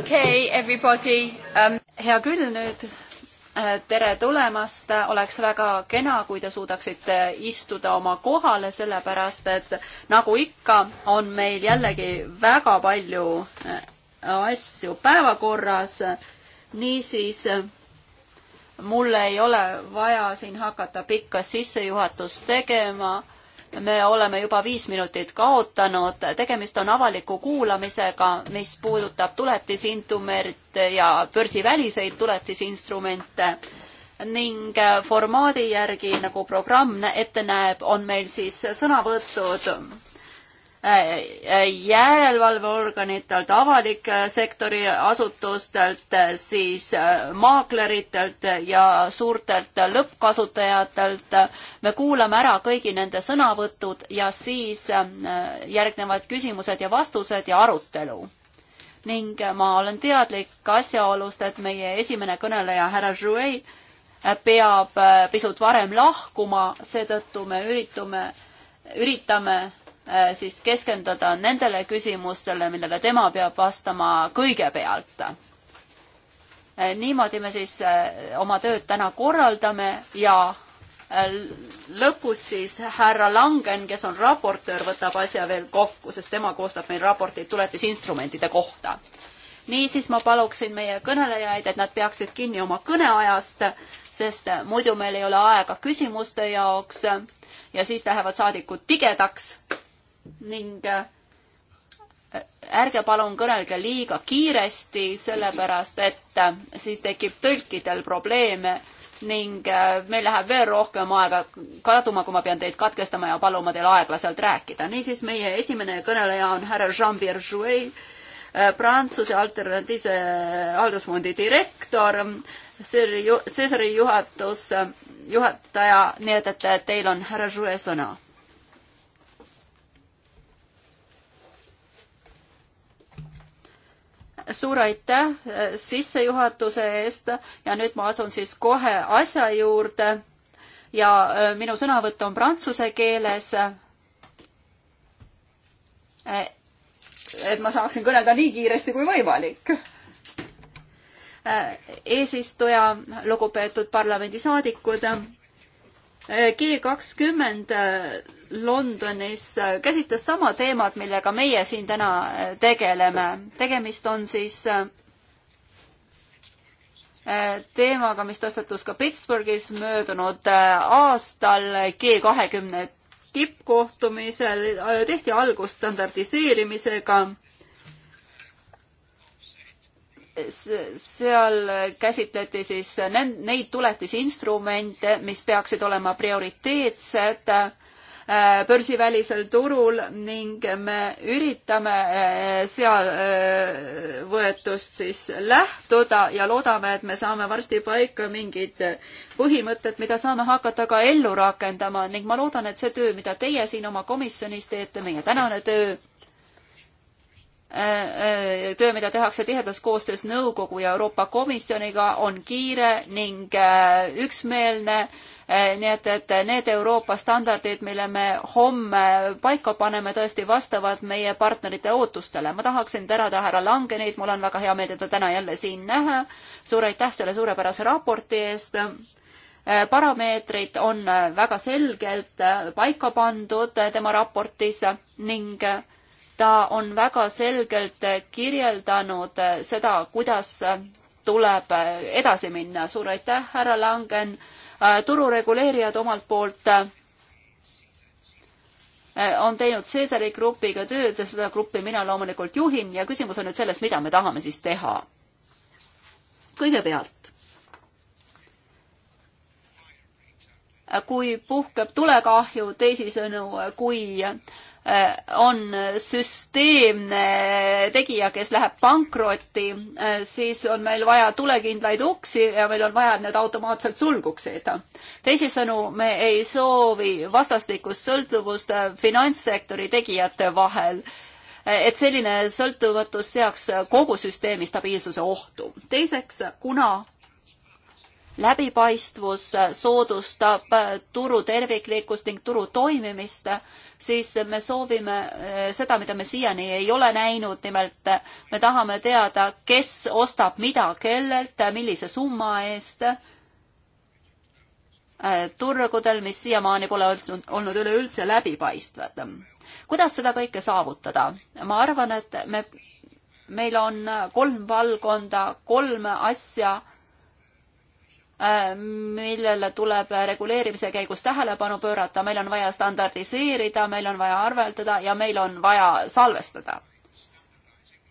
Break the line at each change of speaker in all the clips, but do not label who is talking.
okay, everybody um.... hea küll nüüd, äh, tere tulemast, oleks väga kena, kui te suudaksite istuda oma kohale, sellepärast et nagu ikka, on meil jällegi väga palju äh, asju päevakorras. niisiis mul ei ole vaja siin hakata pikka sissejuhatust tegema me oleme juba viis minutit kaotanud, tegemist on avaliku kuulamisega, mis puudutab tuletisinstrumente ja börsiväliseid tuletisinstrumente ning formaadi järgi, nagu programm ette näeb, on meil siis sõnavõtud Äh, äh, järelevalveorganitelt, avalike äh, sektori asutustelt, siis maakleritelt ja suurtelt lõppkasutajatelt. me kuulame ära kõigi nende sõnavõtud ja siis järgnevad küsimused ja vastused ja arutelu. ning ma olen teadlik asjaolust, et meie esimene kõneleja, härra Jouet, peab pisut varem lahkuma, seetõttu me üritume, üritame Äh, siis keskenduda nendele küsimustele, millele tema peab vastama kõigepealt. Äh, niimoodi me siis äh, oma tööd täna korraldame ja lõpus siis härra Langen, kes on raportöör, võtab asja veel kokku, sest tema koostab meil raporteid tuletisinstrumentide kohta. niisiis ma paluksin meie kõnelejaid, et nad peaksid kinni oma kõneajast, sest muidu meil ei ole aega küsimuste jaoks ja siis lähevad saadikud tigedaks ning äh, ärge palun kõnelge liiga kiiresti, sellepärast et äh, siis tekib tõlkidel probleeme ning äh, meil läheb veel rohkem aega kaduma, kui ma pean teid katkestama ja paluma teil aeglaselt rääkida. niisiis, meie esimene kõneleja on härra Jean-Pierre Jouet, Prantsuse Alternatiivse Haldusfondi direktor, Cesari juhatus, juhataja, nii et, et teil on härra Jouet sõna suur aitäh eh, sissejuhatuse eest ja nüüd ma asun siis kohe asja juurde ja eh, minu sõnavõtt on prantsuse keeles. Eh, et ma saaksin kõnelda nii kiiresti kui võimalik. eesistuja, lugupeetud parlamendisaadikud G kakskümmend Londonis käsitles sama teemat, millega meie siin täna äh, tegeleme. tegemist on siis äh, teemaga, mis tõstatus ka Pittsburghis möödunud äh, aastal G kahekümne tippkohtumisel, tehti algust standardiseerimisega seal käsitleti siis neid tuletisinstrumente, mis peaksid olema prioriteetsed Äh, börsivälisel turul ning me üritame äh, seal äh, võetust siis lähtuda ja loodame, et me saame varsti paika mingid põhimõtted, mida saame hakata ka ellu rakendama ning ma loodan, et see töö, mida teie siin oma komisjonis teete, meie tänane töö, töö, mida tehakse tihedas koostöös Nõukogu ja Euroopa Komisjoniga, on kiire ning üksmeelne Eh, nii et, et need Euroopa standardid, mille me homme paika paneme, tõesti vastavad meie partnerite ootustele. ma tahaksin tänada härra Langenit, mul on väga hea meel teda täna jälle siin näha. suur aitäh selle suurepärase raporti eest eh, parameetrid on eh, väga selgelt paika pandud tema raportis ning ta on väga selgelt kirjeldanud seda, kuidas tuleb edasi minna. suur aitäh, härra Langen, Äh, turureguleerijad omalt poolt äh, on teinud Cesari grupiga tööd ja seda gruppi mina loomulikult juhin ja küsimus on nüüd selles, mida me tahame siis teha. kõigepealt, kui puhkeb tulekahju, teisisõnu, kui Äh, on süsteemne tegija, kes läheb pankrotti, äh, siis on meil vaja tulekindlaid uksi ja meil on vaja, et need automaatselt sulguksid. teisisõnu, me ei soovi vastastikust sõltuvust äh, finantssektori tegijate vahel, et selline sõltumatus seaks kogu süsteemi stabiilsuse ohtu. teiseks, kuna läbipaistvus soodustab äh, turu terviklikkust ning turu toimimist, siis me soovime äh, seda, mida me siiani ei ole näinud, nimelt äh, me tahame teada, kes ostab mida kellelt, millise summa eest, turgudel, mis siiamaani pole olnud üleüldse läbipaistvad. kuidas seda kõike saavutada? ma arvan, et me, meil on kolm valdkonda, kolm asja Äh, millele tuleb reguleerimise käigus tähelepanu pöörata, meil on vaja standardiseerida, meil on vaja arveldada ja meil on vaja salvestada.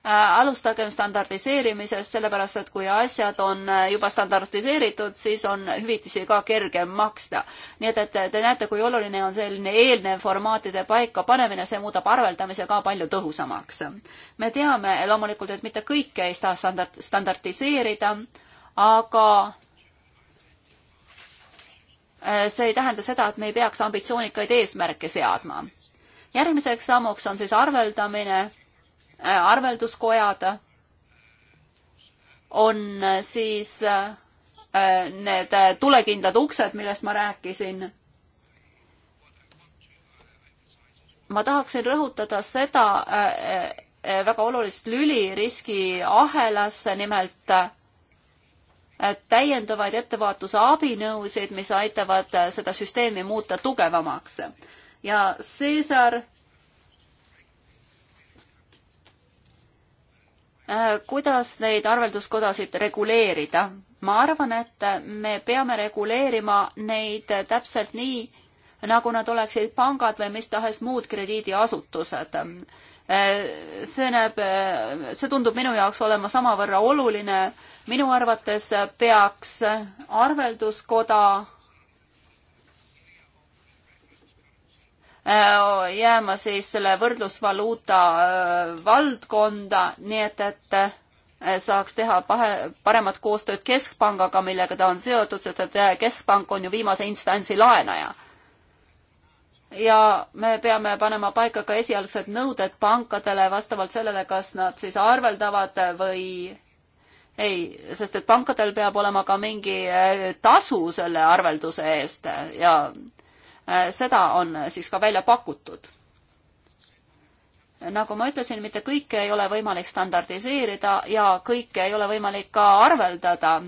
Äh, alustagem standardiseerimisest, sellepärast et kui asjad on äh, juba standardiseeritud, siis on hüvitisi ka kergem maksta. nii et, et te näete, kui oluline on selline eelnev formaatide paikapanemine, see muudab arveldamise ka palju tõhusamaks. me teame loomulikult, et mitte kõike ei saa standard, standardiseerida, aga Äh, see ei tähenda seda, et me ei peaks ambitsioonikaid eesmärke seadma. järgmiseks sammuks on siis arveldamine, äh, arvelduskojad on äh, siis need tulekindlad uksed, millest ma rääkisin. ma tahaksin rõhutada seda väga olulist lüli riskiahelasse, nimelt täiendavaid ettevaatuse abinõusid, mis aitavad äh, seda süsteemi muuta tugevamaks. ja Cesar äh, kuidas neid arvelduskodasid reguleerida? ma arvan, et me peame reguleerima neid täpselt nii, nagu nad oleksid pangad või mis tahes muud krediidiasutused. Äh, see näeb, äh, see tundub minu jaoks olema samavõrra oluline. minu arvates peaks arvelduskoda äh, jääma siis selle võrdlusvaluuta valdkonda, nii et, et saaks teha pahe, paremat koostööd keskpangaga, millega ta on seotud, sest et keskpank on ju viimase instantsi laenaja ja me peame panema paika ka esialgsed nõuded pankadele vastavalt sellele, kas nad siis arveldavad või ei, sest et pankadel peab olema ka mingi eh, tasu selle arvelduse eest ja eh, seda on siis ka välja pakutud. nagu ma ütlesin, mitte kõike ei ole võimalik standardiseerida ja kõike ei ole võimalik ka arveldada.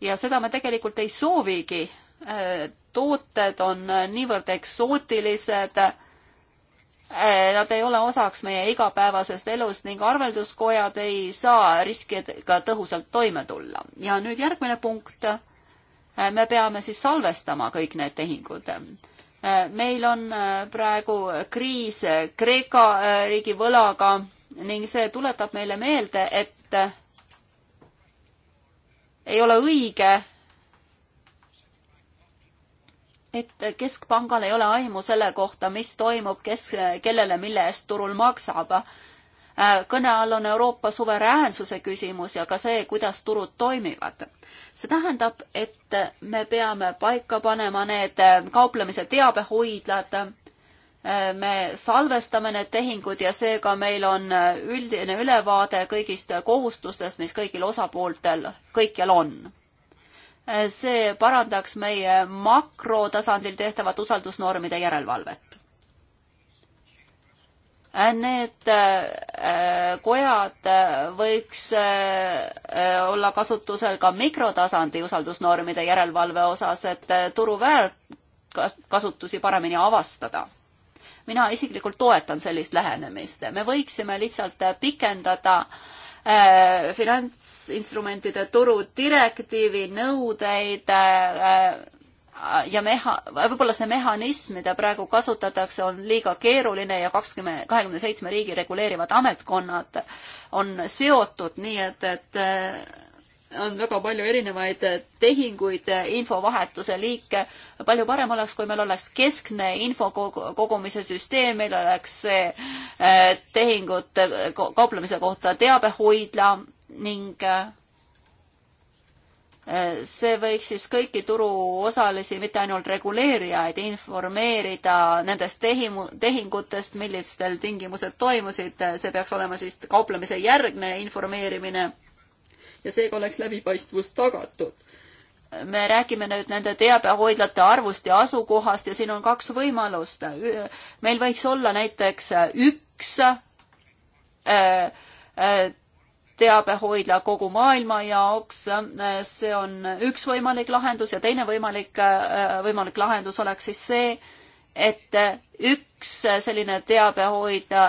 ja seda me tegelikult ei soovigi eh, tooted on niivõrd eksootilised, eh, nad ei ole osaks meie igapäevasest elust ning arvelduskojad ei saa riskidega tõhusalt toime tulla. ja nüüd järgmine punkt. Eh, me peame siis salvestama kõik need tehingud. Eh, meil on praegu kriis Kreeka riigi võlaga ning see tuletab meile meelde, et ei ole õige et keskpangal ei ole aimu selle kohta, mis toimub, kes, kellele, mille eest turul maksab. Äh, kõne all on Euroopa suveräänsuse küsimus ja ka see, kuidas turud toimivad. see tähendab, et me peame paika panema need äh, kauplemise teabehoidlad, äh, me salvestame need tehingud ja seega meil on üldine ülevaade kõigist kohustustest, mis kõigil osapooltel kõikjal on Eh, see parandaks meie makrotasandil tehtavat usaldusnormide järelevalvet. Eh, need eh, kojad võiks olla kasutusel ka mikrotasandi usaldusnormide järelevalve osas, et turuväärkasutusi paremini avastada. mina isiklikult toetan sellist lähenemist, me võiksime lihtsalt pikendada äh, Äh, finantsinstrumentide turu direktiivi nõudeid äh, ja meha-, võib-olla see mehhanism, mida praegu kasutatakse, on liiga keeruline ja kakskümmend, kahekümne seitsme riigi reguleerivad ametkonnad on seotud, nii et, et äh, on väga palju erinevaid tehinguid, infovahetuse liike. palju parem oleks, kui meil oleks keskne info kogumise süsteem, meil oleks see eh, tehingute kauplemise kohta teabehoidla ning eh, see võiks siis kõiki turuosalisi, mitte ainult reguleerijaid, informeerida nendest tehimu, tehingutest, millistel tingimused toimusid, see peaks olema siis kauplemise järgne informeerimine ja seega oleks läbipaistvus tagatud. me räägime nüüd nende teabehoidlate arvust ja asukohast ja siin on kaks võimalust. meil võiks olla näiteks üks äh, äh, teabehoidla kogu maailma jaoks, see on üks võimalik lahendus ja teine võimalik, äh, võimalik lahendus oleks siis see, et üks selline teabehoidja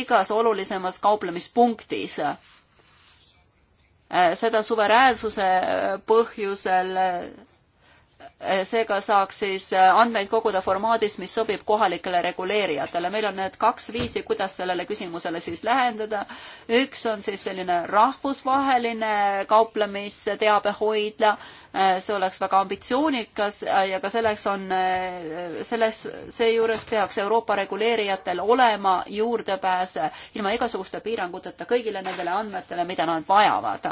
igas olulisemas kauplemispunktis Äh, seda suveräänsuse põhjusel Eh, seega saaks siis eh, andmeid koguda formaadis, mis sobib kohalikele reguleerijatele. meil on need kaks viisi, kuidas sellele küsimusele siis lähendada. üks on siis selline rahvusvaheline kauplemisteabe hoidla, eh, see oleks väga ambitsioonikas ja ka selleks on, selles, seejuures peaks Euroopa reguleerijatel olema juurdepääs ilma igasuguste piiranguteta kõigile nendele andmetele, mida nad vajavad.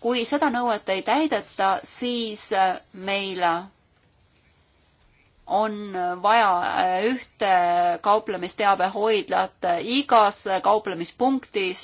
kui seda nõuet ei täideta, siis meil on vaja ühte kauplemisteabehoidlat igas kauplemispunktis.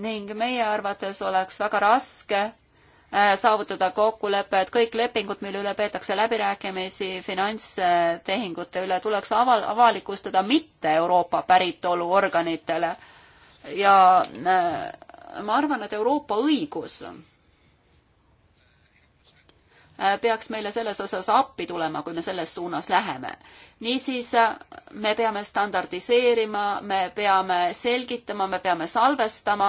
ning meie arvates oleks väga raske äh, saavutada kokkulepe, et kõik lepingud, mille üle peetakse läbirääkimisi finantstehingute üle, tuleks aval-, avalikustada mitte Euroopa päritolu organitele. ja äh, ma arvan, et Euroopa õigus Äh, peaks meile selles osas appi tulema, kui me selles suunas läheme. niisiis äh, me peame standardiseerima, me peame selgitama, me peame salvestama.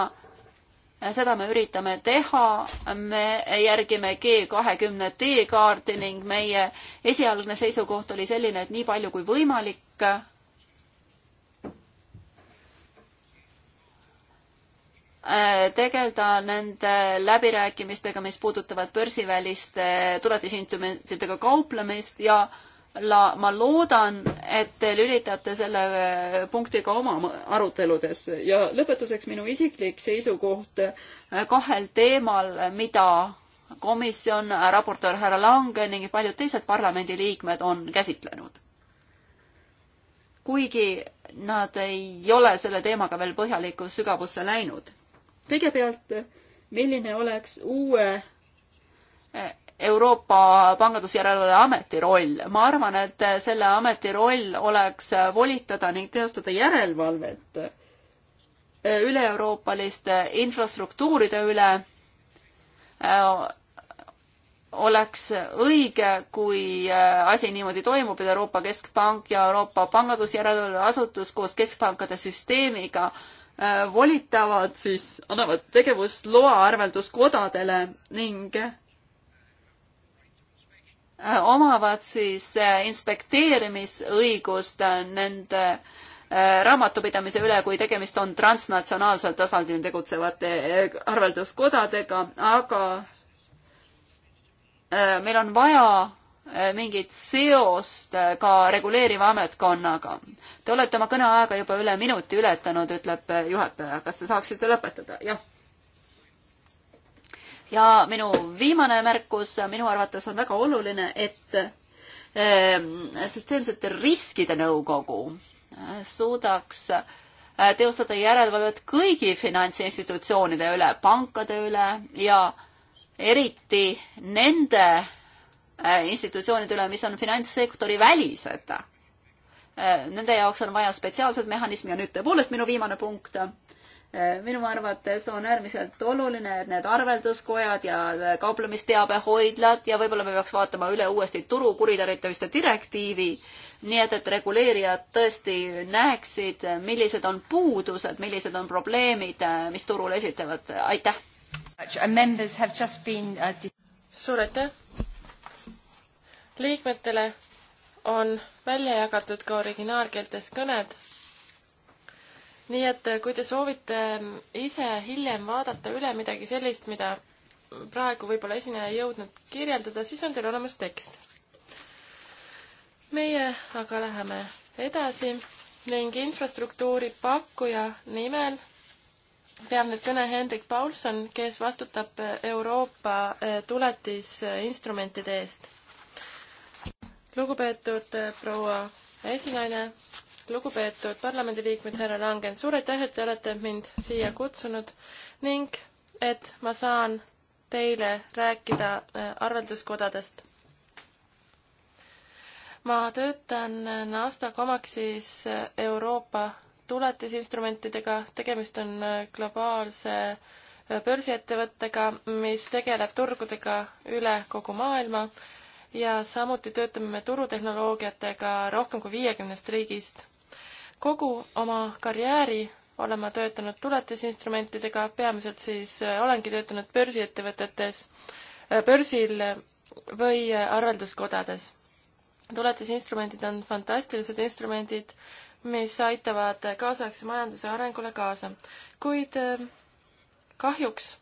Äh, seda me üritame teha, me järgime G kahekümne teekaarti ning meie esialgne seisukoht oli selline, et nii palju kui võimalik Äh, tegeleda nende läbirääkimistega, mis puudutavad börsiväliste tuletisinstrumentidega kauplemist ja la-, ma loodan, et te lülitate selle äh, punkti ka oma aruteludes ja lõpetuseks minu isiklik seisukoht äh, kahel teemal, mida komisjon, raportöör härra Lange ning paljud teised parlamendiliikmed on käsitlenud. kuigi nad ei ole selle teemaga veel põhjalikku sügavusse läinud kõigepealt, milline oleks uue eh, Euroopa Pangandusjärelevalve Ameti roll. ma arvan, et selle ameti roll oleks volitada ning teostada järelevalvet eh, üle-euroopaliste infrastruktuuride üle. Eh, oleks õige, kui asi niimoodi toimub, et Euroopa Keskpank ja Euroopa Pangandusjärelevalve Asutus koos keskpankade süsteemiga äh, Äh, volitavad siis, annavad tegevusloa arvelduskodadele ning äh, omavad siis äh, inspekteerimisõigust nende raamatupidamise üle, kui tegemist on transnatsionaalsel tasandil tegutsevate arvelduskodadega, aga meil on vaja Äh, mingit seost äh, ka reguleeriva ametkonnaga. Te olete oma kõneaega juba üle minuti ületanud, ütleb äh, juhataja. kas te saaksite lõpetada? jah. ja minu viimane märkus minu arvates on väga oluline, et ähm, süsteemsete riskide nõukogu suudaks teostada järelevalvet kõigi finantsinstitutsioonide üle, pankade üle ja eriti nende Äh, institutsioonide üle, mis on finantssektori välised. Äh, nende jaoks on vaja spetsiaalset mehhanismi ja nüüd tõepoolest minu viimane punkt äh, minu arvates on äärmiselt oluline, et need arvelduskojad ja kauplemisteabehoidlad ja võib-olla me peaks vaatama üle uuesti turu kuritarvitamiste direktiivi, nii et, et reguleerijad tõesti näeksid, millised on puudused, millised on probleemid, mis turul esitavad, aitäh! Uh, suur aitäh!
liikmetele on välja jagatud ka originaalkeeltes kõned. nii et eh, kui te soovite mm, ise hiljem vaadata üle midagi sellist, mida praegu võib-olla esineja ei jõudnud kirjeldada, siis on teil olemas tekst. meie aga läheme edasi ning infrastruktuuri pakkuja nimel peab nüüd kõne Hendrik Paulson, kes vastutab eh, Euroopa eh, tuletisinstrumentide eest lugupeetud eh, proua esinaine, lugupeetud parlamendiliikmed, härra Langen, suur aitäh, et te olete mind siia kutsunud ning et ma saan teile rääkida eh, arvelduskodadest. ma töötan Nasdaq Omaxis eh, Euroopa tuletisinstrumentidega, tegemist on globaalse börsiettevõttega, mis tegeleb turgudega üle kogu maailma ja samuti töötame me turutehnoloogiatega rohkem kui viiekümnest riigist. kogu oma karjääri olen ma töötanud tuletisinstrumentidega, peamiselt siis äh, olengi töötanud börsiettevõtetes, äh, börsil või arvelduskodades. tuletisinstrumendid on fantastilised instrumendid, mis aitavad kaasaegse majanduse arengule kaasa, kuid äh, kahjuks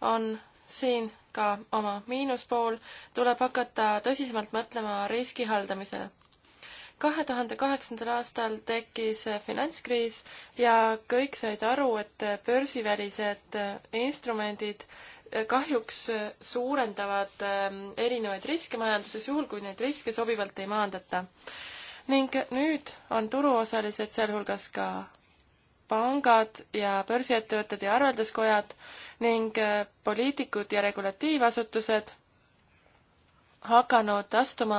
on siin ka oma miinuspool, tuleb hakata tõsisemalt mõtlema riski haldamisele. kahe tuhande kaheksandal aastal tekkis finantskriis ja kõik said aru, et börsivälised instrumendid kahjuks suurendavad ähm, erinevaid riske majanduses, juhul kui neid riske sobivalt ei maandata. ning nüüd on turuosalised, sealhulgas ka pangad ja börsiettevõtted ja arvelduskojad ning äh, poliitikud ja regulatiivasutused hakanud astuma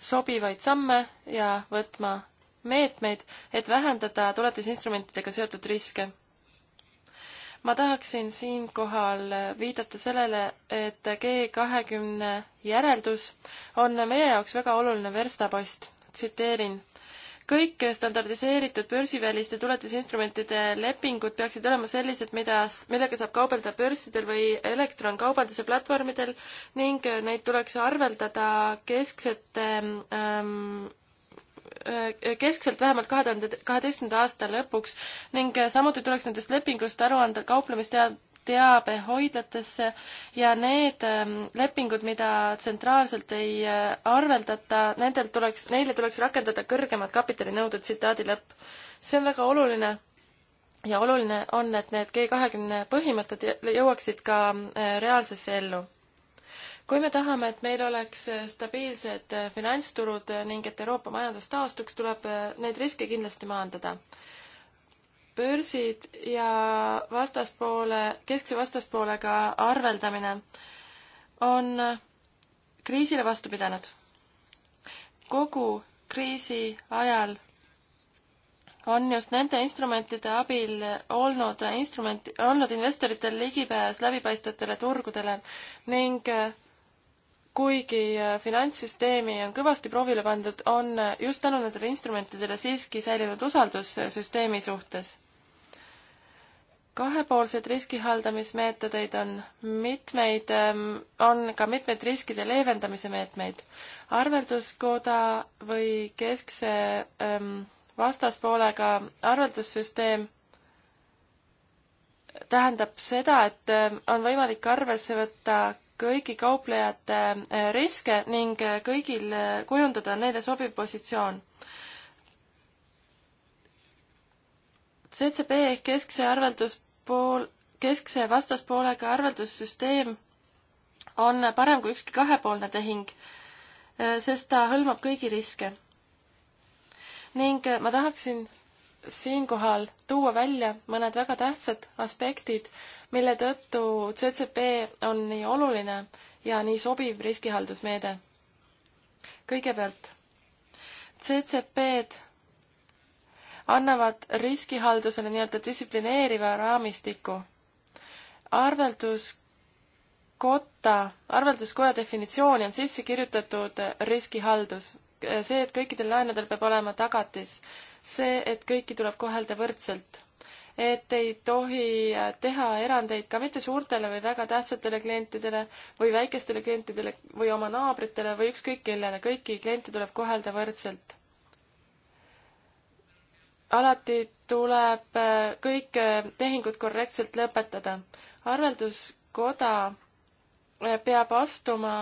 sobivaid samme ja võtma meetmeid, et vähendada tuletisinstrumentidega seotud riske. ma tahaksin siinkohal viidata sellele, et G kahekümne järeldus on meie jaoks väga oluline verstapost. tsiteerin, kõik standardiseeritud börsiväliste tuletisinstrumentide lepingud peaksid olema sellised, mida, millega saab kaubelda börssidel või elektronkaubanduse platvormidel ning neid tuleks arveldada kesksete ähm, äh, keskselt vähemalt kahe tuhande kaheteistkümnenda aasta lõpuks ning samuti tuleks nendest lepingust aru anda kauplemistead-, teabehoidlatesse ja need ähm, lepingud, mida tsentraalselt ei äh, arveldata, nendel tuleks, neile tuleks rakendada kõrgemad kapitalinõuded, tsitaadi lõpp. see on väga oluline ja oluline on, et need G kahekümne põhimõtted jõuaksid ka äh, reaalsesse ellu kui me tahame, et meil oleks äh, stabiilsed finantsturud ning et Euroopa majandus taastuks, tuleb neid riske kindlasti maandada börsid ja vastaspoole, keskse vastaspoolega arveldamine on kriisile vastu pidanud. kogu kriisi ajal on just nende instrumentide abil olnud instrument, olnud investoritel ligipääs läbipaistvatele turgudele ning äh, kuigi äh, finantssüsteemi on kõvasti proovile pandud, on just tänu nendele instrumentidele siiski säilinud usaldus äh, süsteemi suhtes kahepoolseid riskihaldamismeetodeid on mitmeid, ähm, on ka mitmeid riskide leevendamise meetmeid. arvelduskoda või keskse ähm, vastaspoolega arveldussüsteem tähendab seda, et ähm, on võimalik arvesse võtta kõigi kauplejate äh, riske ning äh, kõigil äh, kujundada neile sobiv positsioon CCP ehk keskse arvelduspool, keskse vastaspoolega arveldussüsteem on parem kui ükski kahepoolne tehing, äh, sest ta hõlmab kõigi riske. ning äh, ma tahaksin siinkohal tuua välja mõned väga tähtsad aspektid, mille tõttu CCP on nii oluline ja nii sobiv riskihaldusmeede. kõigepealt, CCP-d annavad riskihaldusele nii-öelda distsiplineeriva raamistiku. arvelduskotta, arvelduskoja definitsiooni on sisse kirjutatud riskihaldus. see, et kõikidel laenudel peab olema tagatis. see, et kõiki tuleb kohelda võrdselt et ei tohi teha erandeid ka mitte suurtele või väga tähtsatele klientidele või väikestele klientidele või oma naabritele või ükskõik kellele, kõiki kliente tuleb kohelda võrdselt alati tuleb äh, kõik äh, tehingud korrektselt lõpetada. arvelduskoda äh, peab astuma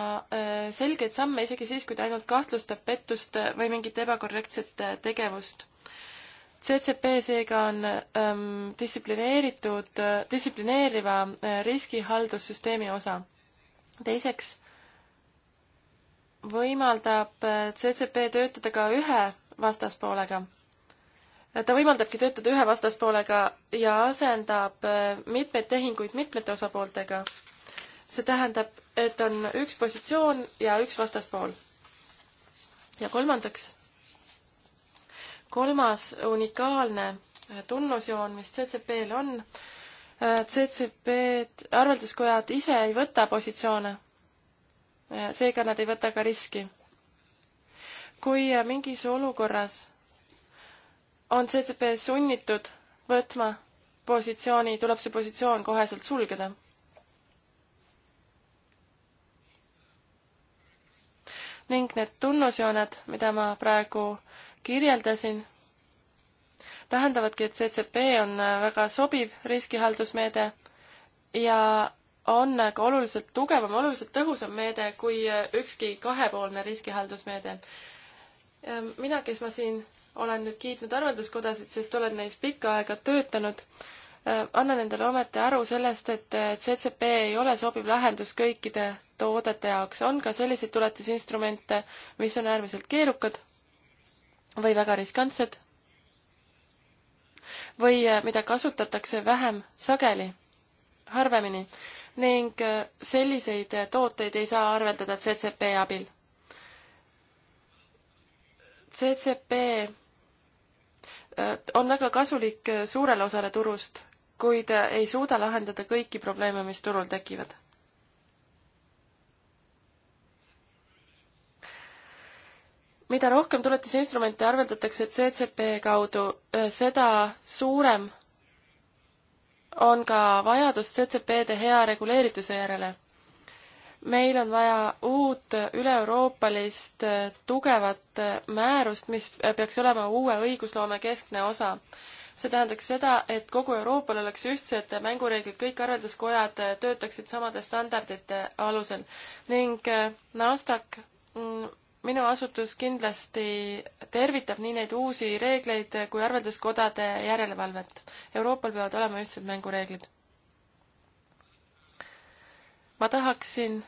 selgeid samme isegi siis, kui ta ainult kahtlustab pettust või mingit ebakorrektset tegevust. CCP seega on ähm, distsiplineeritud, distsiplineeriva riskihaldussüsteemi osa. teiseks võimaldab CCP töötada ka ühe vastaspoolega ta võimaldabki töötada ühe vastaspoolega ja asendab äh, mitmeid tehinguid mitmete osapooltega. see tähendab, et on üks positsioon ja üks vastaspool. ja kolmandaks, kolmas unikaalne äh, tunnusjoon, mis CCP-l on, äh, CCP-d, arvelduskojad ise ei võta positsioone. seega nad ei võta ka riski. kui mingis olukorras on CCP sunnitud võtma positsiooni, tuleb see positsioon koheselt sulgeda. ning need tunnusjooned, mida ma praegu kirjeldasin, tähendavadki, et CCP on väga sobiv riskihaldusmeede ja on ka oluliselt tugevam, oluliselt tõhusam meede kui ükski kahepoolne riskihaldusmeede. mina, kes ma siin olen nüüd kiitnud arvelduskodasid, sest olen neis pikka aega töötanud. Äh, annan endale ometi aru sellest, et CCP ei ole sobiv lahendus kõikide toodete jaoks. on ka selliseid tuletisinstrumente, mis on äärmiselt keerukad või väga riskantsed või äh, mida kasutatakse vähem sageli, harvemini ning äh, selliseid tooteid ei saa arveldada CCP abil. CCP Äh, on väga kasulik äh, suurele osale turust, kuid äh, ei suuda lahendada kõiki probleeme, mis turul tekivad. mida rohkem tuletisinstrumente arveldatakse CCP kaudu, seda suurem on ka vajadus CCP-de hea reguleerituse järele meil on vaja uut üle-euroopalist äh, tugevat äh, määrust, mis peaks olema uue õigusloome keskne osa. see tähendaks seda, et kogu Euroopal oleks ühtsed mängureeglid, kõik arvelduskojad äh, töötaksid samade standardite alusel ning NASDAQ mm, minu asutus kindlasti tervitab nii neid uusi reegleid kui arvelduskodade järelevalvet. Euroopal peavad olema ühtsed mängureeglid ma tahaksin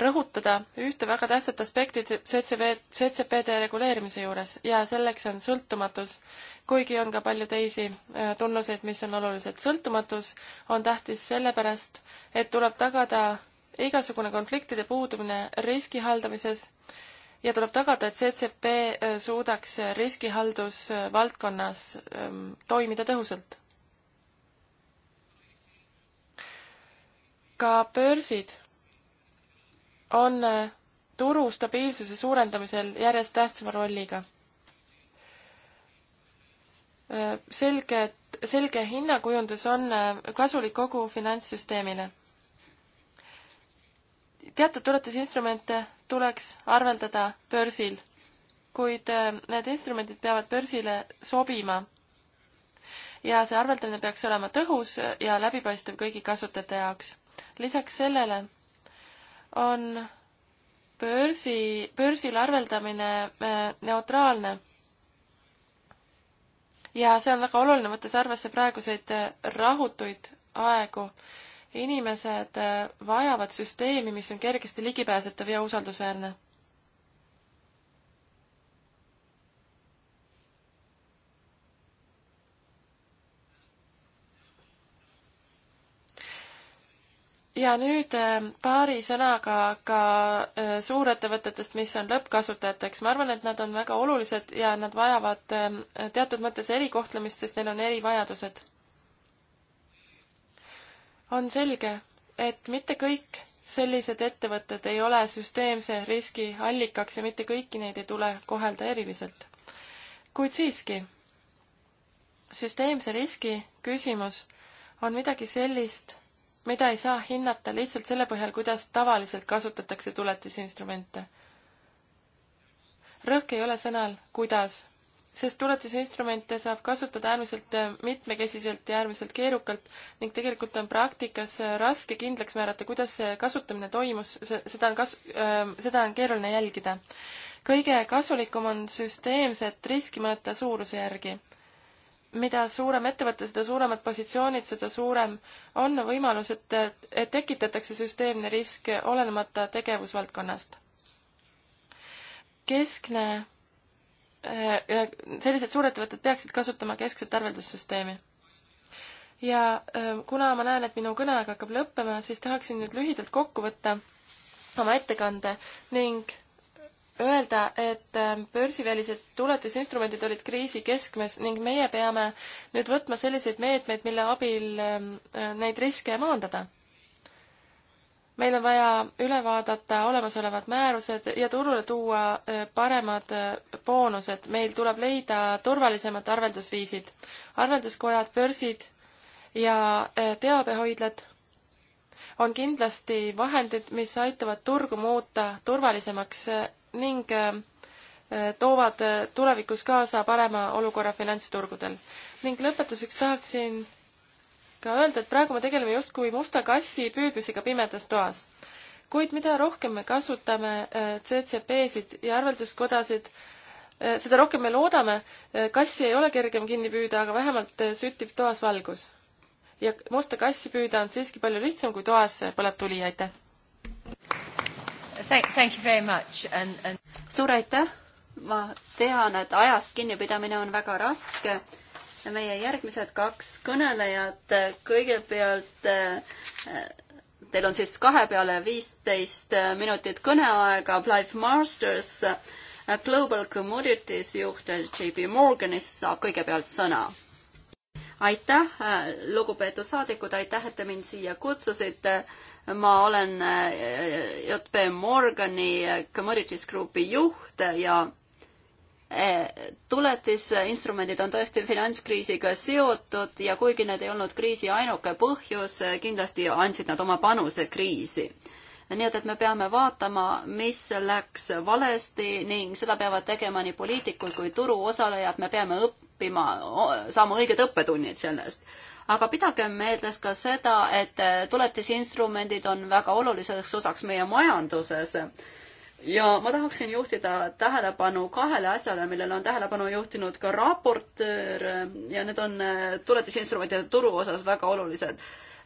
rõhutada ühte väga tähtsat aspekti CCP, CCPD reguleerimise juures ja selleks on sõltumatus, kuigi on ka palju teisi äh, tunnuseid, mis on olulised. sõltumatus on tähtis sellepärast, et tuleb tagada igasugune konfliktide puudumine riski haldamises ja tuleb tagada, et CCP äh, suudaks riskihaldusvaldkonnas äh, ähm, toimida tõhusalt ka börsid on turu stabiilsuse suurendamisel järjest tähtsama rolliga. selge, selge hinnakujundus on kasulik kogu finantssüsteemile. teatud tuletusinstrumente tuleks arveldada börsil, kuid need instrumendid peavad börsile sobima. ja see arveldamine peaks olema tõhus ja läbipaistev kõigi kasutajate jaoks lisaks sellele on börsi, börsil arveldamine äh, neutraalne. ja see on väga oluline, võttes arvesse praeguseid äh, rahutuid aegu. inimesed äh, vajavad süsteemi, mis on kergesti ligipääsetav ja usaldusväärne ja nüüd äh, paari sõnaga ka äh, suurettevõtetest, mis on lõppkasutajateks. ma arvan, et nad on väga olulised ja nad vajavad äh, teatud mõttes erikohtlemist, sest neil on erivajadused. on selge, et mitte kõik sellised ettevõtted ei ole süsteemse riski allikaks ja mitte kõiki neid ei tule kohelda eriliselt. kuid siiski, süsteemse riski küsimus on midagi sellist mida ei saa hinnata lihtsalt selle põhjal, kuidas tavaliselt kasutatakse tuletisinstrumente. rõhk ei ole sõnal kuidas, sest tuletisinstrumente saab kasutada äärmiselt mitmekesiselt ja äärmiselt keerukalt ning tegelikult on praktikas raske kindlaks määrata, kuidas see kasutamine toimus, seda on kas-, ähm, seda on keeruline jälgida. kõige kasulikum on süsteemset riski mõõta suuruse järgi mida suurem ettevõte, seda suuremad positsioonid, seda suurem on võimalus, et, et tekitatakse süsteemne risk, olenemata tegevusvaldkonnast. keskne, äh, äh, sellised suurettevõtted peaksid kasutama keskset arveldussüsteemi. ja äh, kuna ma näen, et minu kõneaeg hakkab lõppema, siis tahaksin nüüd lühidalt kokku võtta oma ettekande ning öelda, et ähm, börsivälised tuletisinstrumendid olid kriisi keskmes ning meie peame nüüd võtma selliseid meetmeid, mille abil ähm, äh, neid riske maandada. meil on vaja üle vaadata olemasolevad määrused ja turule tuua äh, paremad äh, boonused. meil tuleb leida turvalisemad arveldusviisid, arvelduskojad, börsid ja teabehoidlad on kindlasti vahendid, mis aitavad turgu muuta turvalisemaks ning äh, äh, toovad äh, tulevikus kaasa parema olukorra finantsturgudel. ning lõpetuseks tahaksin ka öelda, et praegu me tegeleme justkui musta kassi püüdmisega pimedas toas. kuid mida rohkem me kasutame CCP-sid ja arvelduskodasid, seda rohkem me loodame, kassi ei ole kergem kinni püüda, aga vähemalt süttib toas valgus. ja musta kassi püüda on siiski palju lihtsam, kui toas põleb tuli, aitäh!
And... suur aitäh, ma tean, et ajast kinnipidamine on väga raske. meie järgmised kaks kõnelejat, kõigepealt eh, teil on siis kahe peale viisteist minutit kõneaega, Clive Masters, eh, Global Commodities juht JP Morganist saab kõigepealt sõna aitäh, äh, lugupeetud saadikud, aitäh, et te mind siia kutsusite. ma olen äh, JP Morgani äh, Commodities Groupi juht ja tuletisinstrumendid on tõesti finantskriisiga seotud ja kuigi need ei olnud kriisi ainuke põhjus, kindlasti andsid nad oma panuse kriisi. nii et, et me peame vaatama, mis läks valesti ning seda peavad tegema nii poliitikud kui turuosalejad, me peame õppima õppima, saama õiged õppetunnid sellest. aga pidage meeles ka seda, et tuletisinstrumendid on väga oluliseks osaks meie majanduses ja ma tahaksin juhtida tähelepanu kahele asjale, millele on tähelepanu juhtinud ka raportöör ja need on äh, tuletisinstrumentide turu osas väga olulised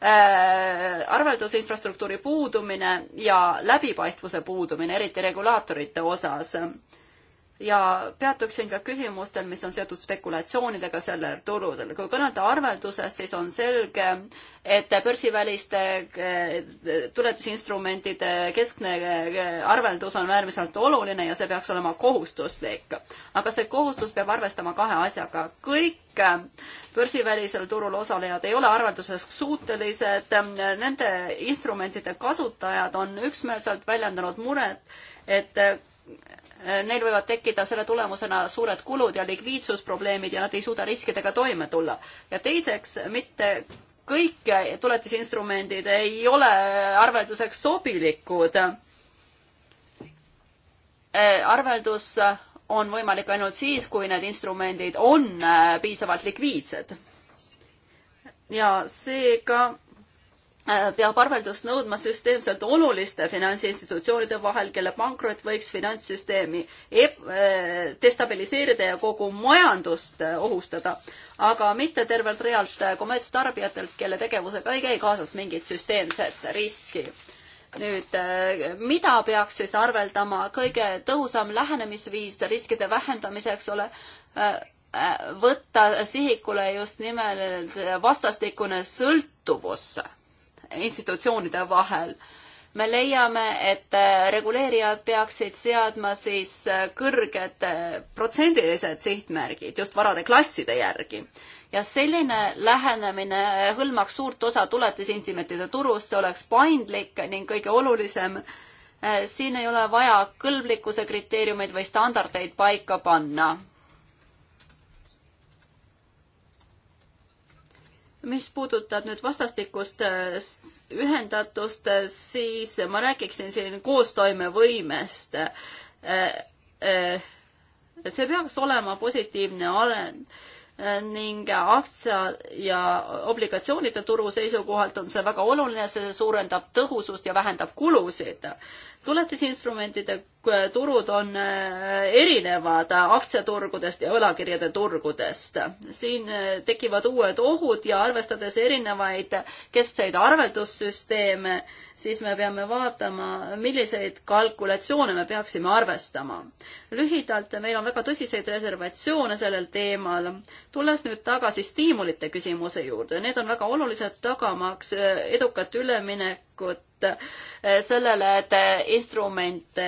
äh,. arveldusinfrastruktuuri puudumine ja läbipaistvuse puudumine, eriti regulaatorite osas äh, ja peatuksin ka küsimustel, mis on seotud spekulatsioonidega sellel turudel. kui kõnelda arveldusest, siis on selge, et börsiväliste eh, tuletisinstrumentide keskne eh, arveldus on äärmiselt oluline ja see peaks olema kohustuslik. aga see kohustus peab arvestama kahe asjaga. kõik eh, börsivälisel turul osalejad ei ole arvelduseks suutelised, nende instrumentide kasutajad on üksmeelselt väljendanud muret, et Eh, neil võivad tekkida selle tulemusena suured kulud ja likviidsusprobleemid ja nad ei suuda riskidega toime tulla. ja teiseks, mitte kõik tuletisinstrumendid ei ole arvelduseks sobilikud. Eh, arveldus on võimalik ainult siis, kui need instrumendid on eh, piisavalt likviidsed. ja seega Äh, peab arveldust nõudma süsteemselt oluliste finantsinstitutsioonide vahel, kelle pankrot võiks finantssüsteemi e destabiliseerida ja kogu majandust äh, ohustada, aga mitte tervelt realt kommertstarbijatelt, kelle tegevusega ei käi kaasas mingit süsteemset riski. nüüd, mida peaks siis arveldama, kõige tõhusam lähenemisviis riskide vähendamiseks ole võtta sihikule just nimelt vastastikune sõltuvus institutsioonide vahel. me leiame, et äh, reguleerijad peaksid seadma siis äh, kõrged äh, protsendilised sihtmärgid just varade klasside järgi. ja selline lähenemine hõlmaks suurt osa tuletisintsimentide turust, see oleks paindlik ning kõige olulisem, siin ei ole vaja kõlblikkuse kriteeriumeid või standardeid paika panna mis puudutab nüüd vastastikust äh, ühendatust, äh, siis ma räägiksin siin koostoimevõimest. Äh, see peaks olema positiivne areng ning aktsia- ja obligatsioonide turu seisukohalt on see väga oluline, see suurendab tõhusust ja vähendab kulusid tuletisinstrumentide äh, turud on äh, erinevad äh, aktsiaturgudest ja võlakirjade turgudest. siin tekivad uued ohud ja arvestades erinevaid keskseid arveldussüsteeme, siis me peame vaatama, milliseid kalkulatsioone me peaksime arvestama. lühidalt, meil on väga tõsiseid reservatsioone sellel teemal. tulles nüüd tagasi stiimulite küsimuse juurde, need on väga olulised tagamaks edukat üleminekut valikut eh, sellele, et eh, instrumente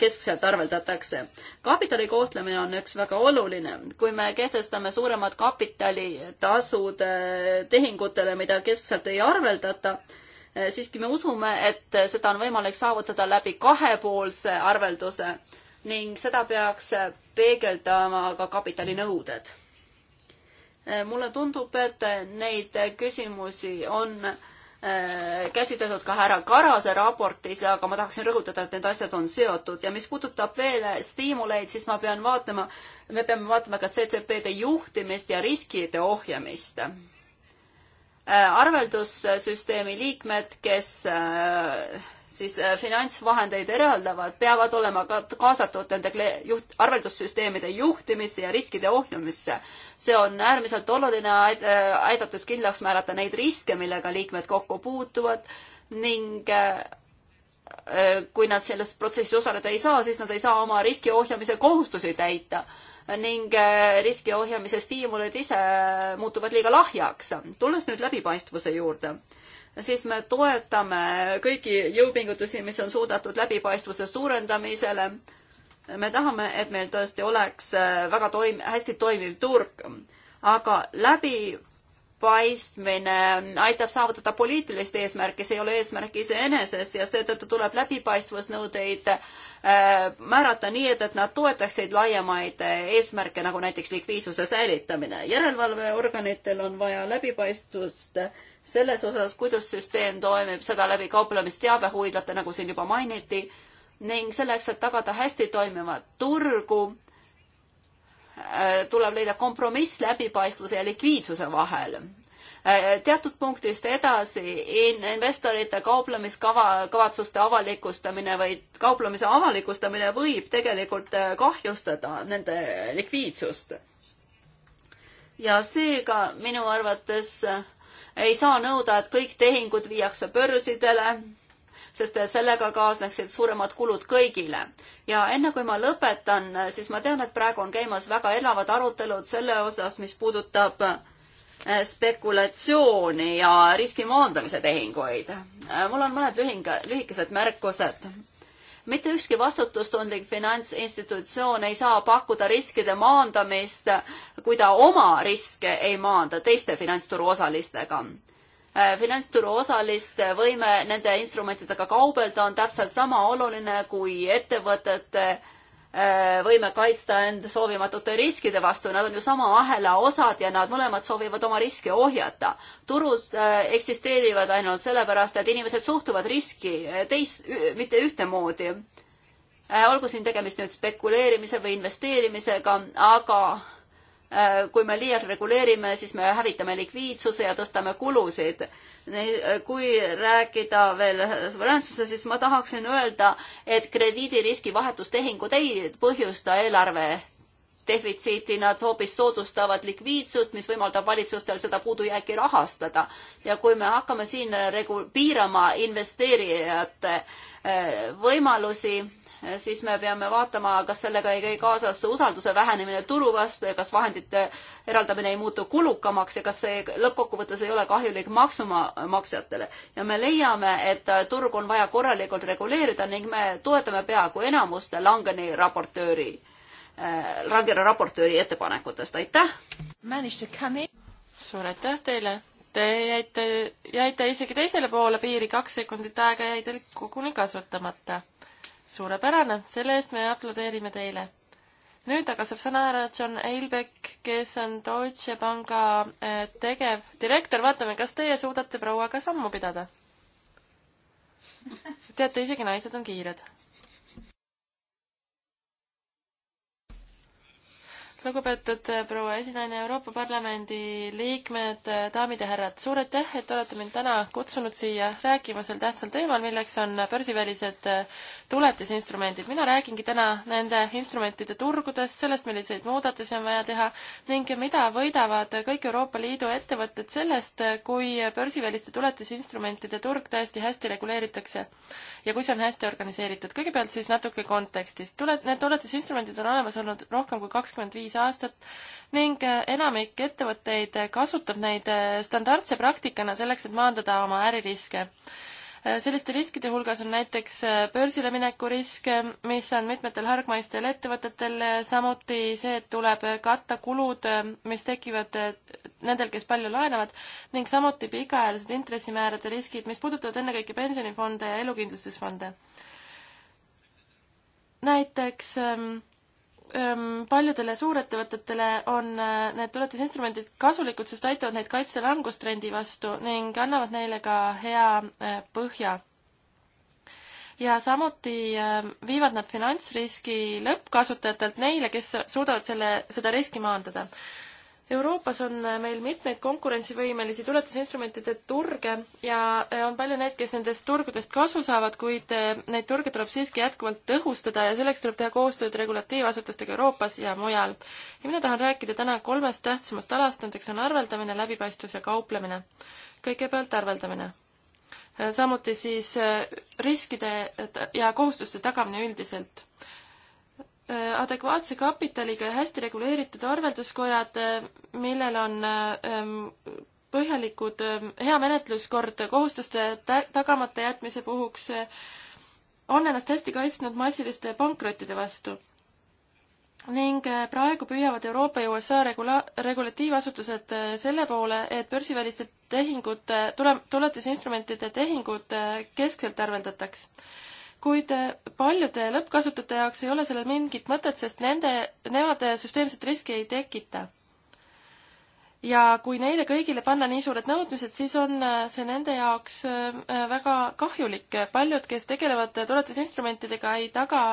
keskselt arveldatakse. kapitali kohtlemine on üks väga oluline. kui me kehtestame suuremad kapitalitasud eh, tehingutele, mida keskselt ei arveldata, siiski me usume, et seda on võimalik saavutada läbi kahepoolse arvelduse ning seda peaks peegeldama ka kapitalinõuded. mulle tundub, et neid küsimusi on äh, Äh, käsitletud ka härra Karase raportis, aga ma tahaksin rõhutada, et need asjad on seotud ja mis puudutab veel stiimuleid, siis ma pean vaatama, me peame vaatama ka CCP-de juhtimist ja riskide ohjamist. Äh, arveldussüsteemi liikmed, kes äh, siis äh, finantsvahendeid eraldavad, peavad olema ka kaasatud nende juht, arveldussüsteemide juhtimisse ja riskide ohjamisse. see on äärmiselt oluline, äh, aidates kindlaks määrata neid riske, millega liikmed kokku puutuvad ning äh, kui nad selles protsessis osaleda ei saa, siis nad ei saa oma riski ohjamise kohustusi täita ning riski ohjamise stiimulid ise muutuvad liiga lahjaks. tulles nüüd läbipaistvuse juurde siis me toetame kõiki jõupingutusi, mis on suudetud läbipaistvuse suurendamisele. me tahame, et meil tõesti oleks äh, väga toim-, hästi toimiv turg, aga läbi läbipaistmine aitab saavutada poliitilist eesmärki, see ei ole eesmärk iseeneses ja seetõttu tuleb läbipaistvusnõudeid äh, määrata nii, et, et nad toetaksid laiemaid äh, eesmärke, nagu näiteks likviidsuse säilitamine. järelevalveorganitel on vaja läbipaistvust selles osas, kuidas süsteem toimib, seda läbi kauplemisteabehoidlate, nagu siin juba mainiti, ning selleks, et tagada hästi toimivat turgu, äh, tuleb leida kompromiss läbipaistvuse ja likviidsuse vahel. Äh, teatud punktist edasi in investorite kauplemiskava, kavatsuste avalikustamine või kauplemise avalikustamine võib tegelikult äh, kahjustada nende likviidsust. ja seega minu arvates äh, ei saa nõuda, et kõik tehingud viiakse börsidele, sest sellega kaasneksid suuremad kulud kõigile. ja enne kui ma lõpetan, siis ma tean, et praegu on käimas väga elavad arutelud selle osas, mis puudutab eh, spekulatsiooni ja riski maandamise tehinguid. Eh, mul on mõned lühinga, lühikesed märkused mitte ükski vastutustundlik finantsinstitutsioon ei saa pakkuda riskide maandamist, kui ta oma riske ei maanda teiste finantsturu osalistega. Äh, finantsturu osaliste võime nende instrumentidega kaubelda on täpselt sama oluline kui ettevõtete et Äh, võime kaitsta end soovimatute riskide vastu, nad on ju sama ahela osad ja nad mõlemad soovivad oma riske ohjata. turud äh, eksisteerivad ainult sellepärast, et inimesed suhtuvad riski äh, teis-, mitte ühtemoodi. olgu siin tegemist nüüd spekuleerimise või investeerimisega, aga Äh, kui me liialt reguleerime, siis me hävitame likviidsuse ja tõstame kulusid. Äh, kui rääkida veel suveräänsuse, siis ma tahaksin öelda, et krediidiriski vahetustehingud ei põhjusta eelarve defitsiiti, nad hoopis soodustavad likviidsust, mis võimaldab valitsustel seda puudujääki rahastada. ja kui me hakkame siin regu-, piirama investeerijate äh, võimalusi, siis me peame vaatama, kas sellega ei käi kaasas usalduse vähenemine turu vastu ja kas vahendite eraldamine ei muutu kulukamaks ja kas see lõppkokkuvõttes ei ole kahjulik maksumaksjatele. ja me leiame, et turg on vaja korralikult reguleerida ning me toetame peaaegu enamust Langeni raportööri äh,, Langeni raportööri ettepanekutest, aitäh! suur aitäh teile! Te jäite, jäite isegi
teisele poole piiri, kaks sekundit aega jäi teil koguni kasutamata suurepärane, selle eest me aplodeerime teile. nüüd aga saab sõna ära John Eilbeck, kes on Deutsche Panga äh, tegevdirektor, vaatame, kas teie suudate prouaga sammu pidada. teate, isegi naised on kiired lugupeetud äh, proua esinaine, Euroopa Parlamendi liikmed, äh, daamid ja härrad, suur aitäh, et olete mind täna kutsunud siia rääkima sel tähtsal teemal, milleks on börsivälised äh, tuletisinstrumendid. mina räägingi täna nende instrumentide turgudest, sellest, milliseid muudatusi on vaja teha ning mida võidavad kõik Euroopa Liidu ettevõtted sellest, kui börsiväliste tuletisinstrumentide turg tõesti hästi reguleeritakse ja kui see on hästi organiseeritud. kõigepealt siis natuke kontekstist. tule, need tuletisinstrumendid on olemas olnud rohkem kui kakskümmend viis viis aastat ning äh, enamik ettevõtteid äh, kasutab neid äh, standardse praktikana selleks, et maandada oma äririske selliste riskide hulgas on näiteks börsile mineku risk, mis on mitmetel hargmaistel ettevõtetel, samuti see, et tuleb katta kulud, mis tekivad nendel, kes palju laenavad, ning samuti pikaajalised intressimäärade riskid, mis puudutavad ennekõike pensionifonde ja elukindlustusfonde. näiteks ähm, paljudele suurettevõtetele on äh, need tuletisinstrumendid kasulikud, sest aitavad neid kaitsta langustrendi vastu ning annavad neile ka hea äh, põhja. ja samuti ähm, viivad nad finantsriski lõppkasutajatelt neile, kes suudavad selle, seda riski maandada. Euroopas on meil mitmeid konkurentsivõimelisi tuletusinstrumentide turge ja äh, on palju neid, kes nendest turgudest kasu saavad, kuid äh, neid turge tuleb siiski jätkuvalt tõhustada ja selleks tuleb teha koostööd regulatiivasutustega Euroopas ja mujal. ja mina tahan rääkida täna kolmest tähtsamast alast, nendeks on arveldamine, läbipaistvus ja kauplemine. kõigepealt arveldamine. Äh, samuti siis riskide ja kohustuste tagamine üldiselt Äh, adekvaatse kapitaliga ja hästi reguleeritud arvelduskojad, äh, millel on äh, ähm, põhjalikud, hea menetluskord kohustuste tagamata jätmise puhuks, on ennast hästi kaitsnud massiliste pankrottide vastu. ning praegu püüavad Euroopa ja USA regula-, regulatiivasutused selle poole, et börsiväliste tehingute, tule-, tuletisinstrumentide tehingud keskselt arveldataks kuid eh, paljude lõppkasutajate jaoks ei ole sellel mingit mõtet, sest nende, nemad eh, süsteemset riski ei tekita. ja kui neile kõigile panna nii suured nõudmised, siis on eh, see nende jaoks väga kahjulik. paljud, kes tegelevad tuletisinstrumentidega, ei taga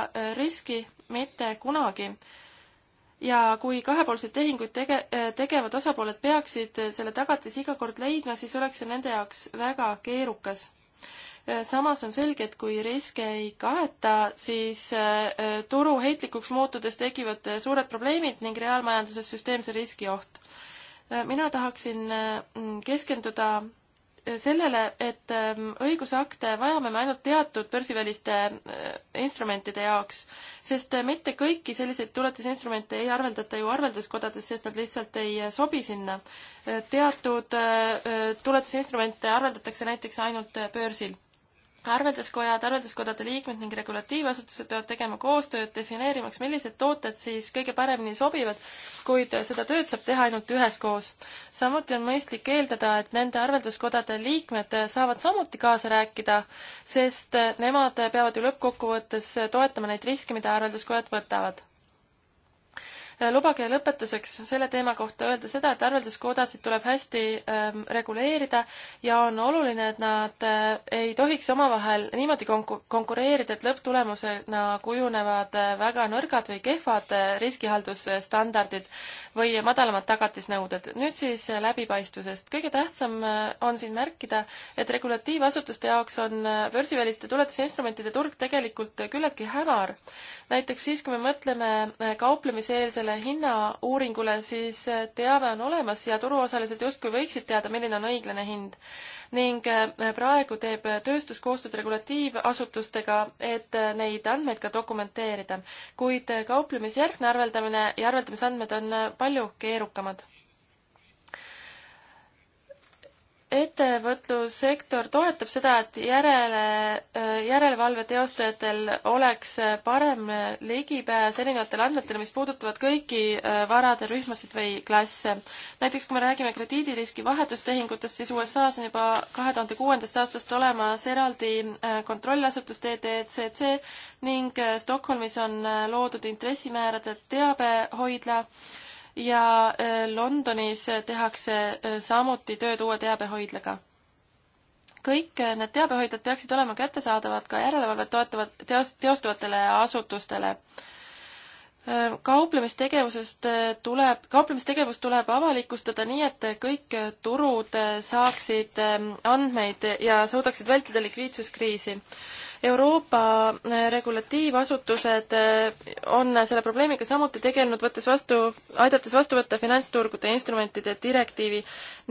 riski mitte kunagi ja kui kahepoolseid tehinguid tege-, tegevad osapooled peaksid selle tagatise iga kord leidma, siis oleks see nende jaoks väga keerukas. Äh, samas on selge, et kui riske ei kaeta, siis äh, äh, turu heitlikuks muutudes tekivad suured probleemid ning reaalmajanduses süsteemse riski oht. mina tahaksin mm, keskenduda sellele, et ähm, õigusakte vajame me ainult teatud börsiväliste instrumentide jaoks, sest mitte kõiki selliseid tuletisinstrumente ei arveldata ju arvelduskodades, sest nad lihtsalt ei sobi sinna. teatud tuletisinstrumente arveldatakse näiteks ainult börsil arvelduskodad, arvelduskodade liikmed ning regulatiivasutused peavad tegema koostööd, defineerimaks, millised tooted siis kõige paremini sobivad, kuid seda tööd saab teha ainult üheskoos. samuti on mõistlik eeldada, et nende arvelduskodade liikmed saavad samuti kaasa rääkida, sest nemad peavad ju lõppkokkuvõttes toetama neid riske, mida arvelduskojad võtavad Äh, lubage lõpetuseks selle teema kohta öelda seda, et arvelduskoodasid tuleb hästi ähm, reguleerida ja on oluline, et nad äh, ei tohiks omavahel niimoodi konku-, konkureerida, et lõpptulemusena kujunevad äh, väga nõrgad või kehvad äh, riskihaldusstandardid või madalamad tagatisnõuded. nüüd siis äh, läbipaistvusest. kõige tähtsam äh, on siin märkida, et regulatiivasutuste jaoks on äh, börsiväliste tuletisinstrumentide turg tegelikult äh, küllaltki hämar. näiteks siis, kui me mõtleme äh, kauplemiseelsele sellele hinnauuringule, siis äh, teave on olemas ja turuosalised justkui võiksid teada, milline on õiglane hind. ning äh, praegu teeb tööstus koostööd regulatiivasutustega, et äh, neid andmeid ka dokumenteerida. kuid kauplemisjärgne arveldamine ja arveldamisandmed on palju keerukamad ettevõtlussektor toetab seda, et järele, äh, järelevalve teostajatel oleks äh, parem äh, ligipääs erinevatele andmetele, mis puudutavad kõiki varade rühmasid või klasse. näiteks kui me räägime krediidiriski vahetustehingutest, siis USA-s on juba kahe tuhande kuuendast aastast olemas eraldi kontrollasutus e DDCC ning Stockholmis on loodud intressimäärade teabehoidla ja äh, Londonis tehakse äh, samuti tööd uue teabehoidlaga. kõik äh, need teabehoidlad peaksid olema kättesaadavad ka järelevalvet toetavad, teos-, teostavatele asutustele. kauplemistegevusest tuleb, kauplemistegevus tuleb avalikustada nii, et kõik turud saaksid andmeid ja suudaksid vältida likviidsuskriisi Euroopa äh, regulatiivasutused äh, on selle probleemiga samuti tegelenud, võttes vastu, aidates vastu võtta finantsturgude instrumentide direktiivi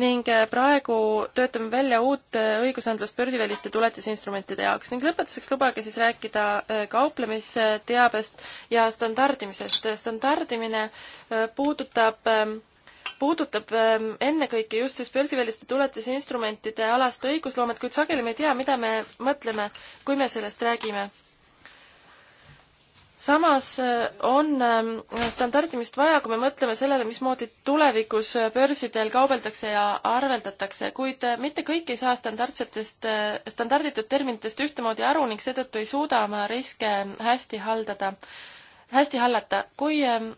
ning äh, praegu töötame välja uut õigusandlust börsiväliste tuletisinstrumentide jaoks ning lõpetuseks lubage siis rääkida kauplemisteabest ja standardimisest. standardimine puudutab ähm, puudutab ähm, ennekõike just siis börsiväliste tuletisinstrumentide alast õigusloomet, kuid sageli me ei tea, mida me mõtleme, kui me sellest räägime. samas äh, on ähm, standardimist vaja, kui me mõtleme sellele, mismoodi tulevikus äh, börsidel kaubeldakse ja arveldatakse, kuid äh, mitte kõik ei saa standardsetest, standarditud terminitest ühtemoodi aru ning seetõttu ei suuda oma riske hästi haldada hästi hallata. kui ähm,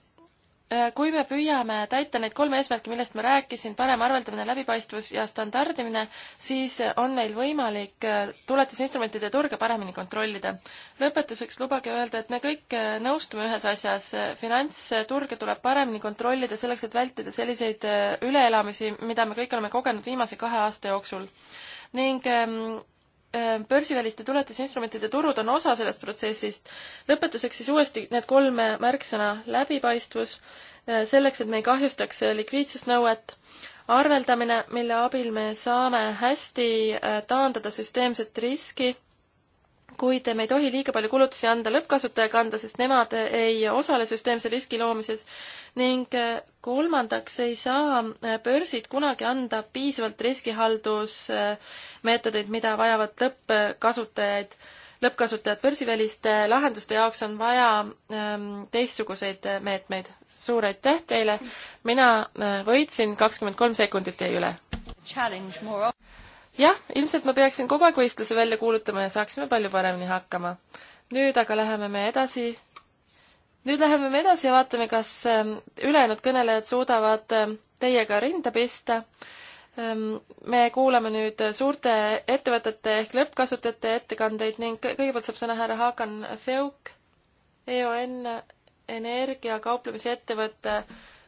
Äh, kui me püüame täita neid kolme eesmärki, millest ma rääkisin, parem arveldamine, läbipaistvus ja standardimine, siis on meil võimalik äh, tuletisinstrumentide turge paremini kontrollida. lõpetuseks lubage öelda, et me kõik äh, nõustume ühes asjas, finantsturge tuleb paremini kontrollida selleks, et vältida selliseid üleelamisi, mida me kõik oleme kogenud viimase kahe aasta jooksul. ning ähm, Äh, börsiväliste tuletisinstrumentide turud on osa sellest protsessist. lõpetuseks siis uuesti need kolme märksõna läbipaistvus, äh, selleks, et me ei kahjustaks äh, likviidsusnõuet, arveldamine, mille abil me saame hästi taandada süsteemset riski kuid me ei tohi liiga palju kulutusi anda lõppkasutaja kanda, sest nemad ei osale süsteemse riski loomises. ning äh, kolmandaks ei saa äh, börsid kunagi anda piisavalt riskihaldusmeetodeid, mida vajavad lõppkasutajaid, lõppkasutajad. börsiväliste lahenduste jaoks on vaja ähm, teistsuguseid meetmeid. suur aitäh teile, mina äh, võitsin kakskümmend kolm sekundit jäi üle jah, ilmselt ma peaksin kogu aeg võistluse välja kuulutama ja saaksime palju paremini hakkama. nüüd aga läheme me edasi. nüüd läheme me edasi ja vaatame, kas ähm, ülejäänud kõnelejad suudavad ähm, teiega rinda pista. Ähm, me kuulame nüüd suurte ettevõtete ehk lõppkasutajate ettekandeid ning kõigepealt saab sõna härra Hakan Feuk, EON Energia kauplemisettevõtte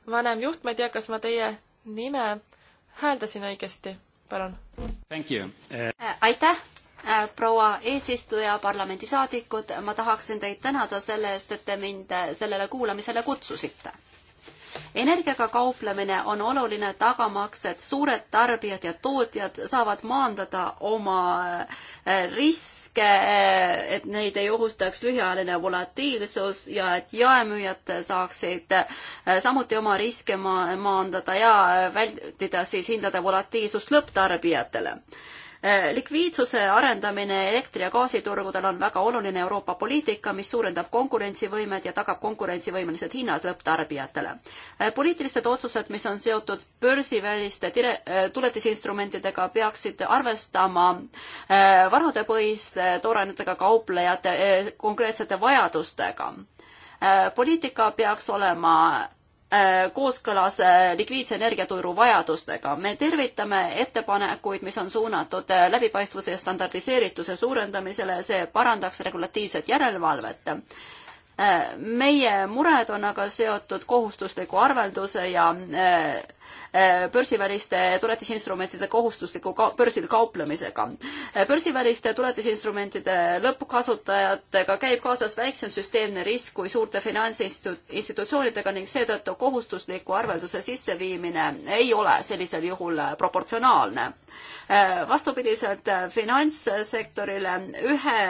vanem juht, ma ei tea, kas ma teie
nime hääldasin õigesti palun.
Äh,
aitäh, äh, proua eesistuja, parlamendisaadikud, ma tahaksin teid tänada selle eest, et te mind äh, sellele kuulamisele kutsusite energiaga kauplemine on oluline tagamaks, et suured tarbijad ja tootjad saavad maandada oma äh, riske, äh, et neid ei ohustaks lühiajaline volatiilsus ja et jaemüüjad saaksid äh, samuti oma riske ma maandada ja vältida siis hindade volatiilsust lõpptarbijatele Eh, likviidsuse arendamine elektri- ja gaasiturgudel on väga oluline Euroopa poliitika, mis suurendab konkurentsivõimet ja tagab konkurentsivõimelised hinnad lõpptarbijatele. Eh, poliitilised otsused, mis on seotud börsiväliste dire-, eh, tuletisinstrumentidega, peaksid arvestama varadepõhiste toorainetega kauplejate konkreetsete vajadustega poliitika peaks olema Äh, kooskõlas äh, likviidse energiaturu vajadustega. me tervitame ettepanekuid, mis on suunatud äh, läbipaistvuse ja standardiseerituse suurendamisele, see parandaks regulatiivset järelevalvet meie mured on aga seotud kohustusliku arvelduse ja eh, eh, börsiväliste tuletisinstrumentide kohustusliku ka börsil kauplemisega. Eh, börsiväliste tuletisinstrumentide lõppkasutajatega käib kaasas väiksem süsteemne risk kui suurte finantsinstitutsioonidega ning seetõttu kohustusliku arvelduse sisseviimine ei ole sellisel juhul proportsionaalne. vastupidiselt finantssektorile ühe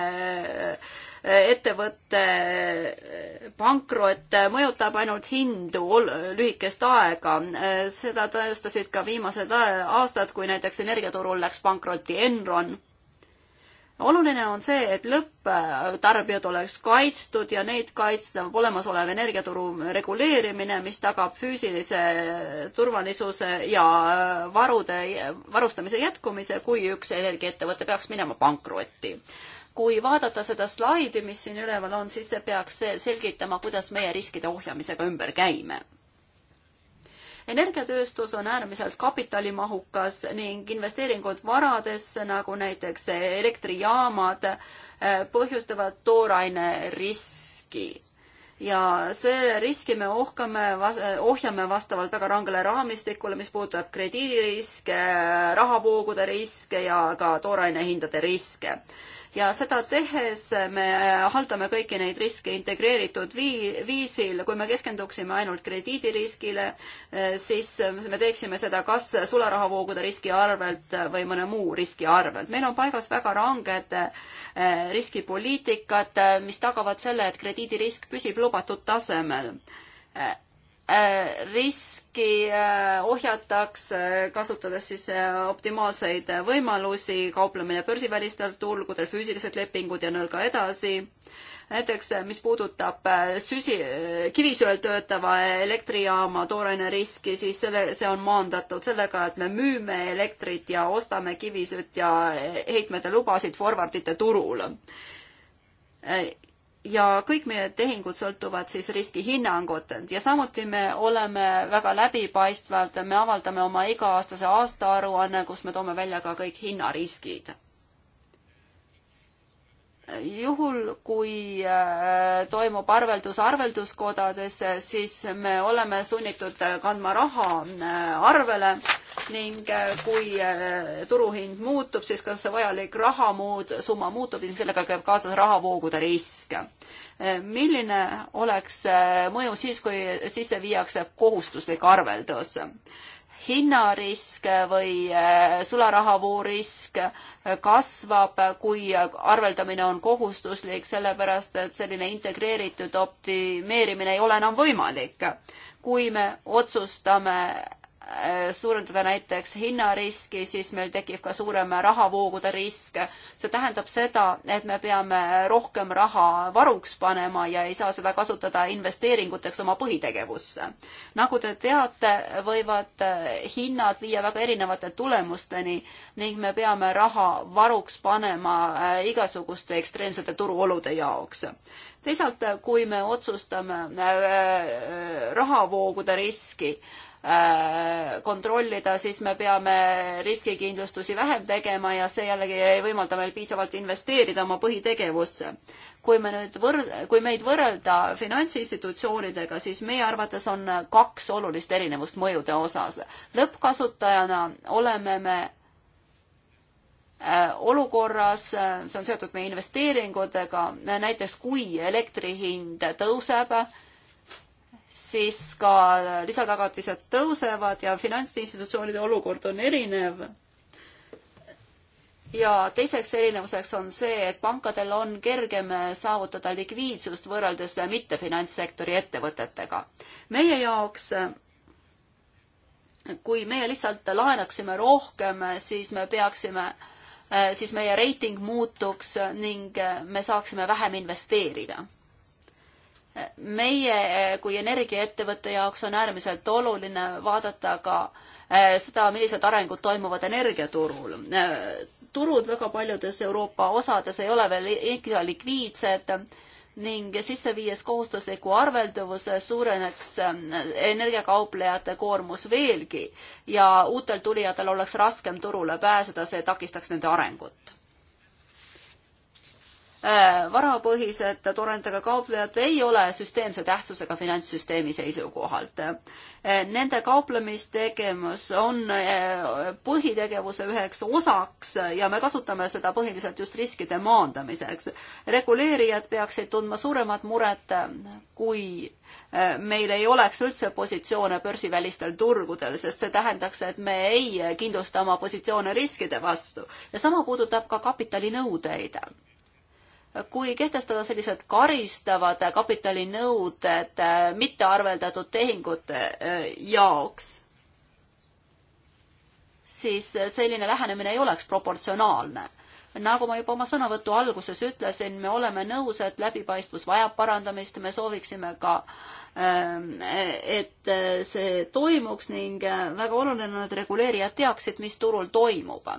ettevõtte eh, pankrot mõjutab ainult hindu lühikest aega. Eh, seda tõestasid ka viimased eh, aastad, kui näiteks energiaturul läks pankrotti Enron. oluline on see, et lõpptarbijad oleks kaitstud ja neid kaitstab olemasolev energiaturu reguleerimine, mis tagab füüsilise turvalisuse ja varude, varustamise jätkumise, kui üks energiaettevõte peaks minema pankrotti kui vaadata seda slaidi, mis siin üleval on, siis see peaks selgitama, kuidas meie riskide ohjamisega ümber käime. energiatööstus on äärmiselt kapitalimahukas ning investeeringud varadesse, nagu näiteks elektrijaamad, eh, põhjustavad tooraine riski ja selle riski me ohkame, ohjame vastavalt väga rangele raamistikule, mis puudutab krediidiriske, rahavoogude riske ja ka toorainehindade riske ja seda tehes me äh, haldame kõiki neid riske integreeritud vii-, viisil, kui me keskenduksime ainult krediidiriskile, äh, siis äh, me teeksime seda kas sularahavoogude riski arvelt või mõne muu riski arvelt. meil on paigas väga ranged riskipoliitikad, mis tagavad selle, et krediidirisk püsib lubatud tasemel Äh, riski äh, ohjatakse, äh, kasutades siis optimaalseid võimalusi, kauplemine börsivälistel turgudel, füüsilised lepingud ja nõnda edasi. näiteks, mis puudutab süsi, kivisöel töötava elektrijaama tooraine riski, siis selle, see on maandatud sellega, et me müüme elektrit ja ostame kivisütt ja heitmete lubasid forwardite turul ja kõik meie tehingud sõltuvad siis riskihinnangutelt ja samuti me oleme väga läbipaistvalt, me avaldame oma iga-aastase aastaaruanne, kus me toome välja ka kõik hinnariskid juhul, kui äh, toimub arveldus arvelduskodades, siis me oleme sunnitud kandma raha äh, arvele ning äh, kui turuhind muutub, siis kas see vajalik raha muud, summa muutub ning sellega käib kaasas rahavoogude risk. milline oleks mõju siis, kui sisse viiakse kohustuslik arveldus? hinnarisk või äh, sularahavoo risk äh, kasvab, kui arveldamine on kohustuslik, sellepärast et selline integreeritud optimeerimine ei ole enam võimalik. kui me otsustame Äh, suurendada näiteks hinnariski, siis meil tekib ka suurem rahavoogude risk. see tähendab seda, et me peame rohkem raha varuks panema ja ei saa seda kasutada investeeringuteks oma põhitegevusse. nagu te teate, võivad äh, hinnad viia väga erinevate tulemusteni ning me peame raha varuks panema äh, igasuguste ekstreemsete turuolude jaoks teisalt, kui me otsustame rahavoogude riski äh, Äh, kontrollida, siis me peame riskikindlustusi vähem tegema ja see jällegi ei võimalda meil piisavalt investeerida oma põhitegevusse. kui me nüüd võrd-, kui meid võrrelda finantsinstitutsioonidega, siis meie arvates on kaks olulist erinevust mõjude osas. lõppkasutajana oleme me äh, olukorras, äh, see on seotud meie investeeringutega, näiteks kui elektri hind tõuseb, siis ka lisatagatised tõusevad ja finantsinstitutsioonide olukord on erinev. ja teiseks erinevuseks on see, et pankadel on kergem saavutada likviidsust võrreldes mittefinantssektori ettevõtetega. meie jaoks kui meie lihtsalt laenaksime rohkem, siis me peaksime, siis meie reiting muutuks ning me saaksime vähem investeerida meie eh, kui energiaettevõtte jaoks on äärmiselt oluline vaadata ka eh, seda, millised arengud toimuvad energiaturul. Eh, turud väga paljudes Euroopa osades ei ole veel ikka likviidsed ning sisse viies kohustusliku arvelduvuse suureneks energiakauplejate koormus veelgi ja uutel tulijatel oleks raskem turule pääseda, see takistaks nende arengut Äh, varapõhised torrentidega kauplejad ei ole süsteemse tähtsusega finantssüsteemi seisukohalt. Äh, nende kauplemistegevus on äh, põhitegevuse üheks osaks ja me kasutame seda põhiliselt just riskide maandamiseks. reguleerijad peaksid tundma suuremat muret, kui meil ei oleks üldse positsioone börsivälistel turgudel, sest see tähendaks, et me ei kindlusta oma positsioone riskide vastu ja sama puudutab ka kapitalinõudeid kui kehtestada sellised karistavad kapitalinõuded äh, mittearveldatud tehingute äh, jaoks, siis äh, selline lähenemine ei oleks proportsionaalne nagu ma juba oma sõnavõtu alguses ütlesin, me oleme nõus, et läbipaistvus vajab parandamist, me sooviksime ka, ähm, et see toimuks ning väga oluline on, et reguleerijad teaksid, mis turul toimub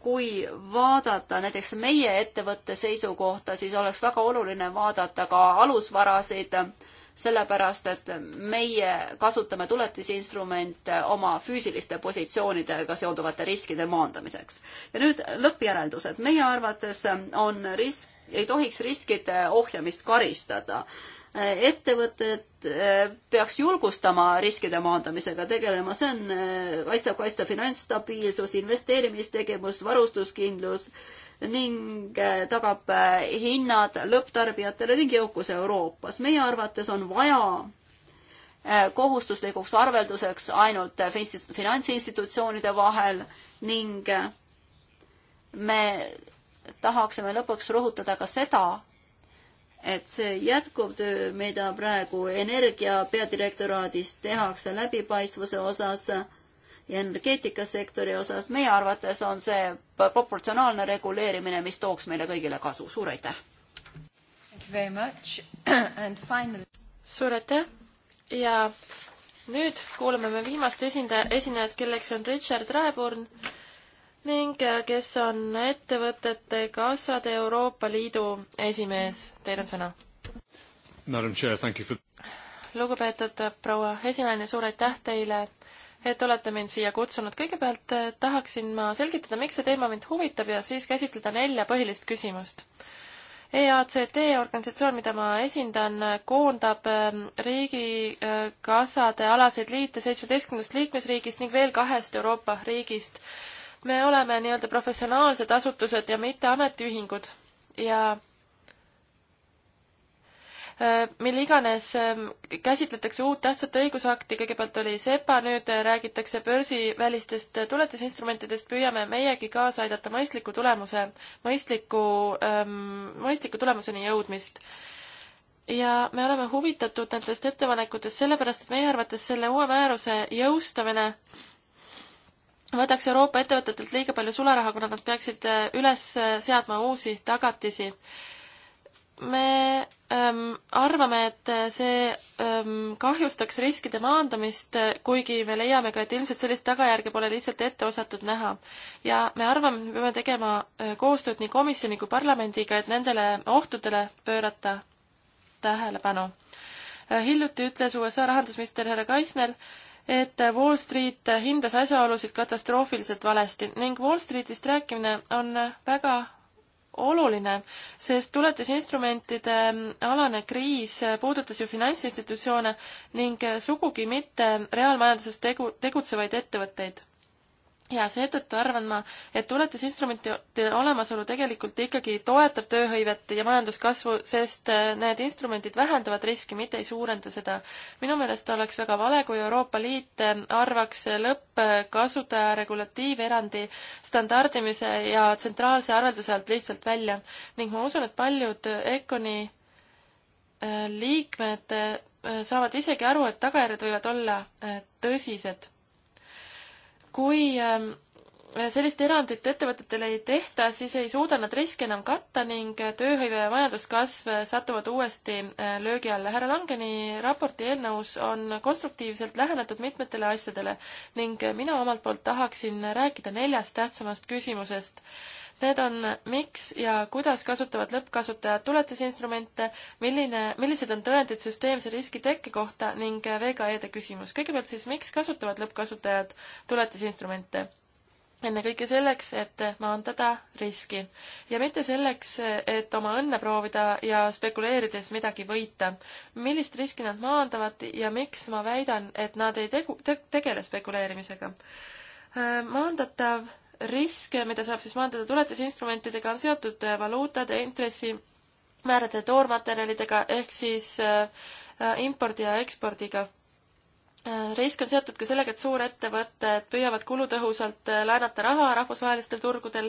kui vaadata näiteks meie ettevõtte seisukohta, siis oleks väga oluline vaadata ka alusvarasid, sellepärast et meie kasutame tuletisinstrumente oma füüsiliste positsioonidega seonduvate riskide maandamiseks. ja nüüd lõppjäreldused. meie arvates on risk, ei tohiks riskide ohjamist karistada ettevõtted eh, peaks julgustama riskide maandamisega tegelema, see on, eh, kaitseb kaitsta finantsstabiilsust, investeerimistegevust, varustuskindlust ning eh, tagab hinnad lõpptarbijatele ning jõukuse Euroopas. meie arvates on vaja kohustuslikuks arvelduseks ainult finantsinstitutsioonide vahel ning me tahaksime lõpuks rõhutada ka seda, et see jätkuv töö, mida praegu Energia peadirektoraadis tehakse läbipaistvuse osas ja energeetikasektori osas, meie arvates on see proportsionaalne reguleerimine, mis tooks meile kõigile kasu. suur aitäh!
suur aitäh ja nüüd kuulame me viimast esindaja, esinejat, kelleks on Richard Raeborn ning äh, kes on ettevõtete kassade Euroopa Liidu esimees. Teil on sõna. Madam Chair, thank you for lugupeetud äh, proua esinaine, suur aitäh teile, et olete mind siia kutsunud. kõigepealt äh, tahaksin ma selgitada, miks see teema mind huvitab ja siis käsitleda nelja põhilist küsimust. EACD organisatsioon, mida ma esindan, koondab ähm, riigikassade alaseid liite seitsmeteistkümnest liikmesriigist ning veel kahest Euroopa riigist me oleme nii-öelda professionaalsed asutused ja mitte ametiühingud ja äh, mille iganes ähm, käsitletakse uut tähtsat õigusakti, kõigepealt oli SEPA, nüüd äh, räägitakse börsivälistest äh, tuletisinstrumentidest, püüame meiegi kaasa aidata mõistliku tulemuse, mõistliku, ähm, mõistliku tulemuseni jõudmist. ja me oleme huvitatud nendest ettepanekutest sellepärast, et meie arvates selle uue määruse jõustamine võtaks Euroopa ettevõtetelt liiga palju sularaha, kuna nad peaksid äh, üles äh, seadma uusi tagatisi. me ähm, arvame, et äh, see ähm, kahjustaks riskide maandamist, kuigi me leiame ka, et ilmselt sellist tagajärge pole lihtsalt ette osatud näha. ja me arvame, et me peame tegema koostööd nii komisjoni kui parlamendiga, et nendele ohtudele pöörata tähelepanu. hiljuti ütles USA rahandusminister härra Kaisner, et Wall Street hindas asjaolusid katastroofiliselt valesti ning Wall Streetist rääkimine on väga oluline, sest tuletisinstrumentide mm, alane kriis puudutas ju finantsinstitutsioone ning sugugi mitte reaalmajanduses tegu, tegutsevaid ettevõtteid ja seetõttu arvan ma, et tuletisinstrumentide olemasolu tegelikult ikkagi toetab tööhõivet ja majanduskasvu, sest äh, need instrumendid vähendavad riski, mitte ei suurenda seda. minu meelest oleks väga vale, kui Euroopa Liit äh, arvaks lõppkasutaja regulatiiverandi standardimise ja tsentraalse arvelduse alt lihtsalt välja ning ma usun, et paljud EKONi äh, liikmed saavad isegi aru, et tagajärjed võivad olla tõsised kui ähm, sellist erandit ettevõtetele ei tehta, siis ei suuda nad riske enam katta ning tööhõive ja majanduskasv satuvad uuesti äh, löögi alla. härra Langeni raporti eelnõus on konstruktiivselt lähenetud mitmetele asjadele ning äh, mina omalt poolt tahaksin rääkida neljast tähtsamast küsimusest Need on, miks ja kuidas kasutavad lõppkasutajad tuletisinstrumente, milline, millised on tõendid süsteemse riski tekke kohta ning VKE-de küsimus. kõigepealt siis, miks kasutavad lõppkasutajad tuletisinstrumente? ennekõike selleks, et maandada riski ja mitte selleks, et oma õnne proovida ja spekuleerides midagi võita. millist riski nad maandavad ja miks ma väidan, et nad ei tegu te,, tegele spekuleerimisega? maandatav risk, mida saab siis maandada tuletisinstrumentidega, on seotud äh, valuutade, intressimäärade, toormaterjalidega ehk siis äh, äh, impordi ja ekspordiga risk on seotud ka sellega, et suurettevõtted püüavad kulutõhusalt laenata raha rahvusvahelistel turgudel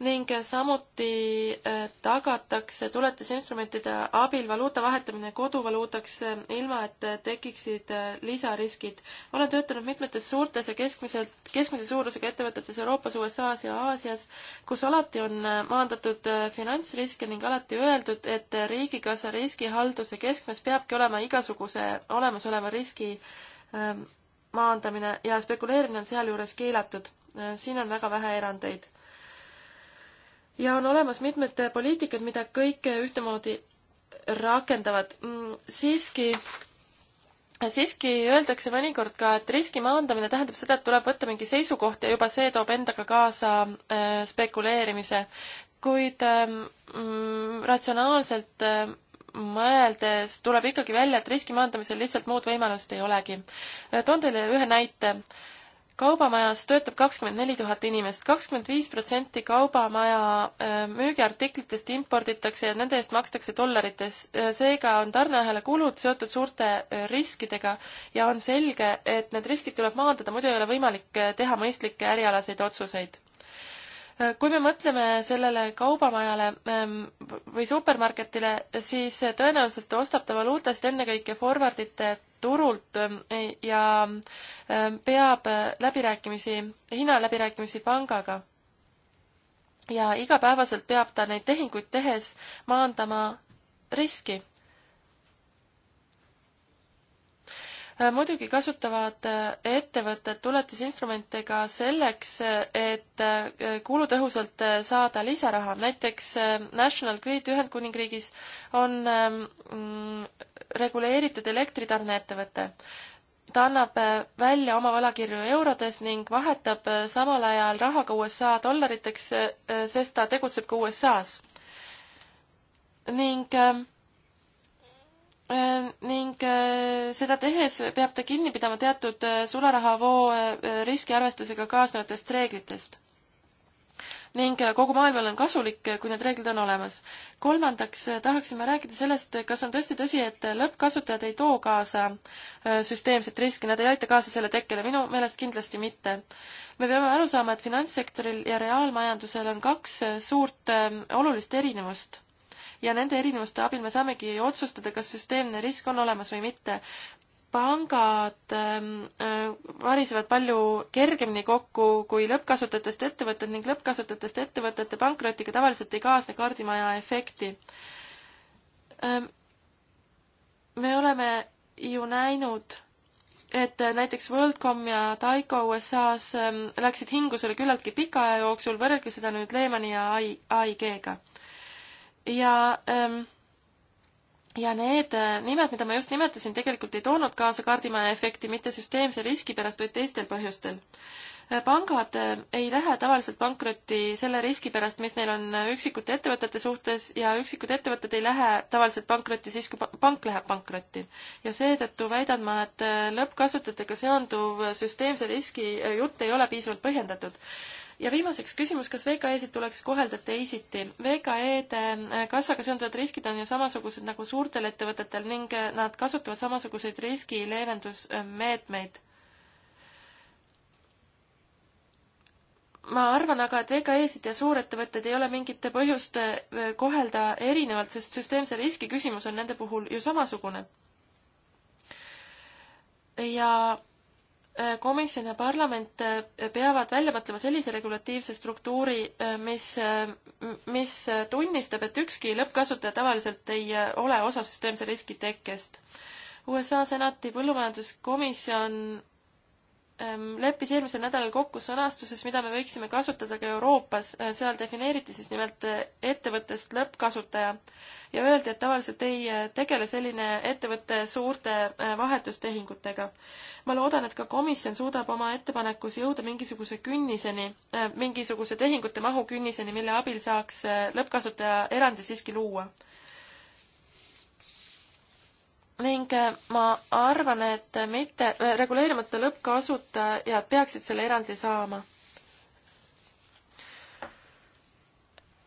ning samuti äh, tagatakse tuletisinstrumentide abil valuuta vahetamine koduvaluutaks, äh, ilma et äh, tekiksid lisariskid. olen töötanud mitmetes suurtes ja keskmiselt, keskmise suurusega ettevõtetes Euroopas, USA-s ja Aasias, kus alati on maandatud finantsriske ning alati öeldud, et riigikassa riskihalduse keskmes peabki olema igasuguse olemasoleva riski ähm, maandamine ja spekuleerimine on sealjuures keelatud siin on väga vähe erandeid ja on olemas mitmed poliitikad, mida kõik ühtemoodi rakendavad. Mm, siiski, siiski öeldakse mõnikord ka, et riski maandamine tähendab seda, et tuleb võtta mingi seisukoht ja juba see toob endaga kaasa äh, spekuleerimise. kuid ähm, mm, ratsionaalselt äh, mõeldes tuleb ikkagi välja, et riski maandamisel lihtsalt muud võimalust ei olegi. Äh, toon teile ühe näite kaubamajas töötab kakskümmend neli tuhat inimest, kakskümmend viis protsenti kaubamaja äh, müügiartiklitest imporditakse ja nende eest makstakse dollarites. Äh, seega on tarneahela kulud seotud suurte äh, riskidega ja on selge, et need riskid tuleb maandada, muidu ei ole võimalik teha mõistlikke ärialaseid otsuseid kui me mõtleme sellele kaubamajale ähm, või supermarketile, siis tõenäoliselt ostab ta valuutasid ennekõike forwardite turult ähm, ja ähm, peab äh, läbirääkimisi, hinnaläbirääkimisi pangaga. ja igapäevaselt peab ta neid tehinguid tehes maandama riski muidugi kasutavad äh, ettevõtted tuletisinstrumente ka selleks, äh, et äh, kulutõhusalt saada lisaraha. näiteks National Grid Ühendkuningriigis on ähm, mm, reguleeritud elektritarneettevõte ta annab välja oma võlakirju eurodes ning vahetab samal ajal raha ka USA dollariteks, sest ta tegutseb ka USA-s. ning ähm, ning seda tehes peab ta kinni pidama teatud sularahavoo riskiarvestusega kaasnevatest reeglitest. ning kogu maailmale on kasulik, kui need reeglid on olemas. kolmandaks tahaksime rääkida sellest, kas on tõesti tõsi, et lõppkasutajad ei too kaasa süsteemset riski, nad ei aita kaasa selle tekkele, minu meelest kindlasti mitte. me peame aru saama, et finantssektoril ja reaalmajandusel on kaks suurt olulist erinevust ja nende erinevuste abil me saamegi otsustada, kas süsteemne risk on olemas või mitte pangad ähm, äh, varisevad palju kergemini kokku kui lõppkasutajatest ettevõtted ning lõppkasutajatest ettevõtete pankrotiga tavaliselt ei kaasne kaardimaja efekti ähm,. me oleme ju näinud, et näiteks WorldCom ja Taiko USA-s ähm, läksid hingusele küllaltki pika aja jooksul, võrrelge seda nüüd Lehmani ja AIG-ga. AI ja ähm, ja need äh, nimed, mida ma just nimetasin, tegelikult ei toonud kaasa kardimaja efekti mitte süsteemse riski pärast, vaid teistel põhjustel. Äh, pangad äh, ei lähe tavaliselt pankrotti selle riski pärast, mis neil on üksikute ettevõtete suhtes ja üksikud ettevõtted ei lähe tavaliselt pankrotti siis, kui pank läheb pankrotti. ja seetõttu väidan ma, et lõppkasutajatega seonduv süsteemse riski jutt ei ole piisavalt põhjendatud ja viimaseks küsimus, kas VKE-sid tuleks kohelda teisiti? VKE-de äh, kassaga seonduvad riskid on ju samasugused nagu suurtel ettevõtetel ning äh, nad kasutavad samasuguseid riskileevendusmeetmeid. ma arvan aga, et VKE-sid ja suurettevõtteid ei ole mingit põhjust äh, kohelda erinevalt, sest süsteemse riski küsimus on nende puhul ju samasugune. ja Äh, komisjon ja parlament äh, peavad välja mõtlema sellise regulatiivse struktuuri, äh, mis, mis tunnistab, et ükski lõppkasutaja tavaliselt ei ole osa süsteemse riski tekkest. USA senati põllumajanduskomisjon Ähm, leppis eelmisel nädalal kokku sõnastuses, mida me võiksime kasutada ka Euroopas, äh, seal defineeriti siis nimelt äh, ettevõttest lõppkasutaja ja öeldi, et tavaliselt ei äh, tegele selline ettevõte suurte vahetustehingutega. ma loodan, et ka komisjon suudab oma ettepanekus jõuda mingisuguse künniseni, mingisuguse tehingute mahu künniseni, mille abil saaks lõppkasutaja erandi siiski luua ning äh, ma arvan, et mitte, äh, reguleerimata lõppkasutajad peaksid selle erandi saama.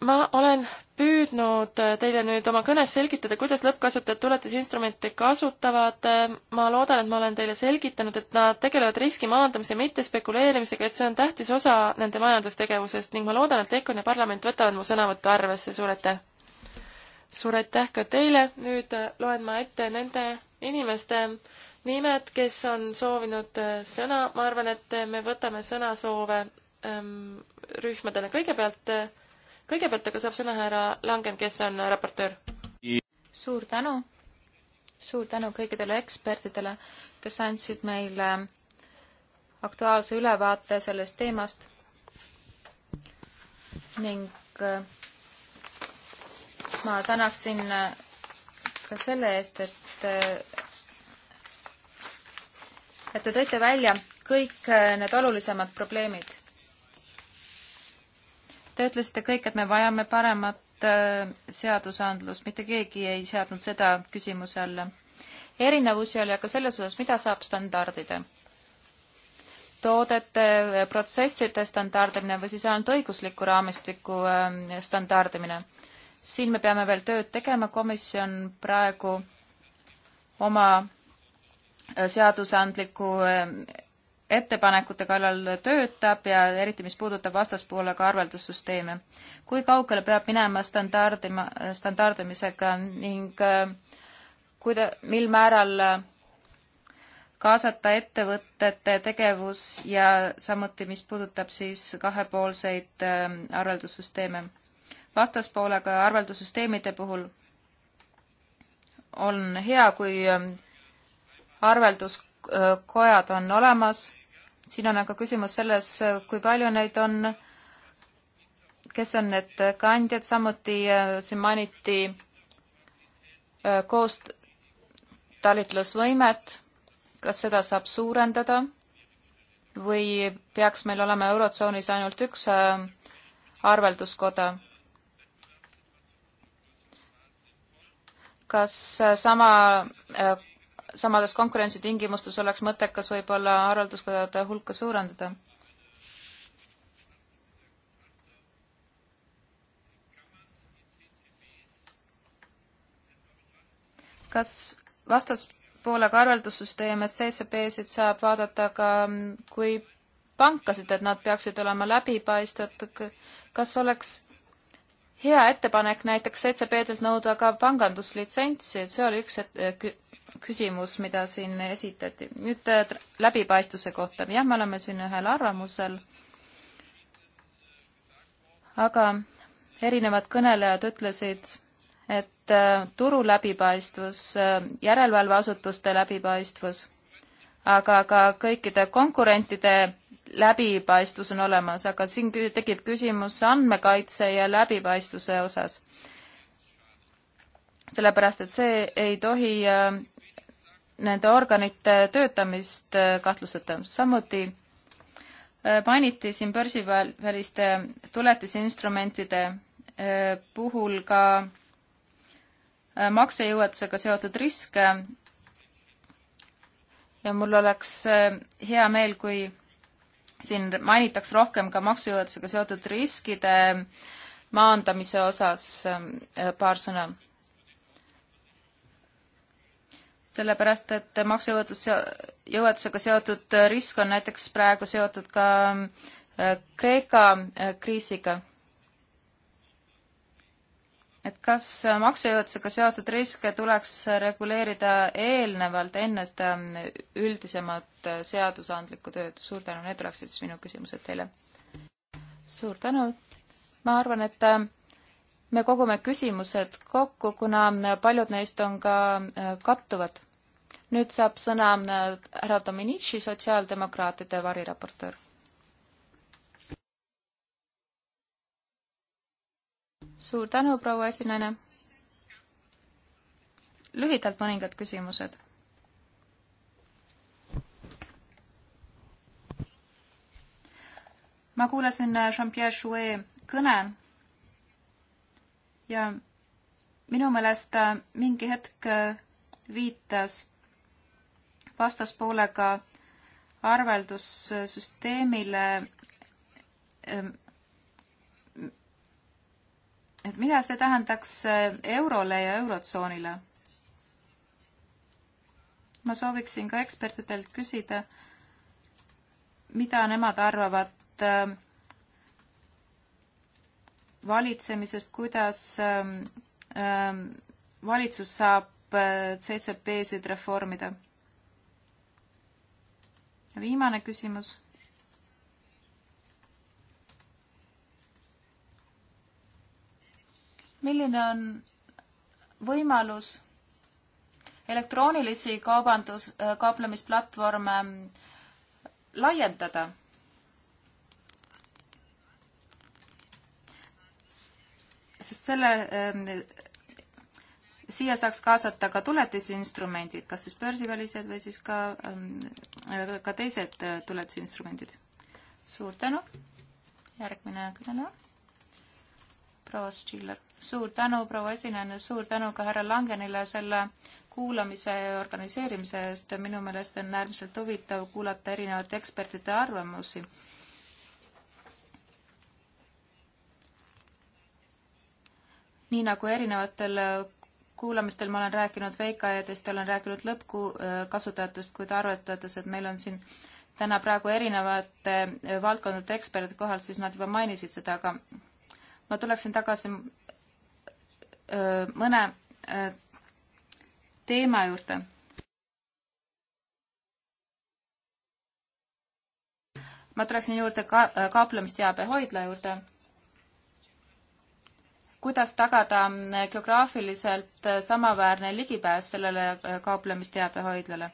ma olen püüdnud äh, teile nüüd oma kõnes selgitada, kuidas lõppkasutajad tuletisinstrumente kasutavad. ma loodan, et ma olen teile selgitanud, et nad tegelevad riski maandamise, mitte spekuleerimisega, et see on tähtis osa nende majandustegevusest ning ma loodan, et EKOn ja parlament võtavad mu sõnavõttu arvesse. suur aitäh! suur aitäh ka teile, nüüd äh, loen ma ette nende inimeste nimed, kes on soovinud äh, sõna, ma arvan, et äh, me võtame sõnasoove ähm, rühmadele kõigepealt, kõigepealt aga saab sõna härra Langen, kes on raportöör. suur tänu, suur
tänu kõikidele ekspertidele, kes andsid meile aktuaalse ülevaate sellest teemast ning ma tänaksin äh, ka selle eest, et äh, et te tõite välja kõik äh, need olulisemad probleemid. Te ütlesite kõik, et me vajame paremat seadusandlust, mitte keegi ei seadnud seda küsimuse alla. erinevusi oli aga selles osas, mida saab standardida. toodete, protsesside standardimine või siis ainult õigusliku raamistiku standardimine siin me peame veel tööd tegema, komisjon praegu oma äh, seadusandliku äh, ettepanekute kallal töötab ja eriti, mis puudutab vastaspoolega arveldussüsteeme. kui kaugele peab minema standardima, äh, standardimisega ning kuida-, mil määral kaasata ettevõtete tegevus ja samuti, mis puudutab siis kahepoolseid arveldussüsteeme vastaspoolega arveldussüsteemide puhul on hea, kui ähm, arvelduskojad on olemas, siin on aga küsimus selles, äh, kui palju neid on, kes on need kandjad, samuti äh, siin mainiti äh, koost-, talitlusvõimet, kas seda saab suurendada või peaks meil olema Eurotsoonis ainult üks arvelduskoda? kas äh, sama, äh, samades konkurentsitingimustes oleks mõttekas võib-olla haralduskodade hulka suurendada? kas vastaspoolega arveldussüsteem, et CCP-sid saab vaadata ka mm, kui pankasid, et nad peaksid olema läbipaistvad, kas oleks hea ettepanek näiteks ECB-delt nõuda ka panganduslitsentsi, et see oli üks eh, küsimus, mida siin esitati. nüüd eh, läbipaistvuse kohta. jah, me oleme siin ühel arvamusel, aga erinevad kõnelejad ütlesid, et eh, turu läbipaistvus, järelevalveasutuste läbipaistvus, aga ka kõikide konkurentide läbipaistvus on olemas, aga siin tekib küsimus andmekaitse ja läbipaistvuse osas. sellepärast, et see ei tohi äh, nende organite töötamist äh, kahtlustada. samuti äh, mainiti siin börsiväliste tuletisinstrumentide puhul ka maksejõuetusega seotud riske ja mul oleks hea meel, kui siin mainitaks rohkem ka maksujõuetusega seotud riskide maandamise osas ähm, äh, paar sõna. sellepärast, et maksujõuetus, jõuetusega seotud risk on näiteks praegu seotud ka äh, Kreeka äh, kriisiga et kas äh, maksejõuetusega seotud riske tuleks äh, reguleerida eelnevalt, enne seda ähm, üldisemat äh, seadusandlikku tööd? suur tänu, need oleksid siis minu küsimused teile. suur tänu. ma arvan, et ähm, me kogume küsimused kokku, kuna paljud neist on ka kattuvad. nüüd saab sõna härra Dominici, sotsiaaldemokraatide variraportöör suur tänu, proua esinaine. lühidalt mõningad küsimused. ma kuulasin äh, Jean-Pierre Jouet kõne ja minu meelest ta äh, mingi hetk äh, viitas vastaspoolega arveldussüsteemile ähm, et mida see tähendaks eh, eurole ja eurotsoonile? ma sooviksin ka ekspertidelt küsida, mida nemad arvavad eh, valitsemisest, kuidas eh, valitsus saab CCP-sid reformida? viimane küsimus milline on võimalus elektroonilisi kaubandus, kauplemisplatvorme laiendada? sest selle ähm, siia saaks kaasata ka tuletisinstrumendid, kas siis börsivälised või siis ka, ähm, ka teised äh, tuletisinstrumendid. suur tänu, järgmine kõneleja proua Stiller. suur tänu, proua esinejana, suur tänu ka härra Langenile selle kuulamise organiseerimise eest. minu meelest on äärmiselt huvitav kuulata erinevate ekspertide arvamusi. nii nagu erinevatel kuulamistel ma olen rääkinud veikaedest, olen rääkinud lõppkasutajatest, äh, kuid arvatades, et meil on siin täna praegu erinevate äh, valdkondade eksperdid kohal, siis nad juba mainisid seda, aga ma tuleksin tagasi äh, mõne äh, teema juurde. ma tuleksin juurde ka äh, kaaplemisteabehoidla juurde. kuidas tagada geograafiliselt samaväärne ligipääs sellele kaaplemisteabehoidlale?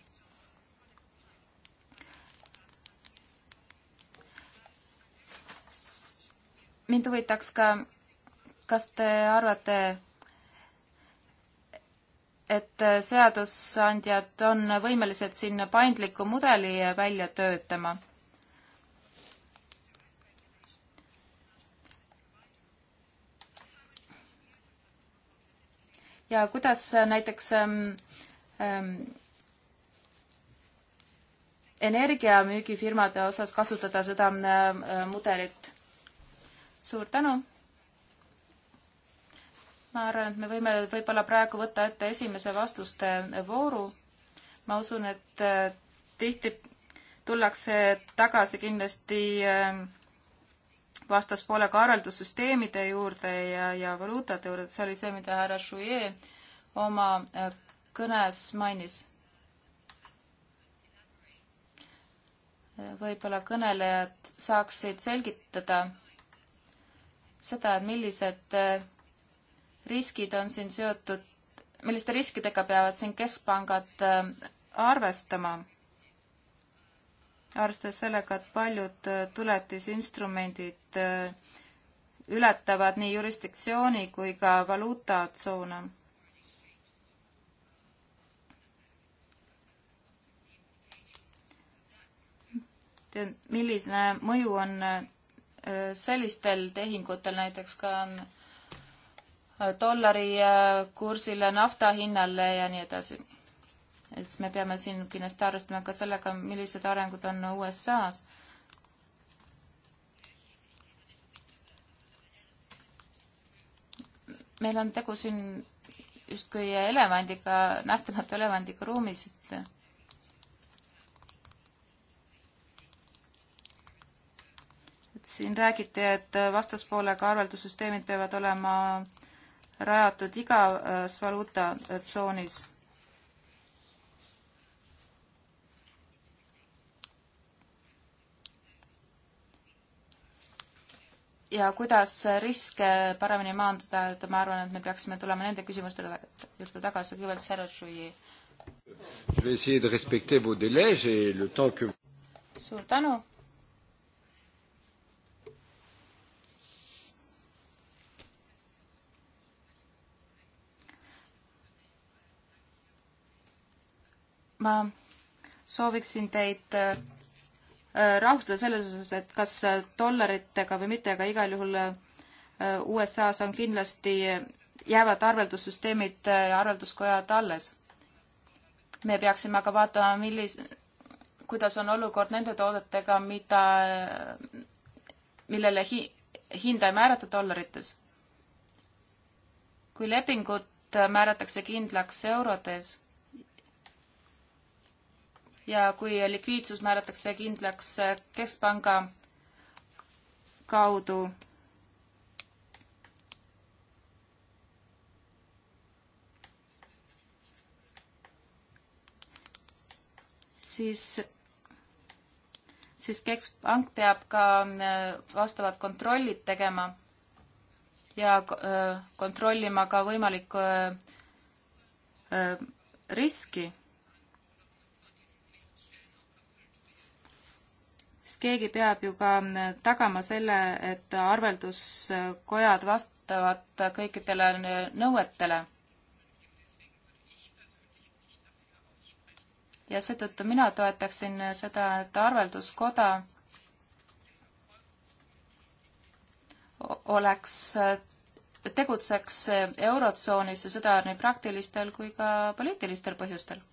mind huvitaks ka, kas te arvate, et seadusandjad on võimelised siin paindliku mudeli välja töötama. ja kuidas näiteks ähm, ähm, energiamüügifirmade osas kasutada seda ähm, äh, mudelit suur tänu. ma arvan, et me võime võib-olla praegu võtta ette esimese vastuste vooru. ma usun, et äh, tihti tullakse tagasi kindlasti äh, vastaspoole ka arveldussüsteemide juurde ja, ja valuutade juurde, et see oli see, mida härra Chouillet oma äh, kõnes mainis. võib-olla kõnelejad saaksid selgitada seda, et millised äh, riskid on siin seotud, milliste riskidega peavad siin keskpangad äh, arvestama, arvestades sellega, et paljud äh, tuletisinstrumendid ületavad nii jurisdiktsiooni kui ka valuutatsoone milline mõju on sellistel tehingutel näiteks ka on äh, dollari äh, kursile, nafta hinnale ja nii edasi. et siis me peame siin kindlasti arvestama ka sellega, millised arengud on USA-s. meil on tegu siin justkui elevandiga, nähtamatu elevandiga ruumis, et siin räägiti, et vastaspoolega arveldussüsteemid peavad olema rajatud igas äh, valuutatsoonis. Äh, ja kuidas riske paremini maandada, et ma arvan, et me peaksime tulema nende küsimuste juurde tagasi, kõigepealt Sarah Jui. suur tänu ma sooviksin teid äh, rahustada selles osas, et kas äh, dollaritega või mitte, aga igal juhul äh, USA-s on kindlasti, jäävad arveldussüsteemid ja arvelduskojad alles. me peaksime aga vaatama, millis-, kuidas on olukord nende toodetega, mida, millele hi-, hinda ei määrata dollarites. kui lepingud määratakse kindlaks eurodes ja kui likviidsus määratakse kindlaks keskpanga kaudu, siis, siis keskpank peab ka äh, vastavad kontrollid tegema ja äh, kontrollima ka võimalikku äh, riski sest keegi peab ju ka äh, tagama selle, et arvelduskojad vastavad kõikidele nõuetele. ja seetõttu mina toetaksin seda, et arvelduskoda oleks, tegutseks Eurotsoonis ja seda nii praktilistel kui ka poliitilistel põhjustel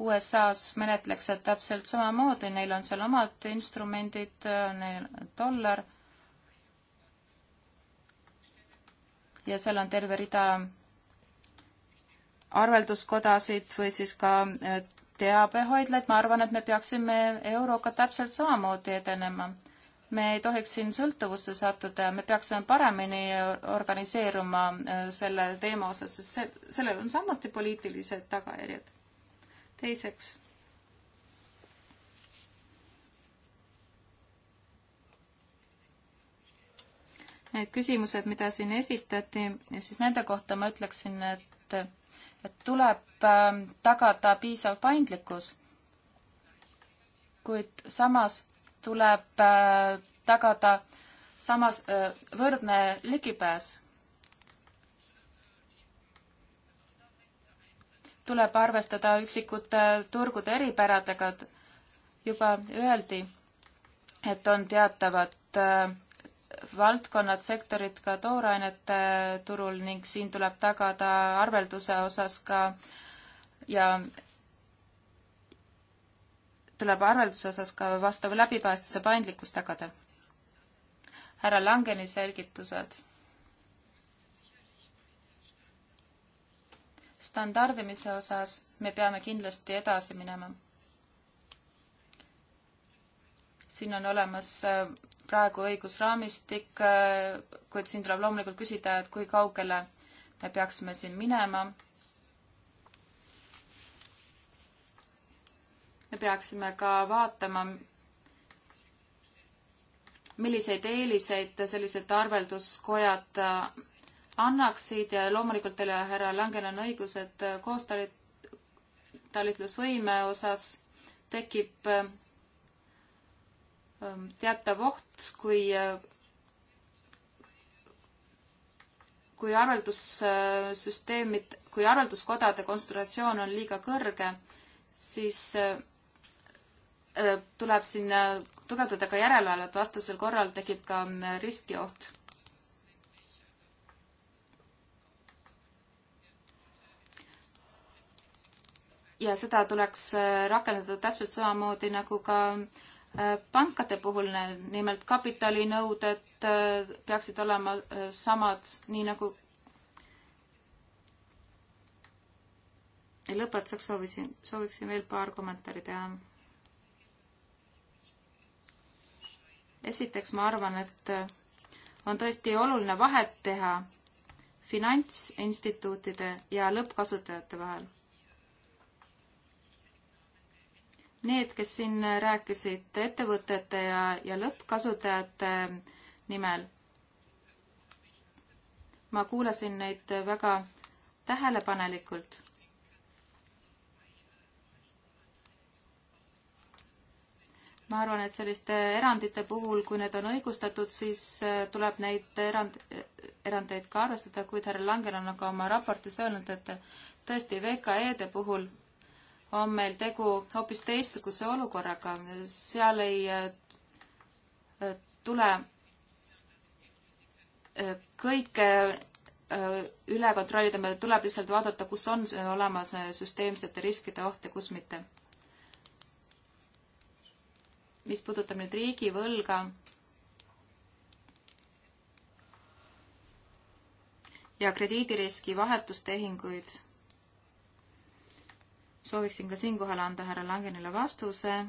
USA-s menetleks seda täpselt samamoodi, neil on seal omad instrumendid, neil on dollar ja seal on terve rida arvelduskodasid või siis ka äh, teabehoidlaid, ma arvan, et me peaksime euroga täpselt samamoodi edenema. me ei tohiks siin sõltuvusse sattuda ja me peaksime paremini organiseeruma äh, selle teema osas, sest see, sellel on samuti poliitilised tagajärjed teiseks, need küsimused, mida siin esitati, siis nende kohta ma ütleksin, et, et tuleb ähm, tagada piisav paindlikkus, kuid samas tuleb äh, tagada samas äh, võrdne ligipääs tuleb arvestada üksikute turgude eripäradega. juba öeldi, et on teatavad äh, valdkonnad, sektorid ka toorainete turul ning siin tuleb tagada arvelduse osas ka ja tuleb arvelduse osas ka vastav läbipaistvuse paindlikkus tagada. härra Langeni selgitused standardimise osas me peame kindlasti edasi minema. siin on olemas äh, praegu õigusraamistik, äh, kuid siin tuleb loomulikult küsida, et kui kaugele me peaksime siin minema. me peaksime ka vaatama, milliseid eeliseid sellised arvelduskojad äh, annaksid ja loomulikult teil, härra Langel, on õigus, et koostalit-, talitlusvõime osas tekib ähm, teatav oht, kui, kui arveldussüsteemid, kui arvelduskodade kontsentratsioon on liiga kõrge, siis äh, tuleb siin tugevdada ka järelevalvet, vastasel korral tekib ka ähm, riskioht ja seda tuleks äh, rakendada täpselt samamoodi nagu ka äh, pankade puhul, nimelt kapitalinõuded äh, peaksid olema samad, nii nagu ja lõpetuseks soovisin, sooviksin veel paar kommentaari teha. esiteks ma arvan, et on tõesti oluline vahet teha finantsinstituutide ja lõppkasutajate vahel Need, kes siin rääkisid ettevõtete ja, ja lõppkasutajate nimel, ma kuulasin neid väga tähelepanelikult. ma arvan, et selliste erandite puhul, kui need on õigustatud, siis äh, tuleb neid erand, erandeid ka arvestada, kuid härra Langel on aga oma raportis öelnud, et tõesti VKE-de puhul on meil tegu hoopis teistsuguse olukorraga, seal ei äh, tule äh, kõike äh, üle kontrollida, meil tuleb lihtsalt vaadata, kus on olemas süsteemsete riskide oht ja kus mitte. mis puudutab nüüd riigivõlga, ja krediidiriski vahetustehinguid sooviksin ka siinkohal anda härra Langenile vastuse.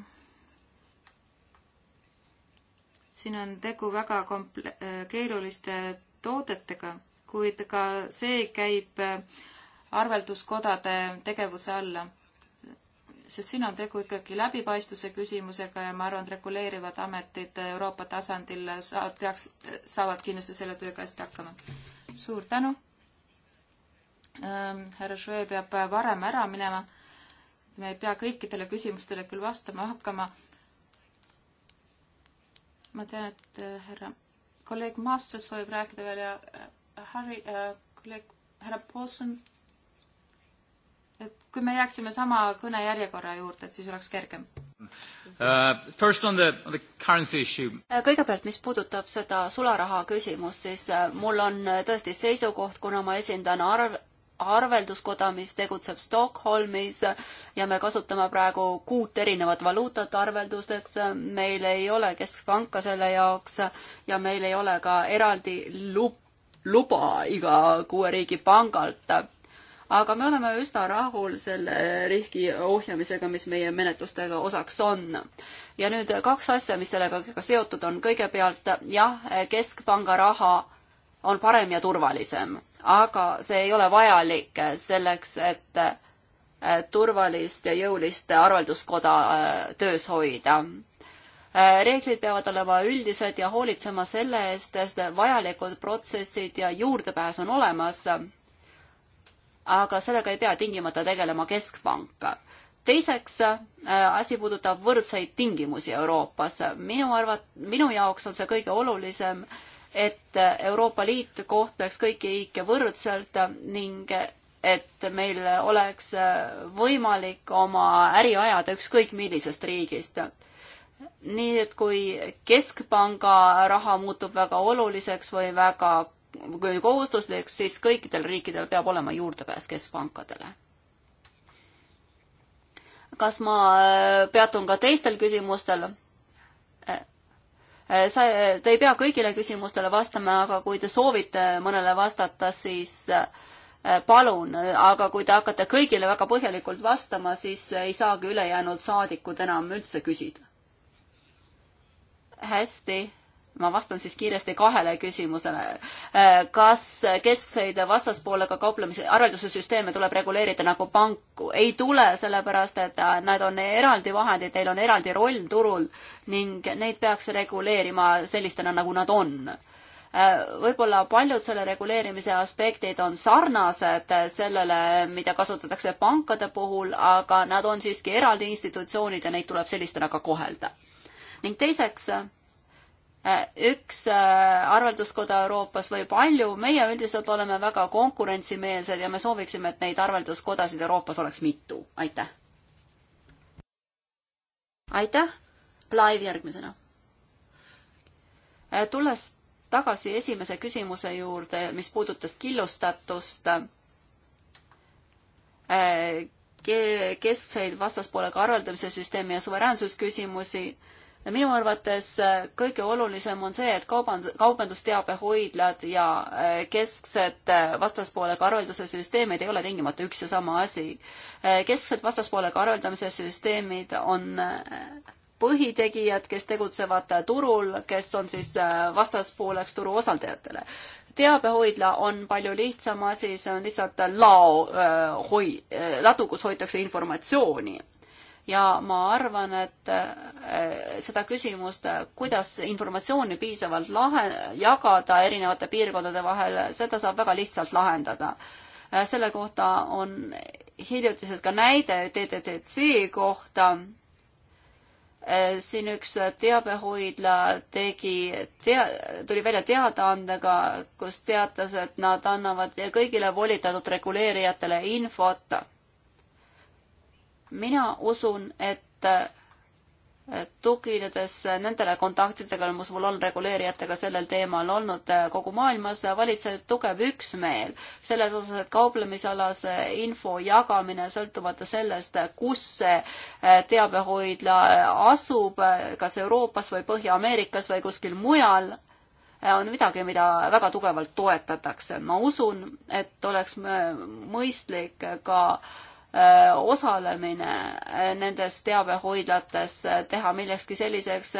siin on tegu väga komple-, äh, keeruliste toodetega, kuid ka see käib äh, arvelduskodade tegevuse alla. sest siin on tegu ikkagi läbipaistvuse küsimusega ja ma arvan, et reguleerivad ametid Euroopa tasandil saab, peaks, saavad kindlasti selle tööga hästi hakkama. suur tänu ähm,. härra Švee peab varem ära minema me ei pea kõikidele küsimustele küll vastama hakkama. ma tean, et äh, härra kolleeg Masters soovib rääkida veel ja äh, Harry äh,, kolleeg härra Paulson. et kui me jääksime sama kõnejärjekorra juurde,
et siis oleks kergem
Uh, first on the, on the currency issue.
kõigepealt, mis puudutab seda sularaha küsimust, siis mul on tõesti seisukoht, kuna ma esindan arv, arvelduskoda, mis tegutseb Stockholmis ja me kasutame praegu kuut erinevat valuutat arveldusteks. meil ei ole keskpanka selle jaoks ja meil ei ole ka eraldi lub-, luba iga kuue riigi pangalt aga me oleme üsna rahul selle riski ohjamisega, mis meie menetlustega osaks on. ja nüüd kaks asja, mis sellega seotud on. kõigepealt jah, keskpanga raha on parem ja turvalisem, aga see ei ole vajalik selleks, et turvalist ja jõulist arvelduskoda äh, töös hoida. Äh, reeglid peavad olema üldised ja hoolitsema selle eest, et vajalikud protsessid ja juurdepääs on olemas. aga sellega ei pea tingimata tegelema keskpank teiseks äh, asi puudutab võrdseid tingimusi Euroopas. minu arvat-, minu jaoks on see kõige olulisem äh, et Euroopa Liit kohtleks kõiki riike võrdselt ning et meil oleks võimalik oma äri ajada ükskõik millisest riigist. nii et kui keskpanga raha muutub väga oluliseks või väga kui kohustuslikuks, siis kõikidel riikidel peab olema juurdepääs keskpankadele. kas ma peatun ka teistel küsimustel? Eh, sa, eh, te ei pea kõigile küsimustele vastama, aga kui te soovite mõnele vastata, siis eh, palun, aga kui te hakkate kõigile väga põhjalikult vastama, siis ei saagi ülejäänud saadikud enam üldse küsida. hästi, ma vastan siis kiiresti kahele küsimusele. Äh, kas keskseid vastaspoolega kauplemise arvelduse süsteeme tuleb reguleerida nagu panku? ei tule, sellepärast et äh, nad on eraldi vahendid, neil on eraldi roll turul ning neid peaks reguleerima sellistena, nagu nad on. Äh, võib-olla paljud selle reguleerimise aspektid on sarnased sellele, mida kasutatakse pankade puhul, aga nad on siiski eraldi institutsioonid ja neid tuleb sellistena ka kohelda. ning teiseks Äh, üks äh, arvelduskoda Euroopas või palju, meie üldiselt oleme väga konkurentsimeelsed ja me sooviksime, et neid arvelduskodasid Euroopas oleks mitu. aitäh! aitäh! Laiv järgmisena. Äh, tulles tagasi esimese küsimuse juurde, mis puudutas killustatust, keskseid vastaspoolega arveldamise süsteemi ja suveräänsusküsimusi minu arvates äh, kõige olulisem on see, et kaubandus, kaubandusteabehoidlad ja äh, kesksed äh, vastaspoolega arvelduse süsteemid ei ole tingimata üks ja sama asi. kesksed vastaspoolega arveldamise süsteemid on põhitegijad, kes tegutsevad turul, kes on siis vastaspooleks turu osaldajatele. teabehoidla on palju lihtsam asi, see on lihtsalt lao hoi-, ladu, kus hoitakse informatsiooni ja ma arvan, et eh, seda küsimust, kuidas informatsiooni piisavalt lahe, jagada erinevate piirkondade vahel, seda saab väga lihtsalt lahendada. Eh, selle kohta on hiljutiselt ka näide TTTC kohta. Eh, siin üks teabehoidla tegi, tea-, tuli välja teadaandega, kus teatas, et nad annavad kõigile volitatud reguleerijatele infot mina usun, et tuginedes nendele kontaktidega, mis mul on reguleerijatega sellel teemal olnud äh, kogu maailmas, äh, valitseb tugev üksmeel selles osas, et kauplemisalase info jagamine sõltumata sellest, äh, kus see teabehoidla asub, kas Euroopas või Põhja-Ameerikas või kuskil mujal on midagi, mida väga tugevalt toetatakse. ma usun, et oleks mõistlik ka äh, osalemine nendes teabehoidlates teha millekski selliseks,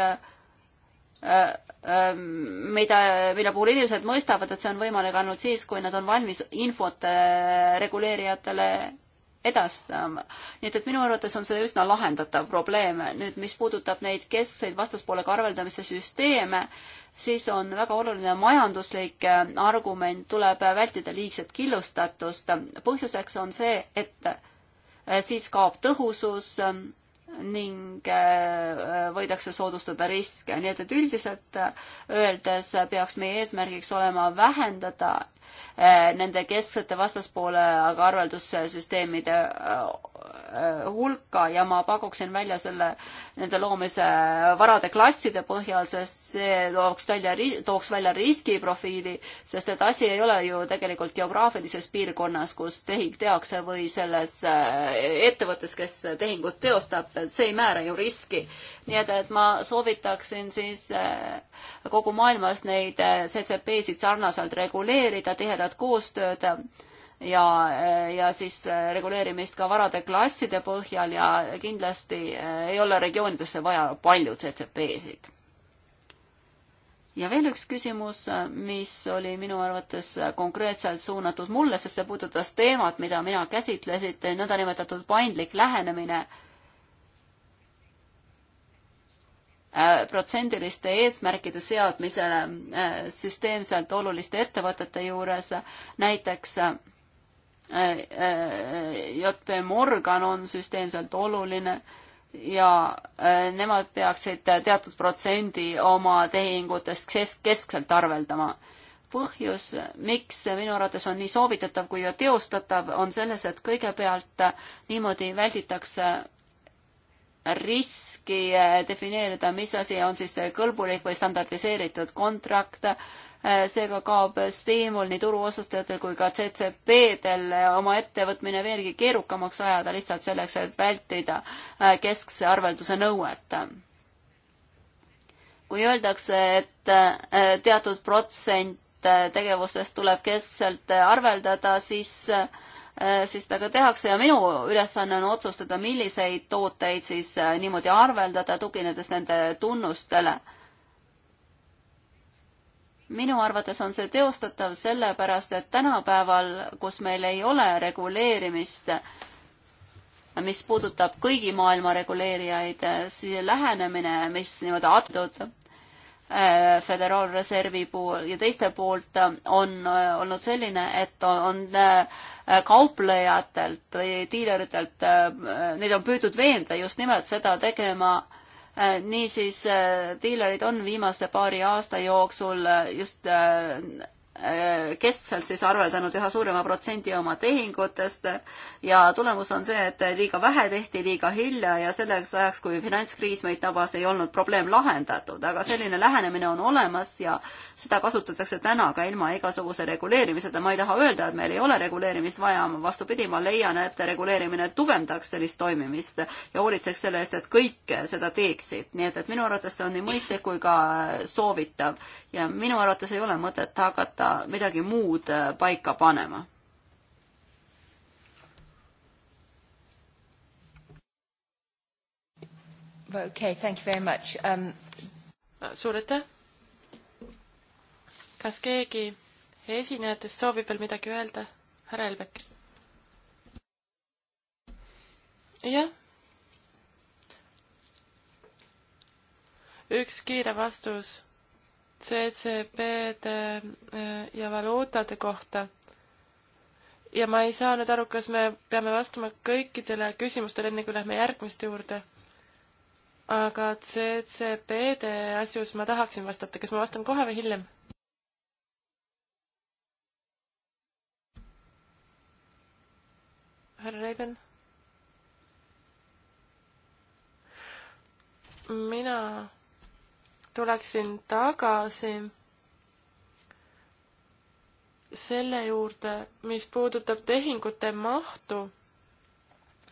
mida, mille puhul inimesed mõistavad, et see on võimalik ainult siis, kui nad on valmis infot reguleerijatele edastama. nii et, et minu arvates on see üsna lahendatav probleem. nüüd, mis puudutab neid keskseid vastaspoolega arveldamise süsteeme, siis on väga oluline majanduslik argument, tuleb vältida liigset killustatust. põhjuseks on see, et Äh, siis kaob tõhusus ähm, ning äh, võidakse soodustada riske, nii et, et üldiselt äh, öeldes peaks meie eesmärgiks olema vähendada nende kesksete vastaspoole, aga arveldussüsteemide Äh, hulka ja ma pakuksin välja selle, nende loomise varade klasside põhjal, sest see tooks välja, tooks välja riskiprofiili, sest et asi ei ole ju tegelikult geograafilises piirkonnas, kus tehing tehakse või selles äh, ettevõttes, kes tehingut teostab, see ei määra ju riski. nii et, et ma soovitaksin siis äh, kogu maailmas neid CCP-sid sarnaselt reguleerida, tihedat koostööd ja, ja siis äh, reguleerimist ka varade klasside põhjal ja kindlasti äh, ei ole regioonidesse vaja palju CCP-sid. ja veel üks küsimus, mis oli minu arvates konkreetselt suunatud mulle, sest see puudutas teemat, mida mina käsitlesin, nõndanimetatud paindlik lähenemine äh, protsendiliste eesmärkide seadmisele süsteemselt oluliste ettevõtete juures, näiteks JP Morgan on süsteemselt oluline ja äh, nemad peaksid teatud protsendi oma tehingutest kesk keskselt arveldama. põhjus, miks see minu arvates on nii soovitatav kui teostatav, on selles, et kõigepealt äh, niimoodi välditakse riski äh, defineerida, mis asi on siis kõlbulik või standardiseeritud kontrakt Äh, seega kaob stiimul nii turuosustajatel kui ka CCP-del äh, oma ettevõtmine veelgi keerukamaks ajada lihtsalt selleks, et vältida äh, keskse arvelduse nõuet. kui öeldakse, et teatud protsent tegevustest tuleb keskselt arveldada, siis siis ta ka tehakse ja minu ülesanne on otsustada, milliseid tooteid siis niimoodi arveldada, tuginedes nende tunnustele minu arvates on see teostatav sellepärast, et tänapäeval, kus meil ei ole reguleerimist, mis puudutab kõigi maailma reguleerijaid, see lähenemine, mis nii-öelda antud äh, Föderaalreservi puhul ja teiste poolt on äh, olnud selline, et on äh, kauplejatelt või diileritelt, neid on püüdnud veenda just nimelt seda tegema äh, Äh, niisiis äh, diilerid on viimase paari aasta jooksul äh, just Äh, keskselt siis arveldanud üha suurema protsendi oma tehingutest ja tulemus on see, et liiga vähe tehti liiga hilja ja selleks ajaks, kui finantskriis meid tabas, ei olnud probleem lahendatud, aga selline lähenemine on olemas ja seda kasutatakse täna ka ilma igasuguse reguleerimiseta. ma ei taha öelda, et meil ei ole reguleerimist vaja, vastupidi, ma leian, et reguleerimine tugevdaks sellist toimimist ja hoolitseks selle eest, et kõik seda teeksid, nii et, et minu arvates see on nii mõistlik kui ka soovitav ja minu arvates ei ole mõtet hakata midagi muud äh, paika panema.
Okay, thank you very much um.... suur aitäh. kas keegi esinejatest soovib veel midagi öelda? härra Elbek. jah üks kiire vastus CCP-de äh, ja valuutade kohta. ja ma ei saa nüüd aru, kas me peame vastama kõikidele küsimustele, enne kui lähme järgmiste juurde. aga CCP-de asjus ma tahaksin vastata, kas ma vastan kohe või hiljem? härra Reiben? mina tuleksin tagasi selle juurde, mis puudutab tehingute mahtu.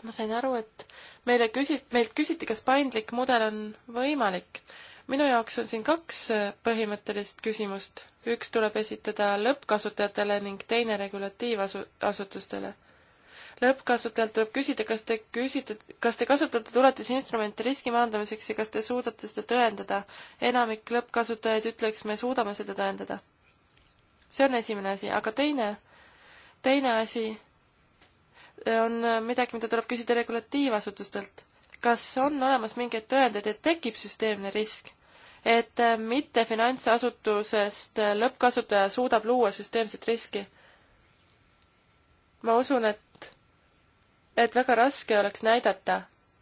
ma sain aru, et meile küsi-, meilt küsiti, kas paindlik mudel on võimalik. minu jaoks on siin kaks põhimõttelist küsimust. üks tuleb esitada lõppkasutajatele ning teine regulatiivasutustele asu-, lõppkasutajalt tuleb küsida, kas te küsite, kas te kasutate tuletisinstrumente riski maandamiseks ja kas te suudate seda tõendada. enamik lõppkasutajaid ütleks, me suudame seda tõendada. see on esimene asi, aga teine, teine asi on midagi, mida tuleb küsida regulatiivasutustelt. kas on olemas mingeid tõendeid, et tekib süsteemne risk? et mitte finantsasutusest lõppkasutaja suudab luua süsteemset riski? ma usun, et et väga raske oleks näidata,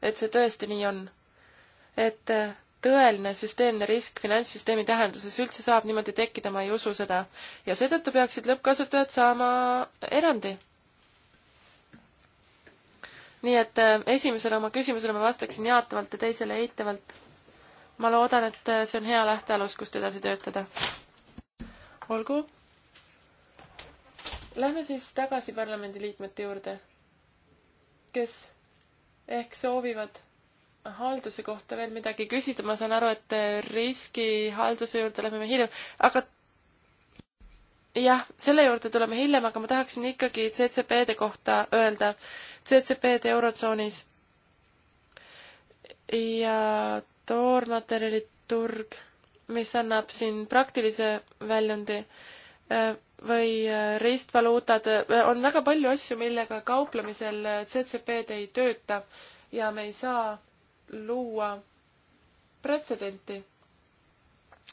et see tõesti nii on. et äh, tõeline süsteemne risk finantssüsteemi tähenduses üldse saab niimoodi tekkida, ma ei usu seda. ja seetõttu peaksid lõppkasutajad saama erandi. nii et äh, esimesele oma küsimusele ma vastaksin jaatavalt ja teisele eitavalt. ma loodan, et äh, see on hea lähtealus, kust edasi töötada. olgu. Lähme siis tagasi parlamendiliikmete juurde kes ehk soovivad halduse kohta veel midagi küsida, ma saan aru, et riskihalduse juurde läheme hiljem, aga jah, selle juurde tuleme hiljem, aga ma tahaksin ikkagi CCP-de kohta öelda, CCP-d Eurotsoonis ja toormaterjaliturg, mis annab siin praktilise väljundi Äh, või äh, ristvaluutad, äh, on väga palju asju, millega kauplemisel CCP-d ei tööta ja me ei saa luua pretsedenti,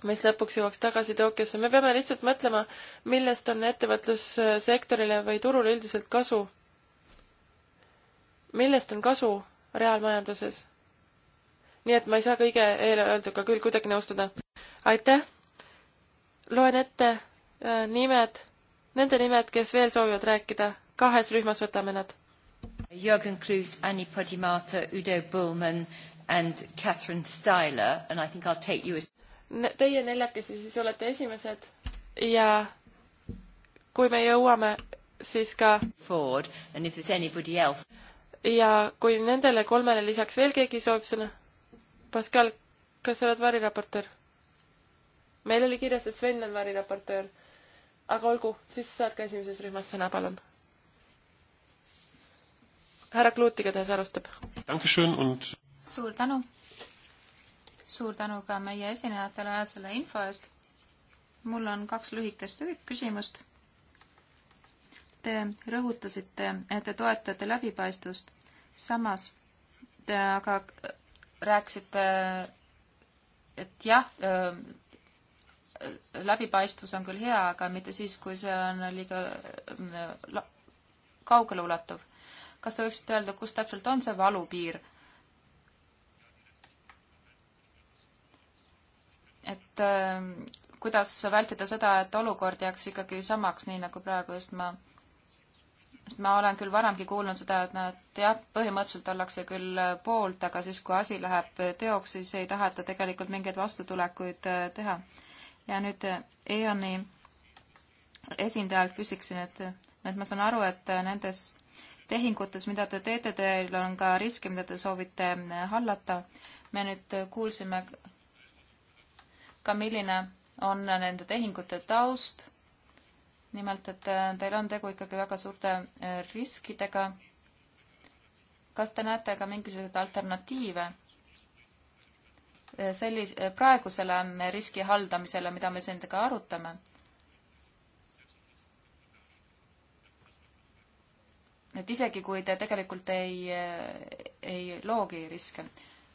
mis lõpuks jõuaks tagasi Tokyosse. me peame lihtsalt mõtlema, millest on ettevõtlussektorile või turule üldiselt kasu. millest on kasu reaalmajanduses? nii et ma ei saa kõige eelöelduga küll kuidagi nõustuda. aitäh! loen ette Äh, nimed, nende nimed, kes veel soovivad rääkida, kahes
rühmas võtame nad. Jürgen Kruut, Anni Podimata, Udo Bullmann and Catherine Styler and I think I'll take you as ne Teie neljakesi siis olete
esimesed ja kui me jõuame, siis ka Ford and if there's anybody else ja kui nendele kolmele lisaks veel keegi soovib sõna. Pascal, kas sa oled variraportöör? meil oli kirjas, et Sven on variraportöör aga olgu, siis saadke esimeses rühmas sõna, palun. härra Kluut igatahes alustab. Und... suur
tänu. suur tänu ka meie esinejatele selle info eest. mul on kaks lühikest küsimust. Te rõhutasite, et te toetate läbipaistvust. samas te aga rääkisite, et jah, läbipaistvus on küll hea, aga mitte siis, kui see on liiga mm, kaugeleulatuv. kas te võiksite öelda, kus täpselt on see valupiir? et äh, kuidas vältida seda, et olukord jääks ikkagi samaks, nii nagu praegu just ma, sest ma olen küll varemgi kuulnud seda, et nad jah, põhimõtteliselt ollakse küll poolt, aga siis, kui asi läheb teoks, siis ei taheta tegelikult mingeid vastutulekuid äh, teha ja nüüd äh, EON-i esindajalt küsiksin, et, äh, et ma saan aru, et äh, nendes tehingutes, mida te teete, teil on ka riske, mida te soovite hallata. me nüüd kuulsime ka, milline on nende tehingute taust. nimelt, et teil on tegu ikkagi väga suurte riskidega. kas te näete ka mingisuguseid alternatiive? sellis-, praegusele riski haldamisele, mida me siin ka arutame. et isegi, kui te tegelikult ei, ei loogi riske.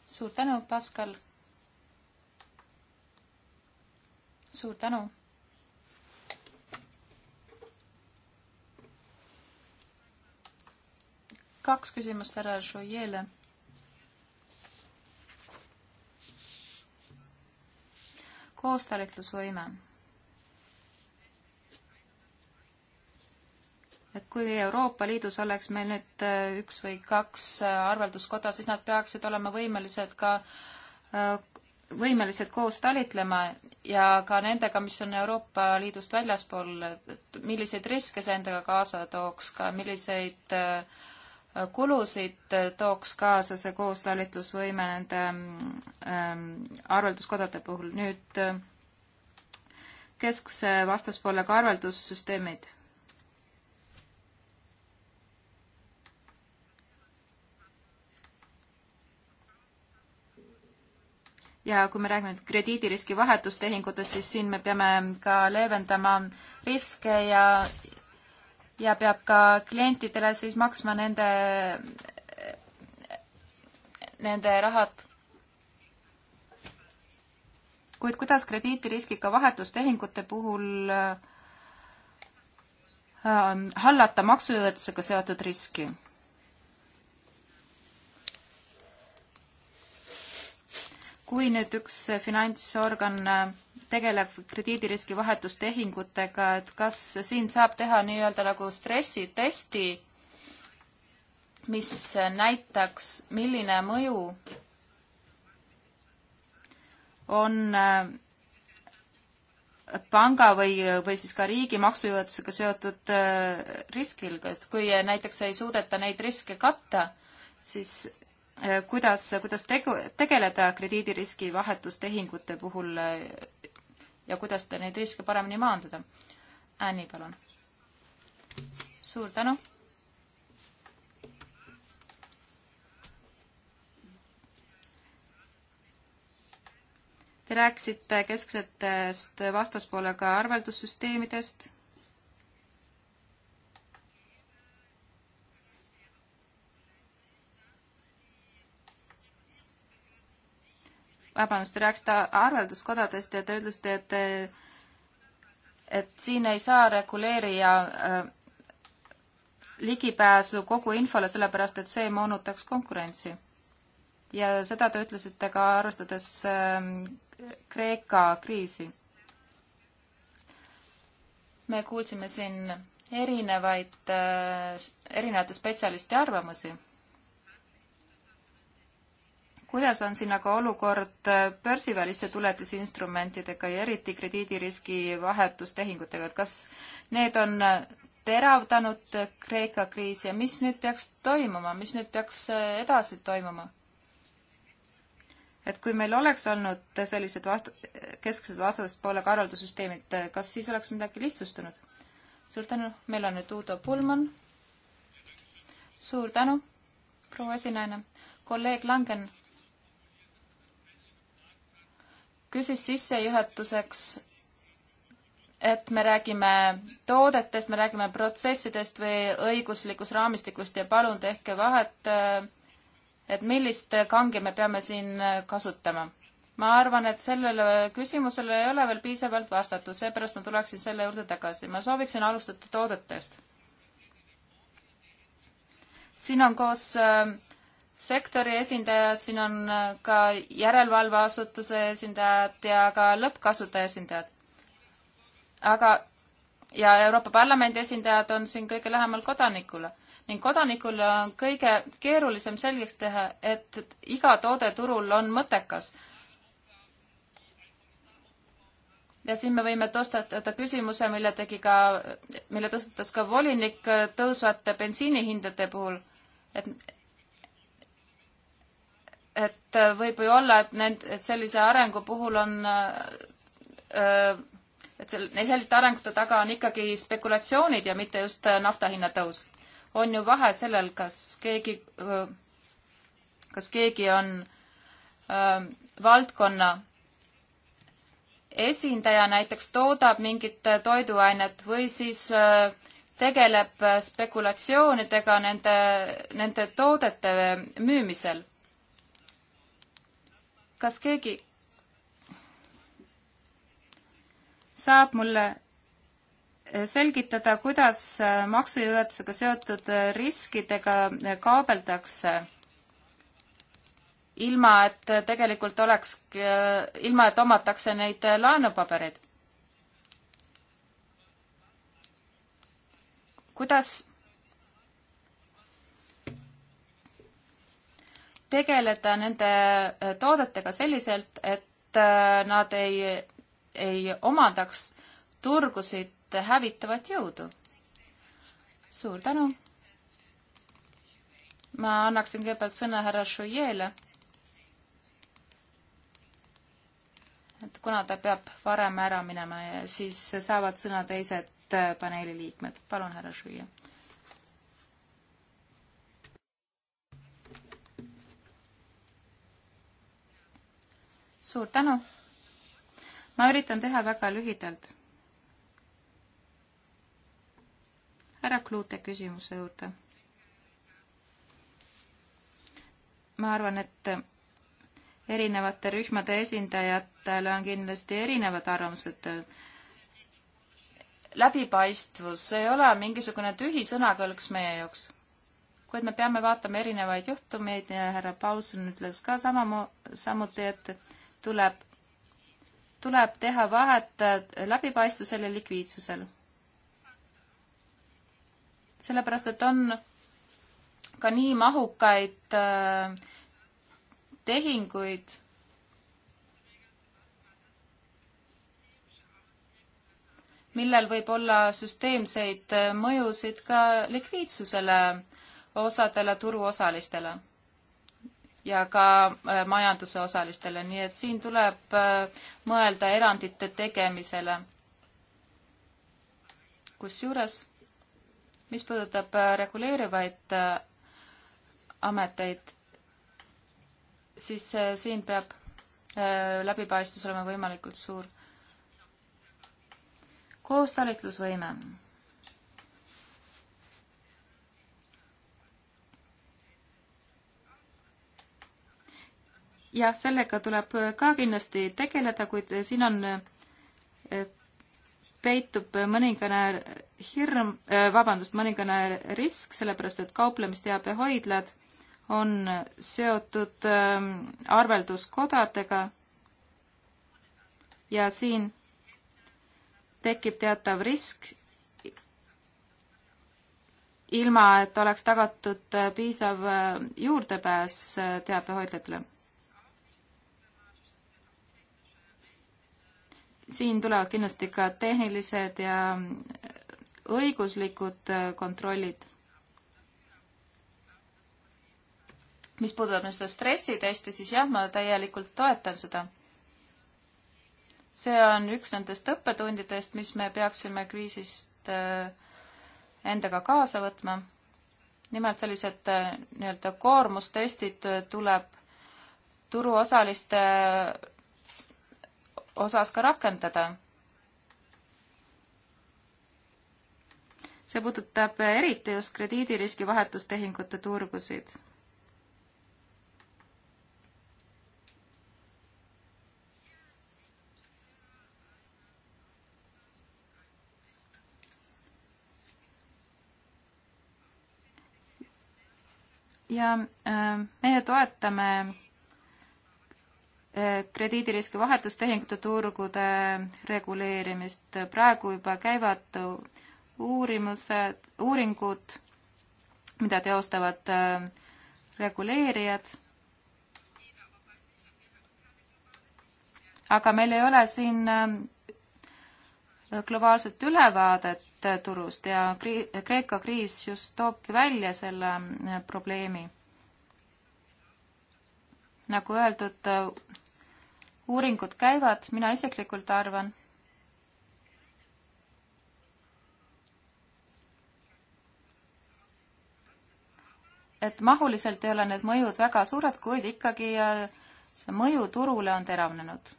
suur tänu, Pascal. suur tänu. kaks küsimust härra Šojele koostalitlusvõime. et kui Euroopa Liidus oleks meil nüüd äh, üks või kaks äh, arvelduskoda, siis nad peaksid olema võimelised ka, äh, võimelised koos talitlema ja ka nendega, mis on Euroopa Liidust väljaspool, et milliseid riske see endaga kaasa tooks, ka milliseid äh, kulusid tooks kaasa see koostalitlusvõime nende ähm, arvelduskodade puhul. nüüd äh, keskse vastaspoolega arveldussüsteemid. ja kui me räägime krediidiriski vahetustehingutest, siis siin me peame ka leevendama riske ja, ja peab ka klientidele siis maksma nende, nende rahad. kuid kuidas krediitiriskiga vahetustehingute puhul ähm, hallata maksujõuetusega seotud riski? kui nüüd üks finantsorgan äh, tegeleb krediidiriski vahetustehingutega, et kas siin saab teha nii-öelda nagu stressitesti, mis näitaks, milline mõju on äh, panga või, või siis ka riigi maksujõuetusega seotud äh, riskil, et kui näiteks ei suudeta neid riske katta, siis äh, kuidas, kuidas tegu, tegeleda krediidiriski vahetustehingute puhul ja kuidas neid riske paremini maandada. Anni, palun. suur tänu. Te rääkisite kesksetest vastaspoolega arveldussüsteemidest vabandust, te rääkisite arvelduskodadest ja te ütlesite, et et siin ei saa reguleerija äh, ligipääsu kogu infole, sellepärast et see moonutaks konkurentsi. ja seda te ütlesite ka arvestades äh, Kreeka kriisi. me kuulsime siin erinevaid äh,, erinevate spetsialisti arvamusi kuidas on siin aga olukord börsiväliste tuletisinstrumentidega ja eriti krediidiriski vahetustehingutega, et kas need on teravdanud Kreeka kriisi ja mis nüüd peaks toimuma, mis nüüd peaks edasi toimuma? et kui meil oleks olnud sellised vast-, kesksed vastaspoolega arveldussüsteemid, kas siis oleks midagi lihtsustunud? suur tänu, meil on nüüd Uudo Pulman. suur tänu, proua esinaine. kolleeg Langen küsis sissejuhatuseks, et me räägime toodetest, me räägime protsessidest või õiguslikust raamistikust ja palun tehke vahet, et millist kange me peame siin kasutama. ma arvan, et sellele küsimusele ei ole veel piisavalt vastatud, seepärast ma tuleksin selle juurde tagasi. ma sooviksin alustada toodetest. siin on koos äh, sektori esindajad, siin on äh, ka järelevalveasutuse esindajad ja ka lõppkasutaja esindajad. aga, ja Euroopa Parlamendi esindajad on siin kõige lähemal kodanikule ning kodanikule on kõige keerulisem selgeks teha, et iga toode turul on mõttekas. ja siin me võime tõstatada küsimuse, mille tegi ka, mille tõstatas ka volinik äh, tõusvate bensiinihindade puhul, et et äh, võib ju olla, et need, et sellise arengu puhul on, äh, äh, et sel-, selliste arengute taga on ikkagi spekulatsioonid ja mitte just nafta hinna tõus. on ju vahe sellel, kas keegi, kas keegi on valdkonna esindaja näiteks toodab mingit toiduainet või siis tegeleb spekulatsioonidega nende, nende toodete müümisel kas keegi saab mulle eh, selgitada, kuidas eh, maksujõuetusega seotud eh, riskidega kaabeldakse, ilma et tegelikult oleks, ilma et omatakse neid laenupabereid? kuidas tegeleda nende äh, toodetega selliselt, et äh, nad ei, ei omandaks turgusid hävitavat jõudu. suur tänu. ma annaksin kõigepealt sõna härra Šuiele. et kuna ta peab varem ära minema ja siis saavad sõna teised äh, paneeli liikmed. palun, härra Šuie suur tänu. ma üritan teha väga lühidalt. härra Kluute küsimuse juurde. ma arvan, et erinevate rühmade esindajatel on kindlasti erinevad arvamused. läbipaistvus ei ole mingisugune tühi sõnakõlks meie jaoks kuid me peame vaatama erinevaid juhtumeid ja härra Paulson ütles ka sama, samuti, et tuleb, tuleb teha vahet äh, läbipaistvusel ja likviidsusel. sellepärast, et on ka nii mahukaid äh, tehinguid, millel võib olla süsteemseid äh, mõjusid ka likviidsusele osadele turuosalistele ja ka äh, majanduse osalistele, nii et siin tuleb äh, mõelda erandite tegemisele. kusjuures, mis puudutab äh, reguleerivaid ameteid, siis siin peab läbipaistvus olema võimalikult suur. koostalitlusvõime jah, sellega tuleb ka kindlasti tegeleda, kuid siin on, eh, peitub mõningane hirm, eh, vabandust, mõningane risk, sellepärast et kauplemisteabe hoidlad on seotud eh, arvelduskodadega ja siin tekib teatav risk, ilma et oleks tagatud piisav juurdepääs teabehoidlatele siin tulevad kindlasti ka tehnilised ja õiguslikud äh, kontrollid. mis puudutab nüüd seda stressitesti, siis jah, ma täielikult toetan seda. see on üks nendest õppetundidest, mis me peaksime kriisist äh, endaga kaasa võtma. nimelt sellised äh, nii-öelda koormustestid tuleb turuosaliste osas ka rakendada. see puudutab eriti just krediidiriski vahetustehingute turgusid ja äh, meie toetame krediidiriski vahetustehingute turgude reguleerimist. praegu juba käivad uurimused, uuringud, mida teostavad äh, reguleerijad. aga meil ei ole siin äh, globaalset ülevaadet äh, turust ja Kreeka kriis just toobki välja selle probleemi. nagu öeldud, uuringud käivad, mina isiklikult arvan, et mahuliselt ei ole need mõjud väga suured, kuid ikkagi äh, see mõju turule on teravnenud.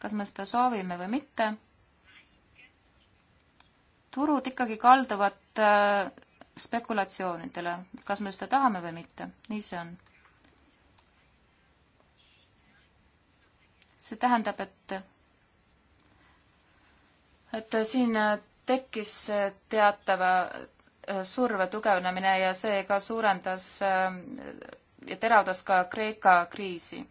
kas me seda soovime või mitte? turud ikkagi kalduvad äh, spekulatsioonidele, kas me seda tahame või mitte, nii see on see tähendab, et, et siin tekkis teatava äh, surve tugevnemine ja see ka suurendas äh, ja teravdas ka Kreeka kriisi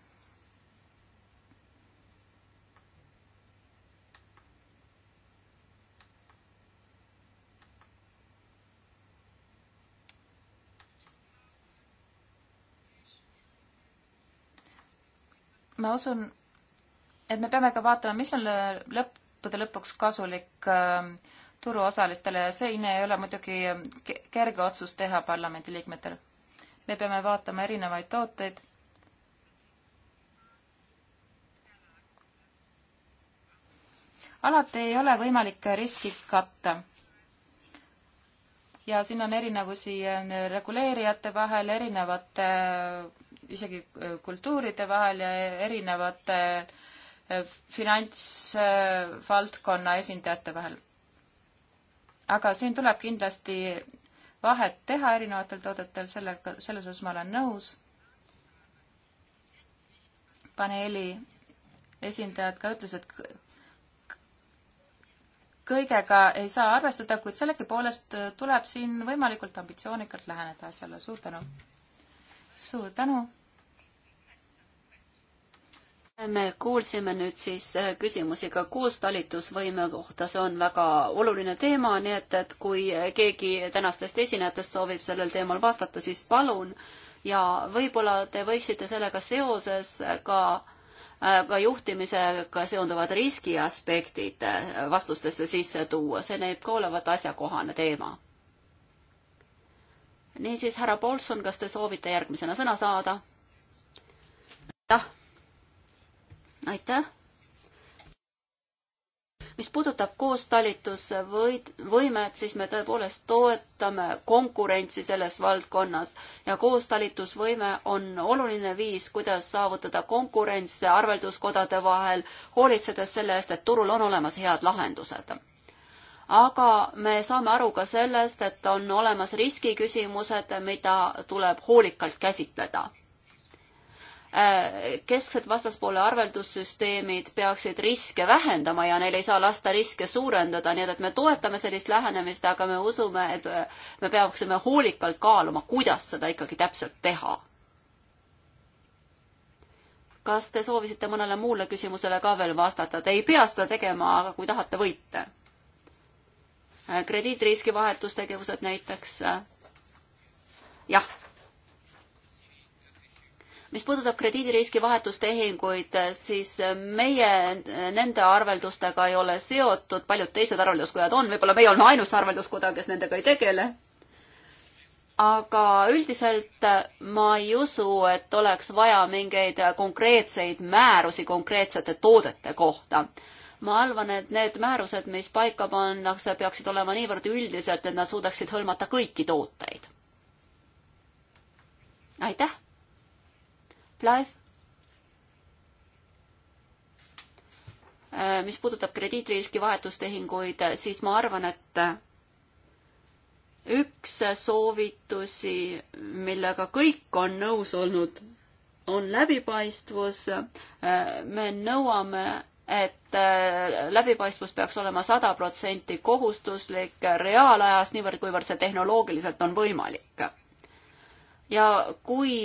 ma usun, et me peame ka vaatama, mis on lõppude lõpuks kasulik ähm, turuosalistele ja selline ei ole muidugi ähm, kerge otsus teha parlamendiliikmetel. me peame vaatama erinevaid tooteid. alati ei ole võimalik riski katta ja siin on erinevusi äh, reguleerijate vahel, erinevate äh, isegi äh, kultuuride vahel ja erinevate äh, finantsvaldkonna esindajate vahel. aga siin tuleb kindlasti vahet teha erinevatel toodetel, sellega, selles osas ma olen nõus. paneeli esindajad ka ütles, et kõigega ei saa arvestada, kuid sellegipoolest tuleb siin võimalikult ambitsioonikalt läheneda asjale. suur tänu! suur tänu!
me kuulsime nüüd siis äh, küsimusi ka koostalitusvõime kohta, see on väga oluline teema, nii et, et kui keegi tänastest esinejatest soovib sellel teemal vastata, siis palun. ja võib-olla te võiksite sellega seoses ka, äh, ka juhtimisega seonduvad riskiaspektid äh, vastustesse sisse tuua, see näib ka olevat asjakohane teema. niisiis, härra Paulson, kas te soovite järgmisena sõna saada? jah aitäh! mis puudutab koostalitusvõimet, siis me tõepoolest toetame konkurentsi selles valdkonnas ja koostalitusvõime on oluline viis, kuidas saavutada konkurents arvelduskodade vahel, hoolitsedes selle eest, et turul on olemas head lahendused. aga me saame aru ka sellest, et on olemas riskiküsimused, mida tuleb hoolikalt käsitleda Äh, kesksed vastaspoole arveldussüsteemid peaksid riske vähendama ja neil ei saa lasta riske suurendada, nii et, et me toetame sellist lähenemist, aga me usume, et äh, me peaksime hoolikalt kaaluma, kuidas seda ikkagi täpselt teha. kas te soovisite mõnele muule küsimusele ka veel vastata? Te ei pea seda tegema, aga kui tahate, võite. Äh, krediitriski vahetustegevused näiteks. jah mis puudutab krediidiriski vahetustehinguid, siis meie nende arveldustega ei ole seotud, paljud teised arvelduskojad on, võib-olla meie oleme ainus arvelduskoda, kes nendega ei tegele. aga üldiselt ma ei usu, et oleks vaja mingeid konkreetseid määrusi konkreetsete toodete kohta ma arvan, et need määrused, mis paika pannakse, peaksid olema niivõrd üldiselt, et nad suudaksid hõlmata kõiki tooteid. aitäh! Blythe? Äh, mis puudutab krediitriski vahetustehinguid, äh, siis ma arvan, et äh, üks soovitusi, millega kõik on nõus olnud, on läbipaistvus. me nõuame, et läbipaistvus peaks olema sada protsenti kohustuslik reaalajas, niivõrd kuivõrd see tehnoloogiliselt on võimalik. ja kui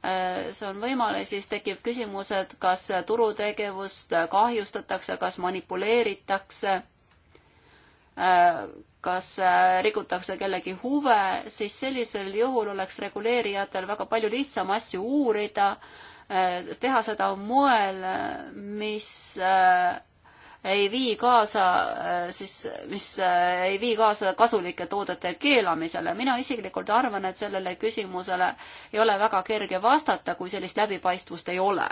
Äh, see on võimalik, siis tekib küsimus, et kas turutegevust kahjustatakse, kas manipuleeritakse, äh, kas äh, rikutakse kellegi huve, siis sellisel juhul oleks reguleerijatel väga palju lihtsam asju uurida, teha seda moel, mis ei vii kaasa äh, siis, mis äh, ei vii kaasa kasulike toodete keelamisele. mina isiklikult arvan, et sellele küsimusele ei ole väga kerge vastata, kui sellist läbipaistvust ei ole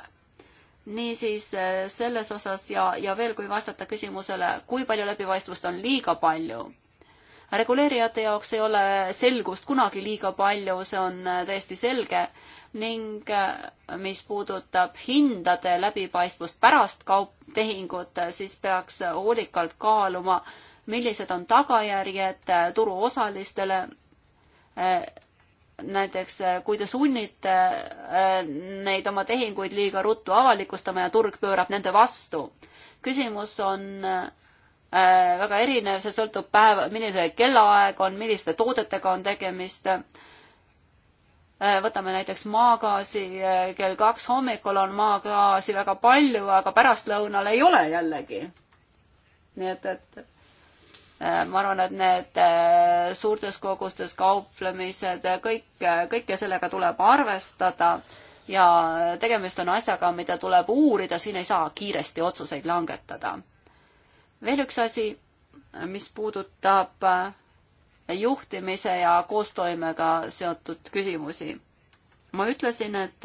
niisiis äh, selles osas ja, ja veel, kui vastata küsimusele, kui palju läbipaistvust on liiga palju reguleerijate jaoks ei ole selgust kunagi liiga palju, see on äh, täiesti selge ning äh, mis puudutab hindade läbipaistvust pärast kauptehingut, äh, siis peaks hoolikalt kaaluma, millised on tagajärjed turuosalistele. näiteks kui te sunnite neid oma tehinguid liiga ruttu avalikustama ja turg pöörab nende vastu. küsimus on Äh, väga erinev, see sõltub päeva, millise kellaaeg on, milliste toodetega on tegemist. Äh, võtame näiteks maagaasi, äh, kell kaks hommikul on maagaasi väga palju, aga pärastlõunal ei ole jällegi. nii et, et ma arvan, et need suurtes kogustes kauplemised, kõik, kõike sellega tuleb arvestada ja tegemist on asjaga, mida tuleb uurida, siin ei saa kiiresti otsuseid langetada veel üks asi, mis puudutab äh, juhtimise ja koostoimega seotud küsimusi. ma ütlesin, et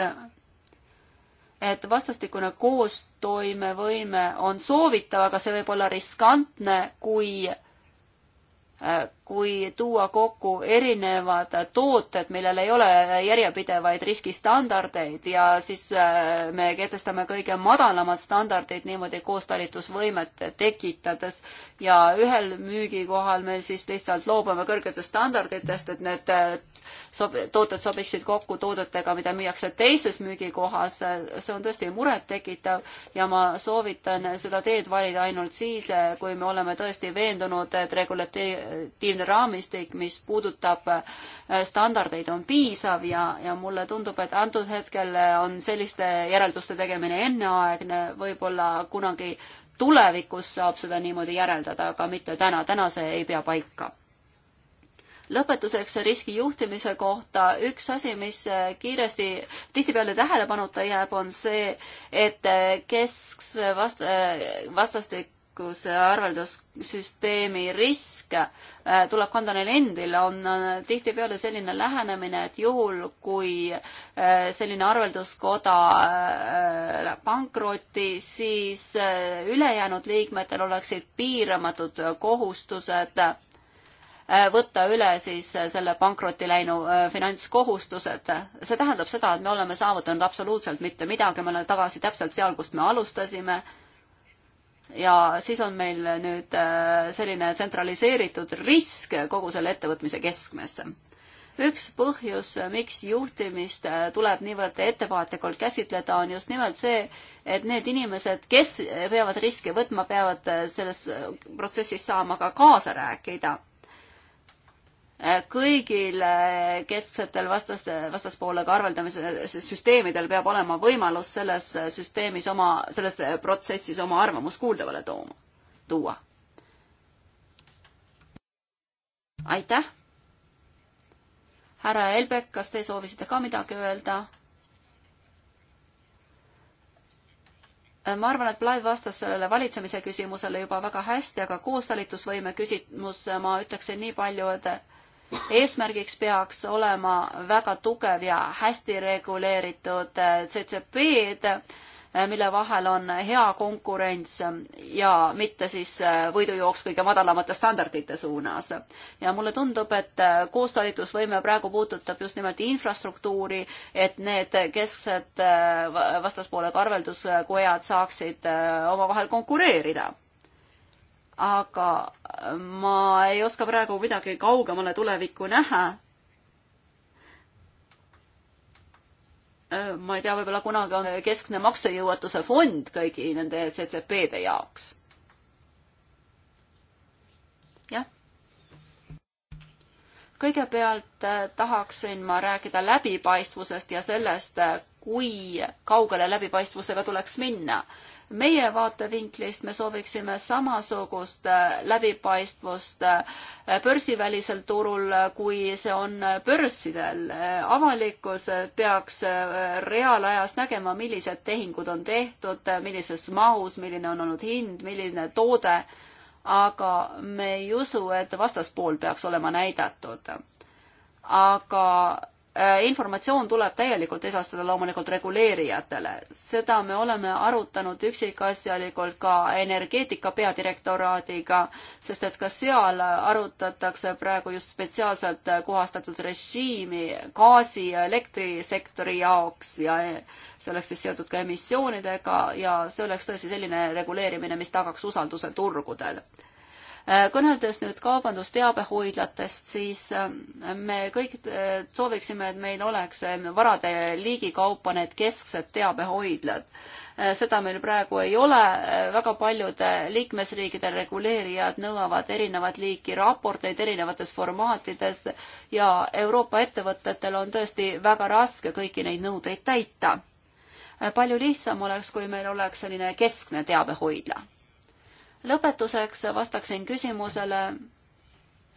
et vastastikune koostoimevõime on soovitav, aga see võib olla riskantne, kui äh, kui tuua kokku erinevad tooted, millel ei ole järjepidevaid riskistandardeid ja siis äh, me kehtestame kõige madalamad standardid niimoodi koostalitusvõimet tekitades ja ühel müügikohal me siis lihtsalt loobume kõrgetest standarditest, et need äh, sob-, tooted sobiksid kokku toodetega, mida müüakse teises müügikohas, see on tõesti murettekitav ja ma soovitan seda teed valida ainult siis, äh, kui me oleme tõesti veendunud, et regulatiiv üldine raamistik, mis puudutab äh, standardeid, on piisav ja, ja mulle tundub, et antud hetkel äh, on selliste järelduste tegemine enneaegne, võib-olla kunagi tulevikus saab seda niimoodi järeldada, aga mitte täna, täna see ei pea paika lõpetuseks riski juhtimise kohta üks asi, mis äh, kiiresti tihtipeale tähelepanuta jääb, on see, et keskse vast-, vastastik tarkuse arveldussüsteemi risk äh, tuleb kanda neil endil, on äh, tihtipeale selline lähenemine, et juhul, kui äh, selline arvelduskoda läheb pankrotti, siis ülejäänud liikmetel oleksid piiramatud kohustused võtta üle siis selle pankrotti läinud finantskohustused. see tähendab seda, et me oleme saavutanud absoluutselt mitte midagi, me oleme tagasi täpselt seal, kust me alustasime ja siis on meil nüüd äh, selline tsentraliseeritud risk kogu selle ettevõtmise keskmesse. üks põhjus, äh, miks juhtimist äh, tuleb niivõrd ettevaatlikult käsitleda, on just nimelt see, et need inimesed, kes peavad riske võtma, peavad selles protsessis saama ka kaasa rääkida kõigil eh, kesksetel vastas, vastaspoolega arveldamise süsteemidel peab olema võimalus selles süsteemis oma, selles protsessis oma arvamus kuuldavale tooma, tuua. aitäh. härra Elbek, kas te soovisite ka midagi öelda? ma arvan, et Blaiv vastas sellele valitsemise küsimusele juba väga hästi, aga koostalitusvõime küsimus, ma ütleksin nii palju, et eesmärgiks peaks olema väga tugev ja hästi reguleeritud eh, CCP-d, eh, mille vahel on hea konkurents ja mitte siis eh, võidujooks kõige madalamate standardite suunas. ja mulle tundub, et koostalitusvõime praegu puudutab just nimelt infrastruktuuri, et need kesksed vastaspoolega arvelduskojad saaksid omavahel konkureerida aga ma ei oska praegu midagi kaugemale tulevikku näha. Äh, ma ei tea, võib-olla kunagi on keskne maksejõuetuse fond kõigi nende CCP-de jaoks. jah. kõigepealt äh, tahaksin ma rääkida läbipaistvusest ja sellest, äh, kui kaugele läbipaistvusega tuleks minna meie vaatevinklist me sooviksime samasugust äh, läbipaistvust äh, börsivälisel turul, äh, kui see on börssidel. avalikkus peaks reaalajas nägema, millised tehingud on tehtud, millises mahus, milline on olnud hind, milline toode, aga me ei usu, et vastaspool peaks olema näidatud. aga Äh, informatsioon tuleb täielikult edastada loomulikult reguleerijatele. seda me oleme arutanud üksikasjalikult ka energeetika peadirektoraadiga, sest et ka seal arutatakse praegu just spetsiaalselt kohastatud režiimi gaasi ja elektrisektori jaoks ja see oleks siis seotud ka emissioonidega ja see oleks tõesti selline reguleerimine, mis tagaks usalduse turgudel Äh, kõneldes nüüd kaubandusteabehoidlatest, siis äh, me kõik äh, sooviksime, et meil oleks varade liigikaupa need kesksed teabehoidlad. seda meil praegu ei ole, väga paljude liikmesriikide reguleerijad nõuavad erinevat liiki raporteid erinevates formaatides ja Euroopa ettevõtetel on tõesti väga raske kõiki neid nõudeid täita palju lihtsam oleks, kui meil oleks selline keskne teabehoidla lõpetuseks vastaksin küsimusele,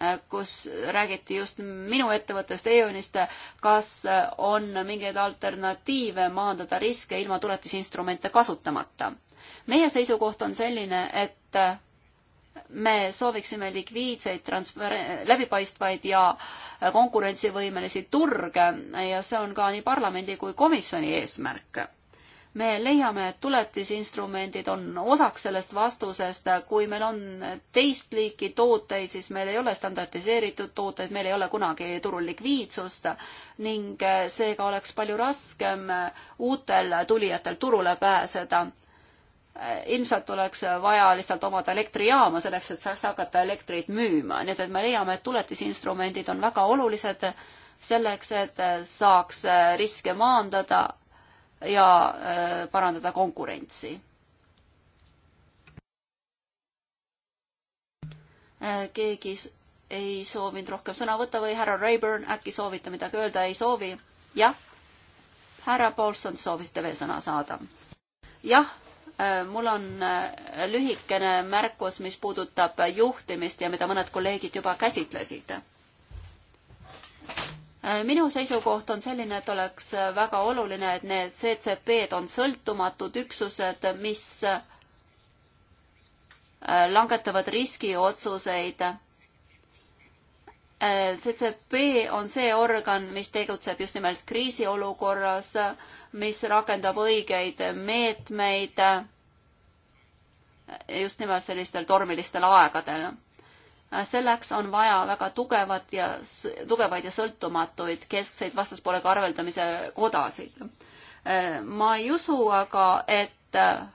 äh, kus räägiti just minu ettevõttest EONist, kas äh, on mingeid alternatiive maandada riske ilma tuletisinstrumente kasutamata. meie seisukoht on selline, et äh, me sooviksime likviidseid, läbipaistvaid ja konkurentsivõimelisi turge ja see on ka nii parlamendi kui komisjoni eesmärk me leiame, et tuletisinstrumendid on osaks sellest vastusest, kui meil on teist liiki tooteid, siis meil ei ole standardiseeritud tooteid, meil ei ole kunagi turul likviidsust ning seega oleks palju raskem uutel tulijatel turule pääseda ilmselt oleks vaja lihtsalt omada elektrijaama selleks, et saaks hakata elektrit müüma, nii et, et me leiame, et tuletisinstrumendid on väga olulised selleks, et saaks riske maandada ja äh, parandada konkurentsi. Äh, keegi ei soovinud rohkem sõna võtta või härra Rayburn, äkki soovite midagi öelda, ei soovi? jah? härra Paulson, soovisite veel sõna saada? jah, äh, mul on lühikene märkus, mis puudutab juhtimist ja mida mõned kolleegid juba käsitlesid Äh, minu seisukoht on selline, et oleks äh, väga oluline, et need CCP-d on sõltumatud üksused, mis äh, langetavad riskiotsuseid. CCP on see organ, mis tegutseb just nimelt kriisiolukorras, mis rakendab õigeid meetmeid just nimelt sellistel tormilistel aegadel selleks on vaja väga tugevat ja, tugevaid ja sõltumatuid keskseid vastaspoolega arveldamise kodasid. ma ei usu aga, et äh,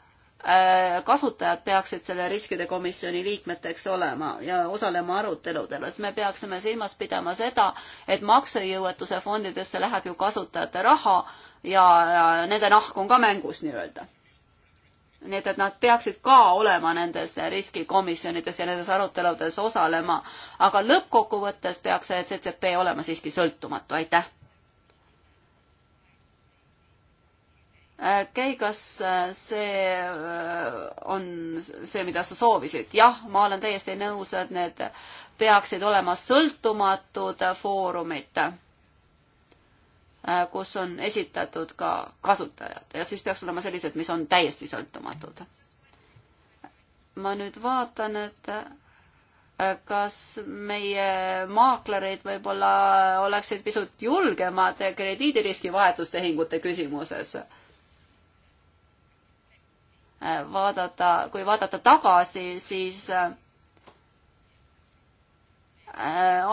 kasutajad peaksid selle riskide komisjoni liikmeteks olema ja osalema aruteludel, siis me peaksime silmas pidama seda, et maksejõuetuse fondidesse läheb ju kasutajate raha ja nende nahk on ka mängus nii-öelda nii et, et nad peaksid ka olema nendes riskikomisjonides ja nendes aruteludes osalema, aga lõppkokkuvõttes peaks see CCP olema siiski sõltumatu, aitäh. Äh, Kei, kas äh, see äh, on see, mida sa soovisid? jah, ma olen täiesti nõus, et need peaksid olema sõltumatud foorumid Äh, kus on esitatud ka kasutajad ja siis peaks olema sellised, mis on täiesti sõltumatud. ma nüüd vaatan, et äh, kas meie maaklerid võib-olla oleksid pisut julgemad krediidiriski vahetustehingute küsimuses. Äh, vaadata, kui vaadata tagasi, siis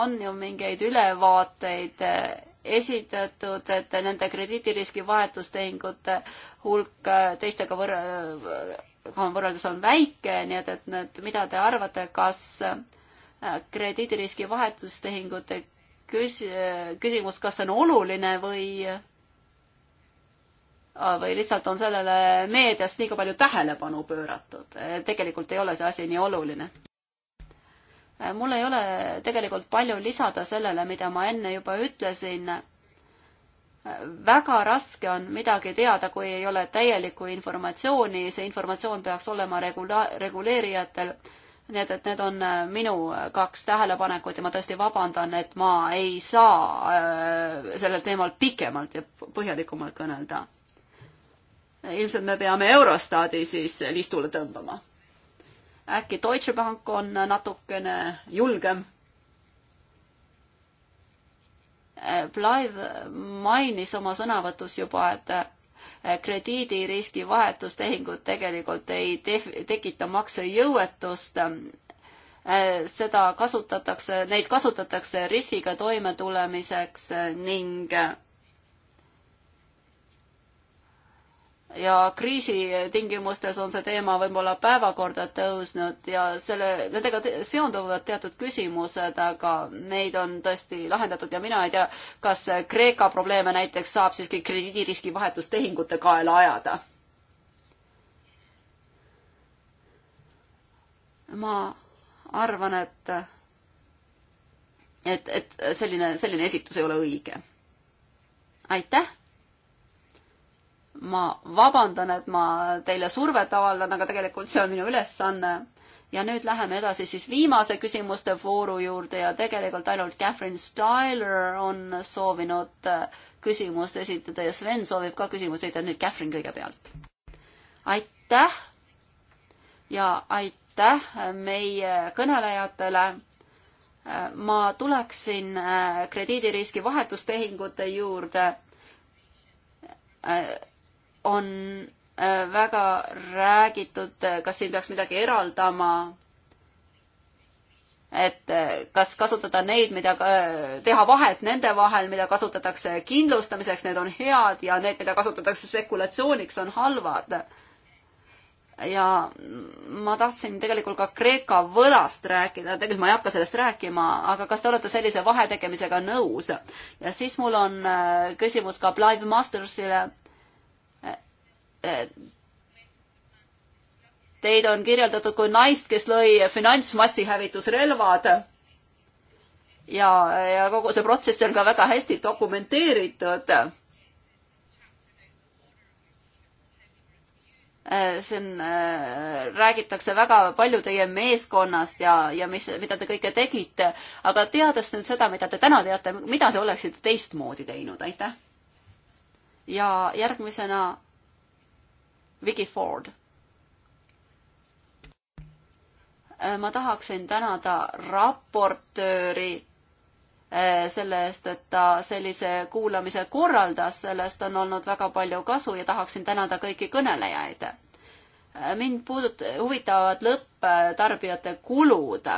on ju mingeid ülevaateid esitatud, et nende krediidiriski vahetustehingute hulk teistega võrra-, võrreldes on väike, nii et, et need, mida te arvate, kas äh, krediidiriski vahetustehingute küs-, küsimus, kas see on oluline või äh, või lihtsalt on sellele meedias liiga palju tähelepanu pööratud. tegelikult ei ole see asi nii oluline. Äh, mul ei ole tegelikult palju lisada sellele, mida ma enne juba ütlesin. Äh, väga raske on midagi teada, kui ei ole täielikku informatsiooni, see informatsioon peaks olema regula-, reguleerijatel. nii et, et need on äh, minu kaks tähelepanekut ja ma tõesti vabandan, et ma ei saa sellel teemal pikemalt ja põhjalikumalt kõnelda. ilmselt me peame Eurostadi siis listule tõmbama äkki Deutsche Bank on natukene julgem? Eh, Clive mainis oma sõnavõtus juba, et eh, krediidiriski vahetustehingud tegelikult ei tekita maksejõuetust. Eh, seda kasutatakse, neid kasutatakse riskiga toimetulemiseks ning ja kriisi tingimustes on see teema võib-olla päevakorda tõusnud ja selle, nendega te, seonduvad teatud küsimused, aga neid on tõesti lahendatud ja mina ei tea, kas Kreeka probleeme näiteks saab siiski krediidiriski vahetustehingute kaela ajada. ma arvan, et, et, et selline, selline esitus ei ole õige. aitäh ma vabandan, et ma teile survet avaldan, aga tegelikult see on minu ülesanne. ja nüüd läheme edasi siis viimase küsimuste vooru juurde ja tegelikult ainult Catherine Styler on soovinud äh, küsimust esitada ja Sven soovib ka küsimust esitada, nüüd Catherine kõigepealt. aitäh ja aitäh meie kõnelejatele äh, ma tuleksin äh, krediidiriski vahetustehingute juurde on äh, väga räägitud, äh, kas siin peaks midagi eraldama, et äh, kas kasutada neid, mida, teha vahet nende vahel, mida kasutatakse kindlustamiseks, need on head, ja need, mida kasutatakse spekulatsiooniks, on halvad. ja ma tahtsin tegelikult ka Kreeka võlast rääkida, tegelikult ma ei hakka sellest rääkima, aga kas te olete sellise vahetegemisega nõus? ja siis mul on küsimus ka Clive Mastersile Teid on kirjeldatud kui naist, kes lõi finantsmassihävitusrelvad ja, ja kogu see protsess on ka väga hästi dokumenteeritud. siin äh, räägitakse väga palju teie meeskonnast ja, ja mis, mida te kõike tegite, aga teades nüüd seda, mida te täna teate, mida te oleksite teistmoodi teinud, aitäh! ja järgmisena Vicky Ford. Äh, ma tahaksin tänada raportööri äh, selle eest, et ta sellise kuulamise korraldas, sellest on olnud väga palju kasu ja tahaksin tänada kõiki kõnelejaid. Äh, mind puudut-, huvitavad lõpptarbijate kulud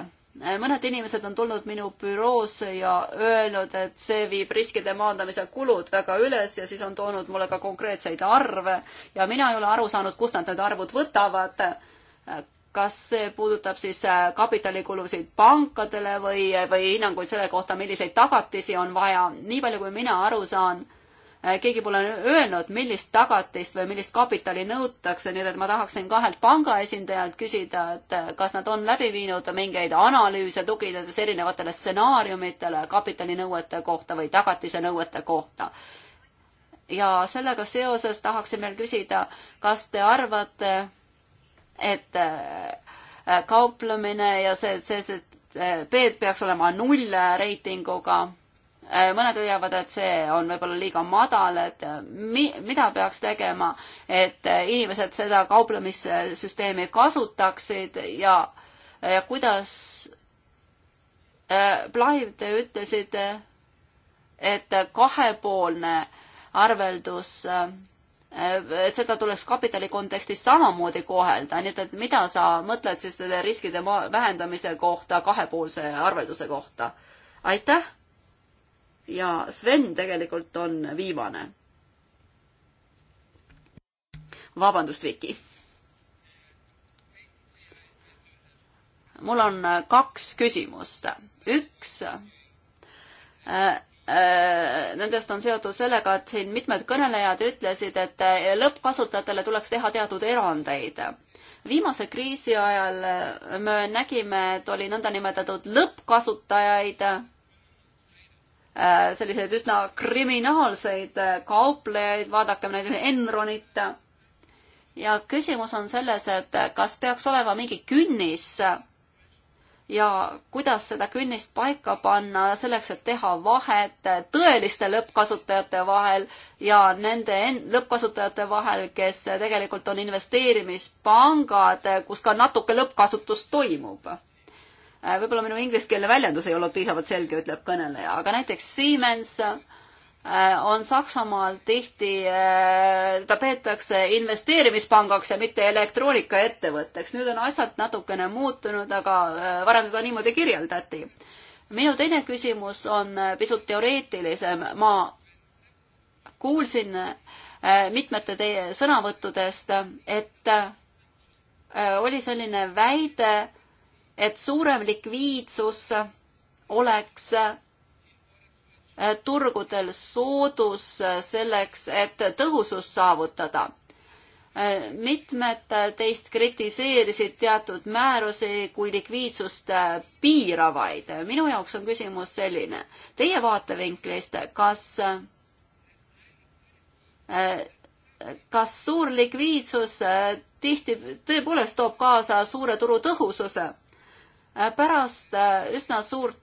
mõned inimesed on tulnud minu büroosse ja öelnud, et see viib riskide maandamise kulud väga üles ja siis on toonud mulle ka konkreetseid arve ja mina ei ole aru saanud, kust nad need arvud võtavad. kas see puudutab siis äh, kapitalikulusid pankadele või, või hinnanguid selle kohta, milliseid tagatisi on vaja, nii palju kui mina aru saan Äh, keegi pole öelnud, millist tagatist või millist kapitali nõutakse, nii et ma tahaksin kahelt panga esindajalt küsida, et äh, kas nad on läbi viinud mingeid analüüse, tuginedes erinevatele stsenaariumitele kapitalinõuete kohta või tagatise nõuete kohta. ja sellega seoses tahaksin veel küsida, kas te arvate, et äh, kauplemine ja see, see, see, see B-d peaks olema null reitinguga Äh, mõned hoiavad, et see on võib-olla liiga madal, et äh, mi-, mida peaks tegema, et äh, inimesed seda kauplemissüsteemi kasutaksid ja, ja kuidas äh,, Blaiv, te ütlesite, et kahepoolne arveldus äh, et seda tuleks kapitali kontekstis samamoodi kohelda, nii et, et mida sa mõtled siis selle riskide vähendamise kohta, kahepoolse arvelduse kohta? aitäh ja Sven tegelikult on viimane. vabandust, Viki. mul on kaks küsimust. üks äh, äh, nendest on seotud sellega, et siin mitmed kõnelejad ütlesid, et äh, lõppkasutajatele tuleks teha teatud erandeid. viimase kriisi ajal me nägime, et oli nõndanimetatud lõppkasutajaid, Äh, selliseid üsna kriminaalseid äh, kauplejaid, vaadakem näiteks Enronit. ja küsimus on selles, et äh, kas peaks olema mingi künnis ja kuidas seda künnist paika panna selleks, et teha vahet tõeliste lõppkasutajate vahel ja nende lõppkasutajate vahel, kes tegelikult on investeerimispangad, kus ka natuke lõppkasutust toimub Äh, võib-olla minu ingliskeelne väljendus ei olnud piisavalt selge, ütleb kõneleja, aga näiteks Siemens äh, on Saksamaal tihti, äh, ta peetakse investeerimispangaks ja mitte elektroonikaettevõtteks. nüüd on asjad natukene muutunud, aga varem seda niimoodi kirjeldati. minu teine küsimus on pisut teoreetilisem. ma kuulsin mitmete teie sõnavõttudest, et oli selline väide, et suurem likviidsus oleks äh, turgudel soodus äh, selleks, et tõhusust saavutada. Äh, mitmed teist kritiseerisid teatud määrusi kui likviidsust piiravaid. minu jaoks on küsimus selline. Teie vaatevinklist, kas kas suur likviidsus tihti tõepoolest toob kaasa suure turu tõhususe? Äh, pärast äh, üsna suurt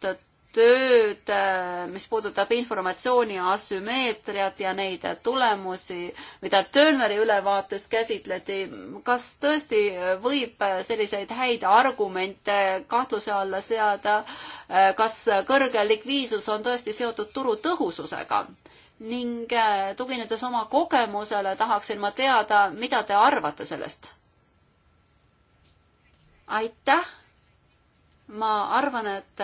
tööd, äh, mis puudutab informatsiooni asümmeetriat ja neid tulemusi, mida Turneri ülevaates käsitleti, kas tõesti võib selliseid häid argumente kahtluse alla seada, kas kõrge likviidsus on tõesti seotud turu tõhususega? ning tuginedes oma kogemusele, tahaksin ma teada, mida te arvate sellest? aitäh ma arvan, et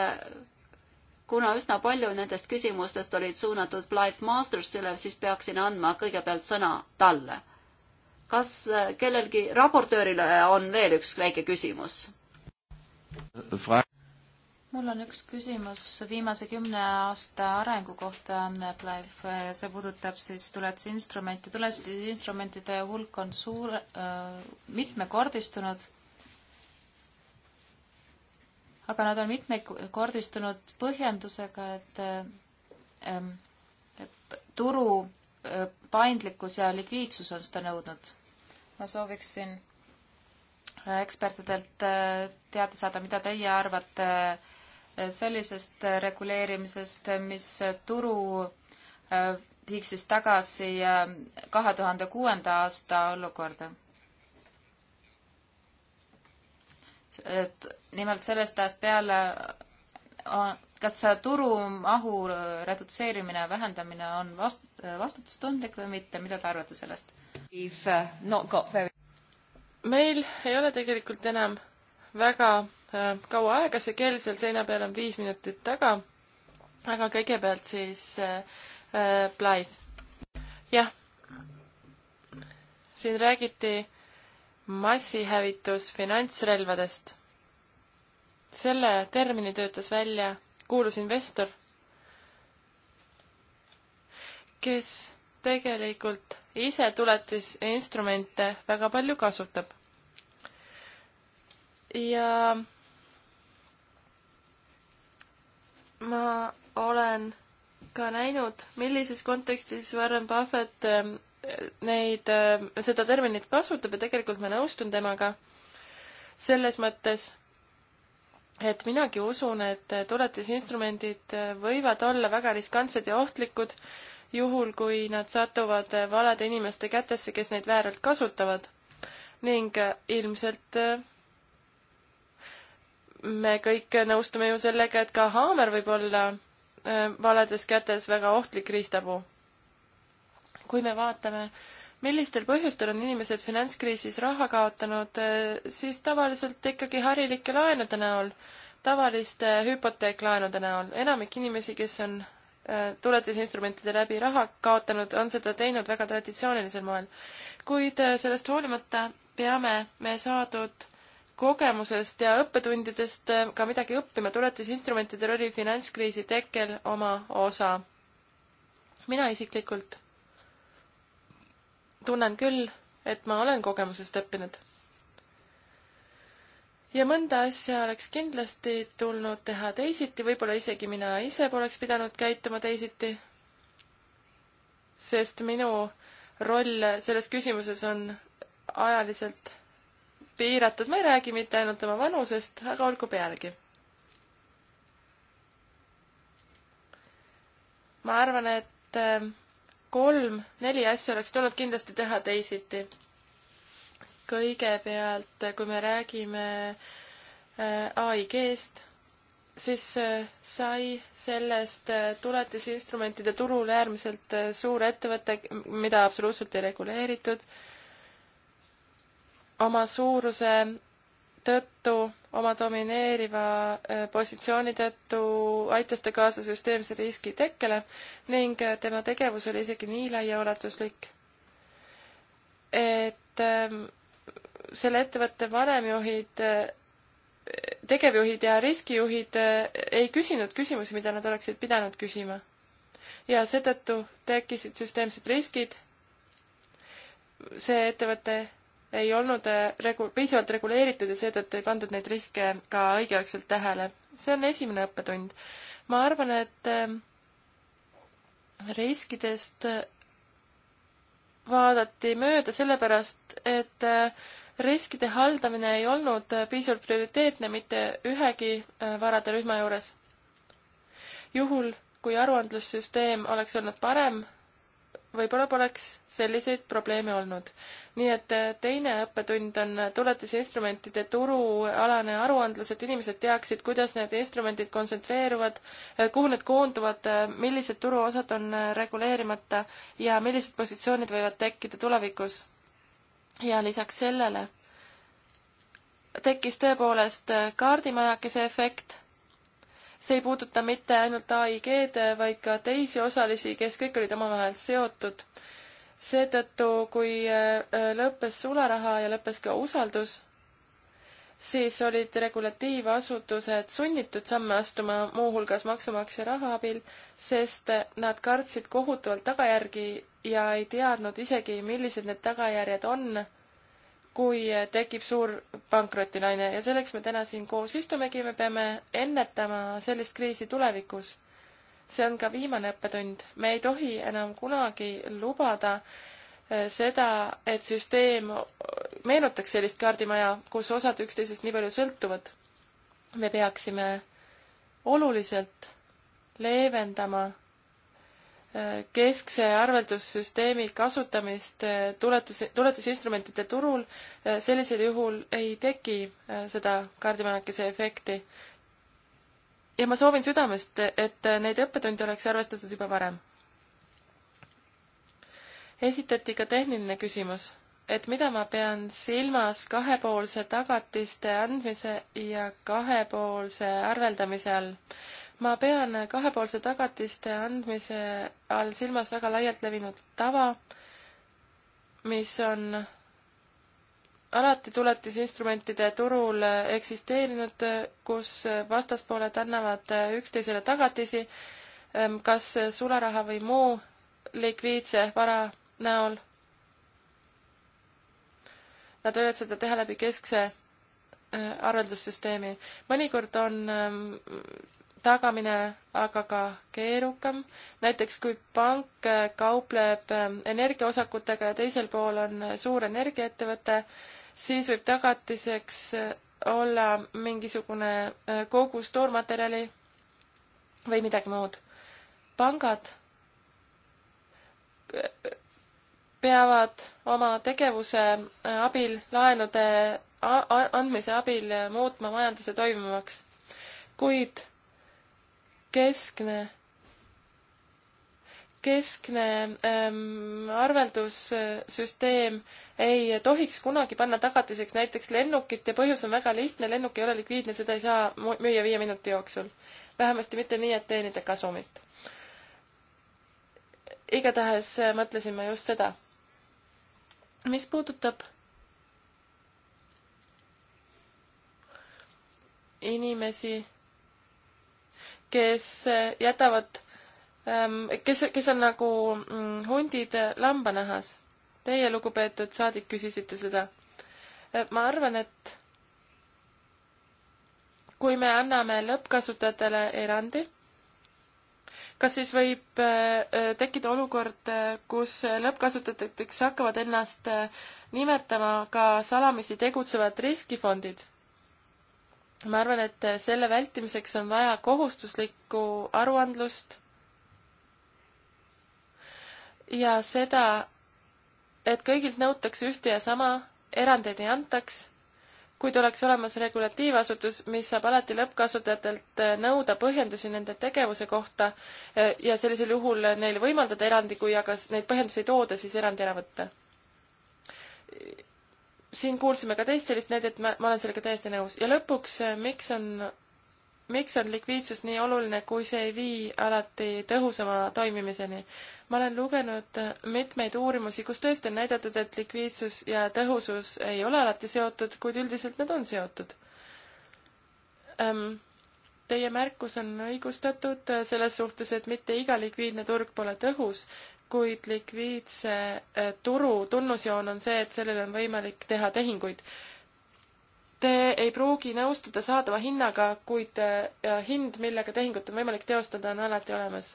kuna üsna palju nendest küsimustest olid suunatud Clive Mastersile, siis peaksin andma kõigepealt sõna talle. kas äh, kellelgi raportöörile on veel üks väike küsimus?
mul
on üks küsimus viimase kümne aasta arengu kohta, Clive, äh, see puudutab siis tuletisinstrumente, tuletisinstrumentide hulk on suur, äh, mitmekordistunud aga nad on mitmekordistunud põhjendusega, et ähm, turu äh, paindlikkus ja likviidsus on seda nõudnud. ma sooviksin äh, ekspertidelt äh, teada saada, mida teie arvate äh, sellisest reguleerimisest, mis turu viiks siis tagasi kahe tuhande kuuenda aasta olukorda et nimelt sellest ajast peale on, kas turumahu redutseerimine, vähendamine on vast-, vastutustundlik või mitte, mida te arvate
sellest? Uh, meil ei ole tegelikult enam väga äh, kaua aega, see kell seal seina peal on viis minutit taga, aga kõigepealt siis äh, äh, Blythe. jah, siin räägiti massihävitus finantsrelvadest. selle termini töötas välja kuulus investor, kes tegelikult ise tuletisinstrumente väga palju kasutab. ja ma olen ka näinud, millises kontekstis Warren Buffett ähm, neid, äh, seda terminit kasutab ja tegelikult ma nõustun temaga selles mõttes, et minagi usun, et äh, tuletisinstrumendid äh, võivad olla väga riskantsed ja ohtlikud, juhul kui nad satuvad valede inimeste kätesse, kes neid vääralt kasutavad. ning ilmselt me kõik nõustume ju sellega, et ka haamer võib olla valedes kätes väga ohtlik riistapuu kui me vaatame, millistel põhjustel on inimesed finantskriisis raha kaotanud, eh, siis tavaliselt ikkagi harilike laenude näol, tavaliste hüpoteeklaenude näol. enamik inimesi, kes on eh, tuletisinstrumentide läbi raha kaotanud, on seda teinud väga traditsioonilisel moel. kuid eh, sellest hoolimata peame me saadud kogemusest ja õppetundidest ka midagi õppima, tuletisinstrumentidel oli finantskriisi tekkel oma osa. mina isiklikult tunnen küll, et ma olen kogemusest õppinud. ja mõnda asja oleks kindlasti tulnud teha teisiti, võib-olla isegi mina ise poleks pidanud käituma teisiti, sest minu roll selles küsimuses on ajaliselt piiratud, ma ei räägi mitte ainult oma vanusest, aga olgu pealegi ma arvan, et äh, kolm, neli asja oleks tulnud kindlasti teha teisiti. kõigepealt, kui me räägime äh, AIG-st, siis äh, sai sellest äh, tuletisinstrumentide turul äärmiselt suur ettevõte, mida absoluutselt ei reguleeritud. oma suuruse tõttu, oma domineeriva äh, positsiooni tõttu aitas ta kaasa süsteemse riski tekkele ning äh, tema tegevus oli isegi nii laiaulatuslik, et ähm, selle ettevõtte vanemjuhid, äh, tegevjuhid ja riskijuhid ei küsinud küsimusi, mida nad oleksid pidanud küsima. ja seetõttu tekkisid süsteemsed riskid, see ettevõte ei olnud äh, regu-, piisavalt reguleeritud ja seetõttu ei pandud neid riske ka õigeaegselt tähele. see on esimene õppetund. ma arvan, et äh, riskidest äh, vaadati mööda sellepärast, et riskide haldamine ei olnud piisavalt prioriteetne mitte ühegi varade rühma juures. juhul, kui aruandlussüsteem oleks olnud parem, võib-olla poleks selliseid probleeme olnud. nii et äh, teine õppetund on äh, tuletisinstrumentide turualane aruandlus, et inimesed teaksid, kuidas need instrumendid kontsentreeruvad, äh, kuhu need koonduvad, millised turuosad on reguleerimata ja millised positsioonid võivad tekkida tulevikus. ja lisaks sellele tekkis tõepoolest kaardimajakese efekt see ei puuduta mitte ainult AIG-d, vaid ka teisi osalisi, kes kõik olid omavahel seotud. seetõttu, kui äh, äh, lõppes sularaha ja lõppes ka usaldus, siis olid regulatiivasutused sunnitud samme astuma muuhulgas maksumaksja raha abil, sest nad kartsid kohutavalt tagajärgi ja ei teadnud isegi, millised need tagajärjed on kui tekib suur pankrotilaine ja selleks me täna siin koos istumegi, me peame ennetama sellist kriisi tulevikus. see on ka viimane õppetund, me ei tohi enam kunagi lubada eh, seda, et süsteem eh, meenutaks sellist kaardimaja, kus osad üksteisest nii palju sõltuvad. me peaksime oluliselt leevendama keskse arveldussüsteemi kasutamist eh, tuletus, tuletusinstrumentide turul, eh, sellisel juhul ei teki eh, seda kaardimanakese efekti. ja ma soovin südamest, et neid õppetunde oleks arvestatud juba varem. esitati ka tehniline küsimus et mida ma pean silmas kahepoolse tagatiste andmise ja kahepoolse arveldamise all. ma pean kahepoolse tagatiste andmise all silmas väga laialt levinud tava, mis on alati tuletisinstrumentide turul eksisteerinud, kus vastaspooled annavad üksteisele tagatisi, kas sularaha või muu likviidse vara näol Nad võivad seda teha läbi keskse äh, arveldussüsteemi. mõnikord on ähm, tagamine aga ka keerukam. näiteks kui pank äh, kaupleb ähm, energiaosakutega ja teisel pool on äh, suur energiaettevõte, siis võib tagatiseks olla mingisugune kogus toormaterjali või midagi muud. pangad peavad oma tegevuse abil, laenude andmise abil muutma majanduse toimivaks. kuid keskne, keskne ähm, arveldussüsteem ei tohiks kunagi panna tagatiseks näiteks lennukit ja põhjus on väga lihtne, lennuk ei ole likviidne, seda ei saa müüa viie minuti jooksul. vähemasti mitte nii, et teenida kasumit igatahes äh, mõtlesin ma just seda mis puudutab inimesi, kes äh, jätavad, ähm, kes, kes on nagu mm, hundid lambanahas. Teie, lugupeetud saadik, küsisite seda. Äh, ma arvan, et kui me anname lõppkasutajatele erandi, kas siis võib äh, äh, tekkida olukord, äh, kus lõppkasutajateks hakkavad ennast nimetama ka salamisi tegutsevad riskifondid? ma arvan, et selle vältimiseks on vaja kohustuslikku aruandlust ja seda, et kõigilt nõutakse ühte ja sama, erandeid ei antaks kuid oleks olemas regulatiivasutus, mis saab alati lõppkasutajatelt äh, nõuda põhjendusi nende tegevuse kohta äh, ja sellisel juhul neile võimaldada erandi, kui aga neid põhjendusi ei tooda, siis erandi ära võtta. siin kuulsime ka teist sellist näidet, ma olen sellega täiesti nõus. ja lõpuks, äh, miks on miks on likviidsus nii oluline, kui see ei vii alati tõhusama toimimiseni? ma olen lugenud mitmeid uurimusi, kus tõesti on näidatud, et likviidsus ja tõhusus ei ole alati seotud, kuid üldiselt nad on seotud ähm,. Teie märkus on õigustatud selles suhtes, et mitte iga likviidne turg pole tõhus, kuid likviidse eh, turu tunnusjoon on see, et sellel on võimalik teha tehinguid Te ei pruugi nõustuda saadava hinnaga, kuid äh, hind, millega tehingut on võimalik teostada, on alati olemas.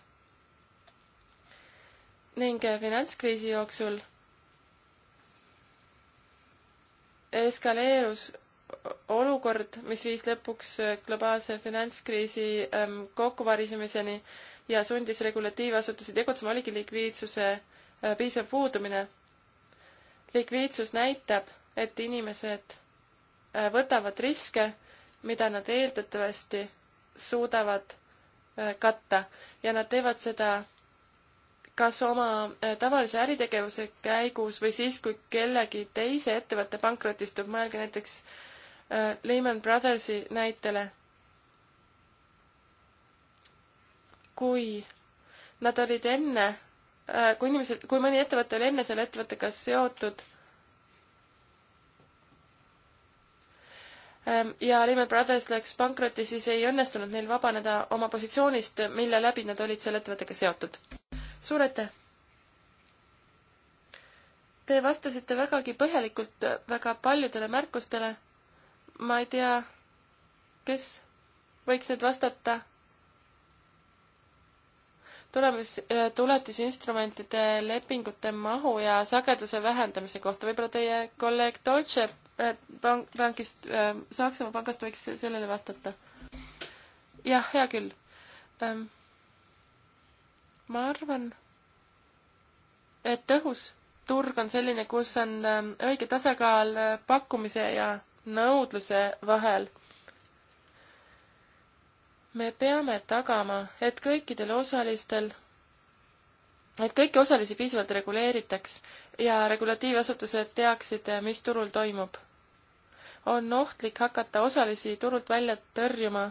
ning äh, finantskriisi jooksul eskaleerus olukord, mis viis lõpuks äh, globaalse finantskriisi ähm, kokkuvarisemiseni ja sundis regulatiivasutusi tegutsema, oligi likviidsuse piisav puudumine. likviidsus näitab, et inimesed Äh, võtavad riske, mida nad eeldatavasti suudavad äh, katta ja nad teevad seda kas oma äh, tavalise äritegevuse käigus või siis, kui kellegi teise ettevõtte pankrotistub, mõelge näiteks Lehman Brothersi näitele. kui nad olid enne, kui inimesed, kui mõni ettevõte oli enne selle ettevõttega seotud Ähm, ja Lehman Brothers läks pankrotti, siis ei õnnestunud neil vabaneda oma positsioonist, mille läbi nad olid selle ettevõttega seotud. suur aitäh! Te vastasite vägagi põhjalikult väga paljudele märkustele. ma ei tea, kes võiks nüüd vastata tulemis, äh, tuletisinstrumentide lepingute mahu ja sageduse vähendamise kohta. võib-olla teie kolleeg Deutsche pank, äh, pangist, äh, Saksamaa pangast võiks sellele vastata. jah, hea küll. Ähm, ma arvan, et tõhus turg on selline, kus on ähm, õige tasakaal äh, pakkumise ja nõudluse vahel. me peame tagama, et kõikidel osalistel et kõiki osalisi piisavalt reguleeritaks ja regulatiivasutused teaksid, mis turul toimub on ohtlik hakata osalisi turult välja tõrjuma,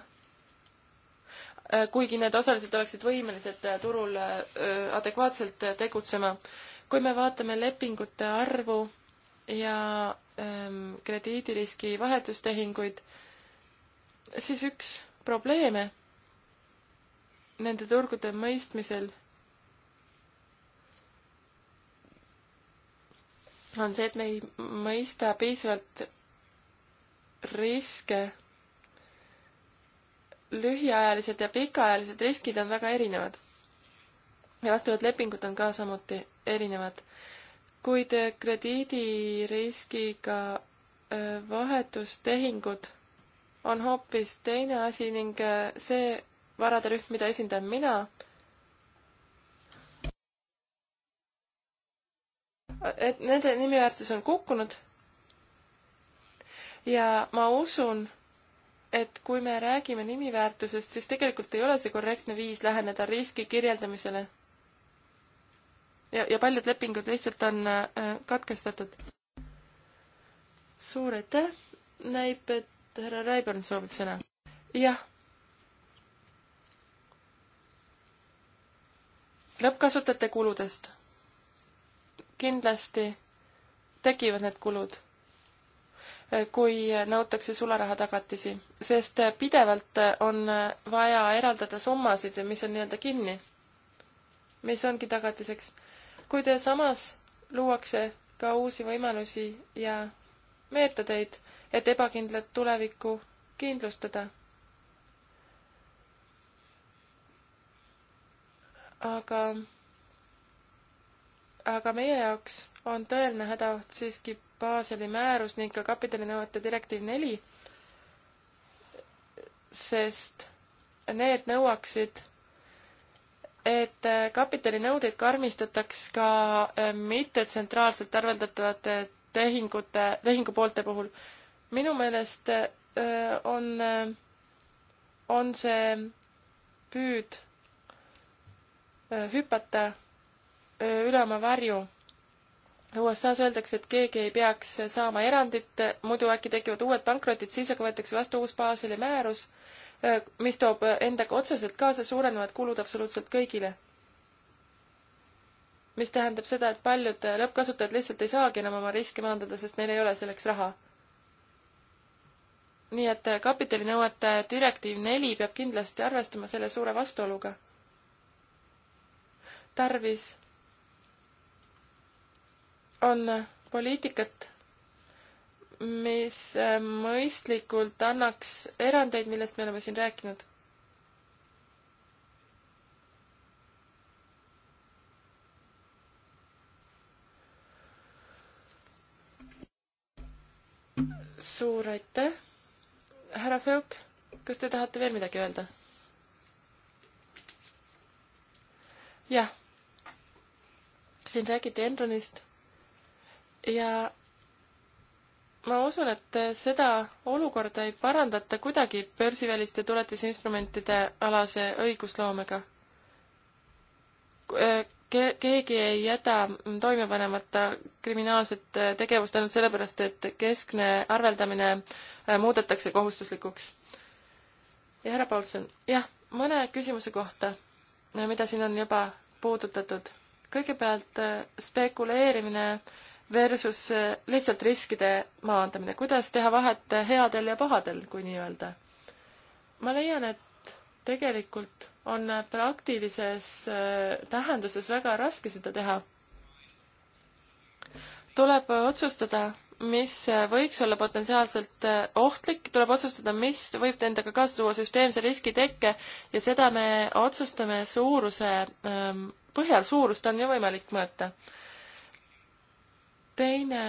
äh, kuigi need osalised oleksid võimelised äh, turul äh, adekvaatselt tegutsema. kui me vaatame lepingute arvu ja ähm, krediidiriski vahetustehinguid, siis üks probleeme nende turgude mõistmisel on see, et me ei mõista piisavalt riske. lühiajalised ja pikaajalised riskid on väga erinevad. ja vastavad lepingud on ka samuti erinevad. kuid äh, krediidiriskiga äh, vahetustehingud on hoopis teine asi ning äh, see varade rühm, mida esindan mina, et nende nimiväärtus on kukkunud ja ma usun, et kui me räägime nimiväärtusest, siis tegelikult ei ole see korrektne viis läheneda riski kirjeldamisele. ja, ja paljud lepingud lihtsalt on äh, katkestatud. suur aitäh, näib, et härra Raiborn soovib sõna. jah. lõppkasutajate kuludest. kindlasti tekivad need kulud kui nõutakse sularahatagatisi, sest pidevalt on vaja eraldada summasid, mis on nii-öelda kinni, mis ongi tagatiseks. kuid samas luuakse ka uusi võimalusi ja meetodeid, et ebakindlat tulevikku kindlustada. aga, aga meie jaoks on tõeline hädaoht siiski Baseli määrus ning ka kapitalinõuete direktiiv neli, sest need nõuaksid, et kapitalinõudeid karmistataks ka eh, mittetsentraalselt arveldatavate tehingute, tehingupoolte puhul. minu meelest eh, on, eh, on see püüd hüpata üle oma varju USA-s öeldakse, et keegi ei peaks saama erandit, muidu äkki tekivad uued pankrotid siis, aga võetakse vastu uus Baseli määrus, mis toob endaga otseselt kaasa suurenevad kulud absoluutselt kõigile. mis tähendab seda, et paljud lõppkasutajad lihtsalt ei saagi enam oma riske maandada, sest neil ei ole selleks raha. nii et kapitalinõuete direktiiv neli peab kindlasti arvestama selle suure vastuoluga. tarvis on poliitikat, mis äh, mõistlikult annaks erandeid, millest me oleme siin rääkinud. suur aitäh, härra Feuk, kas te tahate veel midagi öelda? jah, siin räägiti Enronist ja ma usun, et seda olukorda ei parandata kuidagi börsiväliste tuletisinstrumentide alase õigusloomega. Äh, ke-, keegi ei jäta toime panemata kriminaalset äh, tegevust ainult sellepärast, et keskne arveldamine äh, muudetakse kohustuslikuks. ja härra Paulson, jah, mõne küsimuse kohta, mida siin on juba puudutatud. kõigepealt spekuleerimine äh, versus eh, lihtsalt riskide maandamine, kuidas teha vahet headel ja pahadel, kui nii öelda. ma leian, et tegelikult on praktilises eh, tähenduses väga raske seda teha. tuleb otsustada, mis võiks olla potentsiaalselt eh, ohtlik, tuleb otsustada, mis võib endaga kaasa tuua süsteemse riski tekke ja seda me otsustame suuruse põhjal, suurust on ju võimalik mõõta teine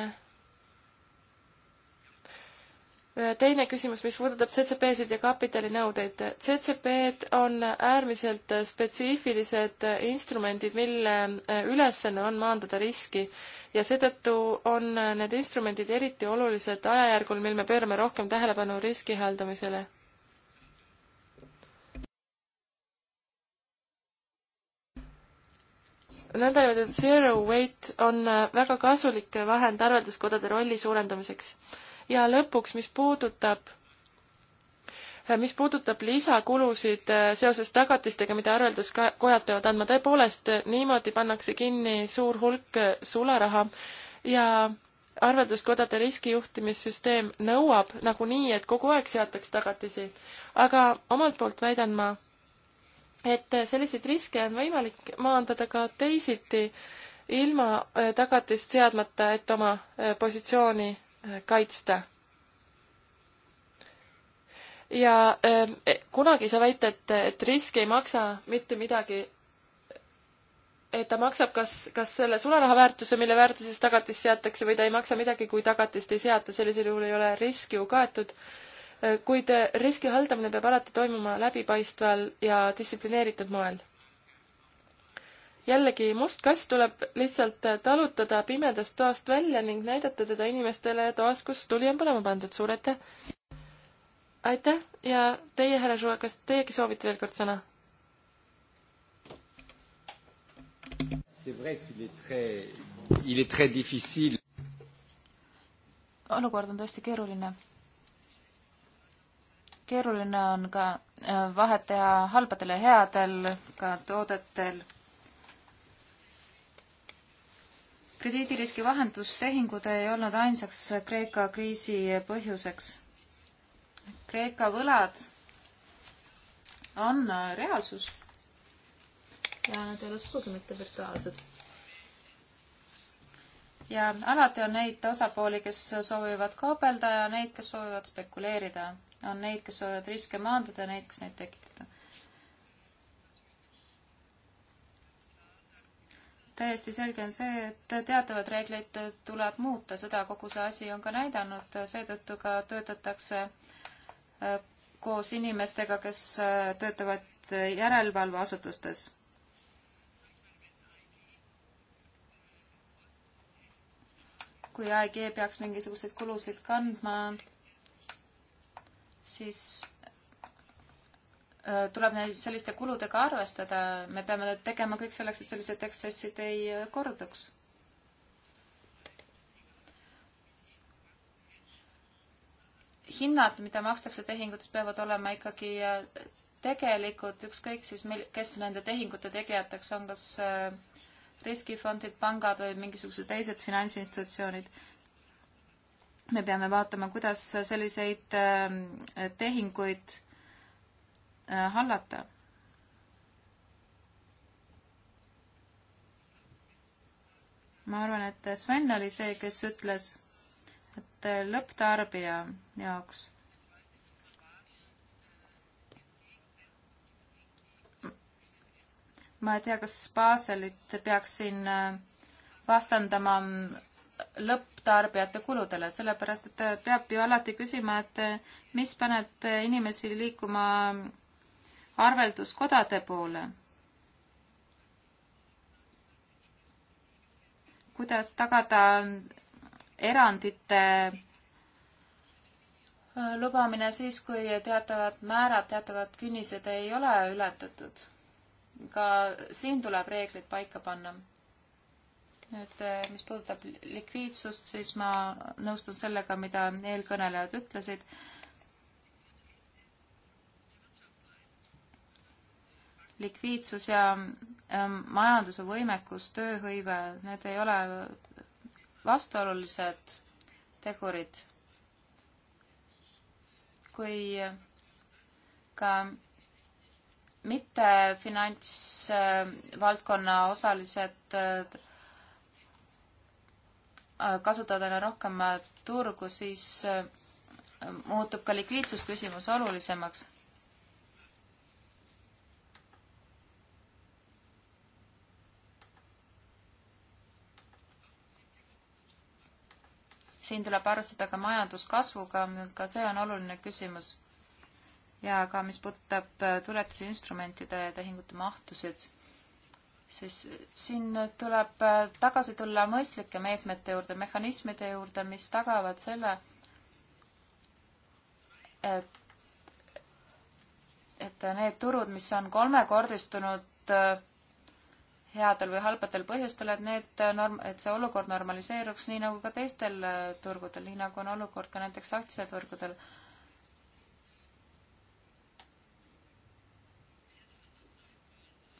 äh, teine küsimus, mis puudutab CCP-sid ja kapitalinõudeid. CCP-d on äärmiselt spetsiifilised instrumendid, mille äh, ülesanne on maandada riski ja seetõttu on äh, need instrumendid eriti olulised ajajärgul, mil me pöörame rohkem tähelepanu riski haldamisele nõndanimetatud zero weight on äh, väga kasulik vahend arvelduskodade rolli suurendamiseks. ja lõpuks, mis puudutab, äh, mis puudutab lisakulusid äh, seoses tagatistega, mida arvelduskojad peavad andma, tõepoolest niimoodi pannakse kinni suur hulk sularaha ja arvelduskodade riskijuhtimissüsteem nõuab nagunii, et kogu aeg seataks tagatisi. aga omalt poolt väidan ma, et selliseid riske on võimalik maandada ka teisiti, ilma äh, tagatist seadmata, et oma äh, positsiooni äh, kaitsta. ja ähm, e, kunagi ei saa väita, et, et risk ei maksa mitte midagi, et ta maksab kas, kas selle sularaha väärtuse, mille väärtuses tagatis seatakse, või ta ei maksa midagi, kui tagatist ei seata, sellisel juhul ei ole risk ju kaetud kuid riski haldamine peab alati toimuma läbipaistval ja distsiplineeritud moel. jällegi, must kass tuleb lihtsalt talutada pimedast toast välja ning näidata teda inimestele toas, kus tuli on põlema pandud. suur aitäh! aitäh ja teie, härra Žuva, kas teiegi soovite veel kord sõna?
olukord on tõesti keeruline keeruline on ka äh, vahet teha halbadel ja headel ka toodetel. krediidiriski vahendustehingud ei olnud ainsaks Kreeka kriisi põhjuseks. Kreeka võlad on äh, reaalsus ja nad ei ole sugugi mitte virtuaalsed ja alati on neid osapooli, kes soovivad kaubelda ja neid, kes soovivad spekuleerida on neid, kes soovivad riske maandada ja neid, kes neid tekitada. täiesti selge on see, et teatavad reegleid tuleb muuta, seda kogu see asi on ka näidanud, seetõttu ka töötatakse äh, koos inimestega, kes äh, töötavad järelevalveasutustes kui AEG peaks mingisuguseid kulusid kandma, siis äh, tuleb neil selliste kuludega arvestada, me peame tegema kõik selleks, et sellised eksessid ei äh, korduks. hinnad, mida makstakse tehingutes, peavad olema ikkagi äh, tegelikud, ükskõik siis, mil-, kes nende tehingute tegijateks on, kas riskifondid, pangad või mingisugused teised finantsinstitutsioonid me peame vaatama, kuidas selliseid äh, tehinguid äh, hallata. ma arvan, et Sven oli see, kes ütles, et äh, lõpptarbija jaoks ma ei tea, kas Baselit peaks siin vastandama lõpptarbijate kuludele, sellepärast et peab ju alati küsima, et mis paneb inimesi liikuma arvelduskodade poole. kuidas tagada erandite lubamine siis, kui teatavad määrad, teatavad künnised ei ole ületatud. ka siin tuleb reeglid paika panna nüüd äh, mis puudutab likviidsust, siis ma nõustun sellega, mida eelkõnelejad ütlesid. likviidsus ja ähm, majanduse võimekus, tööhõive, need ei ole vastuolulised tegurid. kui ka mitte finantsvaldkonna äh, osalised äh, kasutada aina rohkem turgu, siis äh, muutub ka likviidsusküsimus olulisemaks. siin tuleb arvestada ka majanduskasvuga, ka see on oluline küsimus. ja ka, mis puudutab äh, tuletisinstrumentide tehingute mahtusid siis siin tuleb äh, tagasi tulla mõistlike meetmete juurde, mehhanismide juurde, mis tagavad selle, et, et need turud, mis on kolmekordistunud äh, headel või halbadel põhjustel, et need äh, norm-, et see olukord normaliseeruks nii nagu ka teistel turgudel, nii nagu on olukord ka näiteks aktsiaturgudel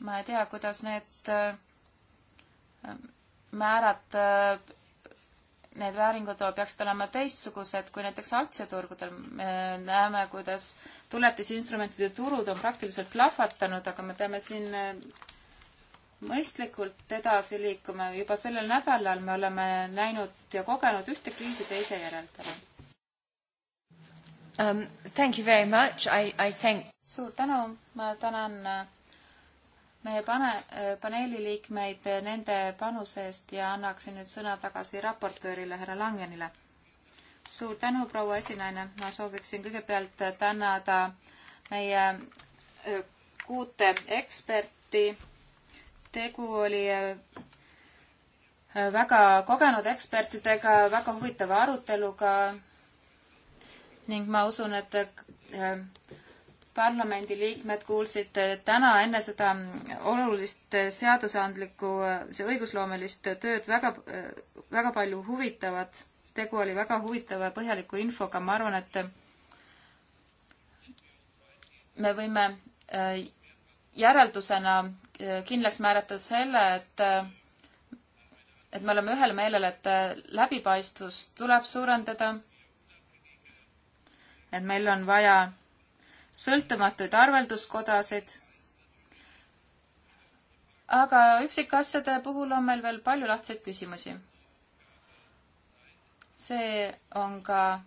ma ei tea, kuidas need äh, määrad, äh, need vääringud peaksid olema teistsugused kui näiteks aktsiaturgudel. me näeme, kuidas tuletisinstrumentide turud on praktiliselt plahvatanud, aga me peame siin äh, mõistlikult edasi liikuma. juba sellel nädalal me oleme näinud ja kogenud ühte kriisi teise järel täna
um,. Thank you very
much,
I, I thank.
suur tänu, ma tänan meie pane, äh, paneeli liikmeid äh, nende panuse eest ja annaksin nüüd sõna tagasi raportöörile, härra Langenile. suur tänu, proua esinaine, ma sooviksin kõigepealt tänada meie äh, kuute eksperti. tegu oli väga kogenud ekspertidega, väga huvitava aruteluga ning ma usun, et parlamendiliikmed kuulsid täna enne seda olulist seadusandlikku, see õigusloomelist tööd väga, väga palju huvitavat. tegu oli väga huvitava ja põhjaliku infoga, ma arvan, et me võime äh, järeldusena äh, kindlaks määrata selle, et, äh, et me oleme ühel meelel, et läbipaistvust tuleb suurendada, et meil on vaja sõltumatuid arvelduskodasid. aga üksikasjade puhul on meil veel palju lahtseid küsimusi. see on ka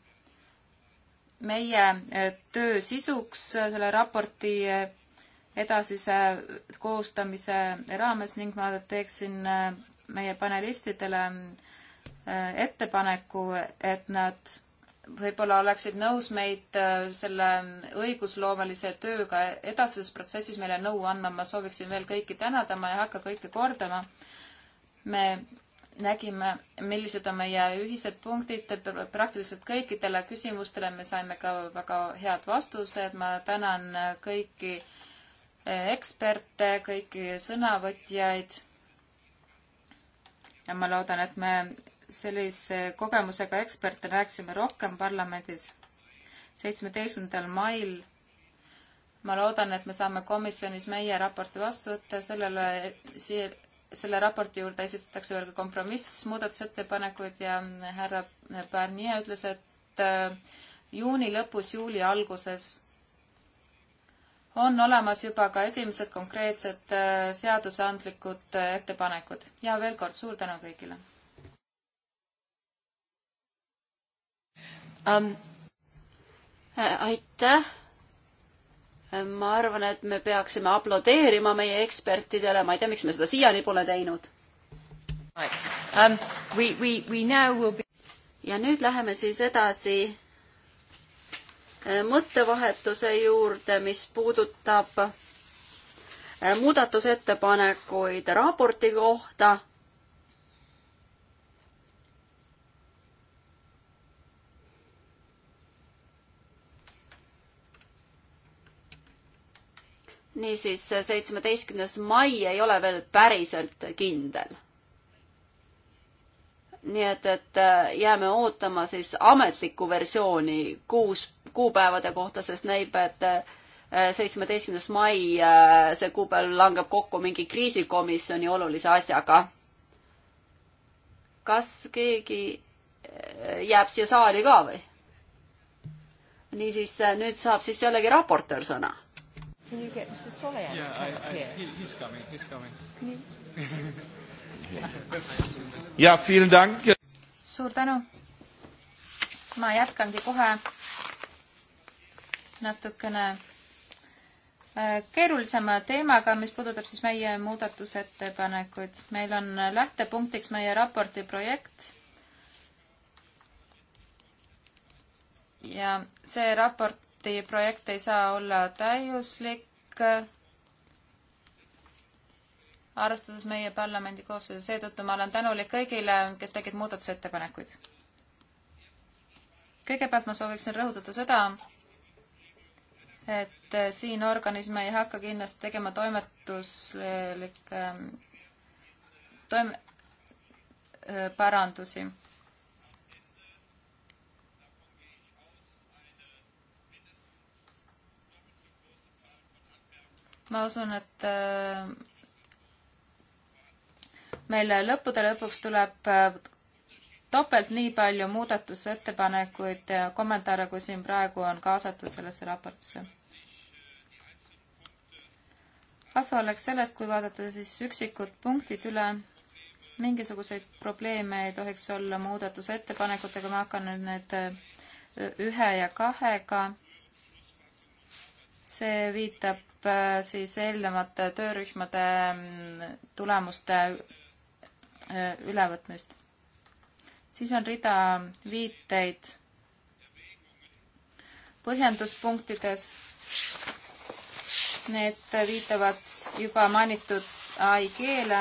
meie eh, töö sisuks selle raporti eh, edasise koostamise raames ning ma teeksin eh, meie panelistidele ettepaneku, et nad võib-olla oleksid nõus meid äh, selle õigusloomelise tööga edasises protsessis meile nõu andma, ma sooviksin veel kõiki tänada, ma ei hakka kõike kordama. me nägime, millised on meie ühised punktid, praktiliselt kõikidele küsimustele me saime ka väga head vastused, ma tänan äh, kõiki äh, eksperte, kõiki sõnavõtjaid. ja ma loodan, et me sellise kogemusega eksperte rääkisime rohkem parlamendis. seitsmeteistkümnendal mail ma loodan, et me saame komisjonis meie raporti vastu võtta, sellele, selle raporti juurde esitatakse veel ka kompromissmuudatusettepanekuid ja härra Barnier ütles, et äh, juuni lõpus, juuli alguses on olemas juba ka esimesed konkreetsed äh, seadusandlikud äh, ettepanekud ja veel kord suur tänu kõigile
ähm,. aitäh. ma arvan, et me peaksime aplodeerima meie ekspertidele, ma ei tea, miks me seda siiani pole teinud. Um, we, we, we now will be ja nüüd läheme siis edasi eh, mõttevahetuse juurde, mis puudutab eh, muudatusettepanekuid raporti kohta. niisiis, seitsmeteistkümnes mai ei ole veel päriselt kindel. nii et, et äh, jääme ootama siis ametlikku versiooni kuus kuupäevade kohta, sest näib, et äh, seitsmeteistkümnes mai äh, see kuupäev langeb kokku mingi kriisikomisjoni olulise asjaga. kas keegi jääb siia saali ka või? niisiis, nüüd saab siis jällegi raportöör sõna
Can you get Mr. Stolayan yeah, to come I, I, here?
He, he's coming. He's coming. Can you... ja, vielen Dank.
suur tänu. ma jätkangi kohe natukene äh, keerulisema teemaga, mis puudutab siis meie muudatusettepanekuid. meil on lähtepunktiks meie raporti projekt. ja see raport teie projekt ei saa olla täiuslik, arvestades meie parlamendi koosseisu, seetõttu ma olen tänulik kõigile, kes tegid muudatusettepanekuid. kõigepealt ma sooviksin rõhutada seda, et siin organis me ei hakka kindlasti tegema toimetuslikke toime-, parandusi ma usun, et äh, meil lõppude lõpuks tuleb äh, topelt nii palju muudatusettepanekuid ja kommentaare, kui siin praegu on kaasatud sellesse raportisse. kasu oleks sellest, kui vaadata siis üksikud punktid üle. mingisuguseid probleeme ei tohiks olla muudatusettepanekutega, ma hakkan nüüd need äh, ühe ja kahega see viitab äh, siis eelnevate töörühmade mm, tulemuste äh, ülevõtmist. siis on rida viiteid põhjenduspunktides. Need viitavad juba mainitud ai keele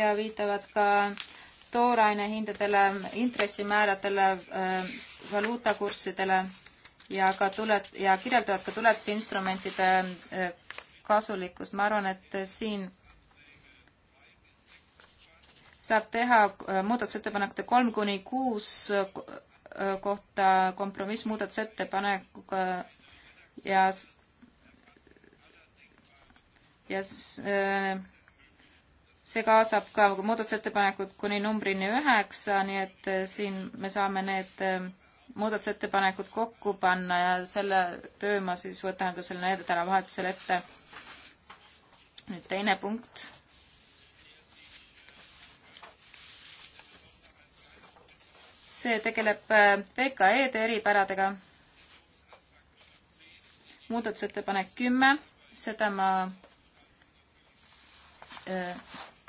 ja viitavad ka tooraine hindadele, intressimääradele, äh, valuutakurssidele ja ka tuled ja kirjeldavad ka tuletusinstrumentide äh, kasulikkust. ma arvan, et äh, siin saab teha äh, muudatusettepanekute kolm kuni kuus kohta kompromissmuudatusettepanekuga ja ja see kaasab ka muudatusettepanekud kuni numbrini üheksa, nii et siin me saame need muudatusettepanekud kokku panna ja selle töö ma siis võtan ka selle nädalavahetusel ette. nüüd teine punkt. see tegeleb äh, VKE-de eripäradega. muudatusettepanek kümme, seda ma äh,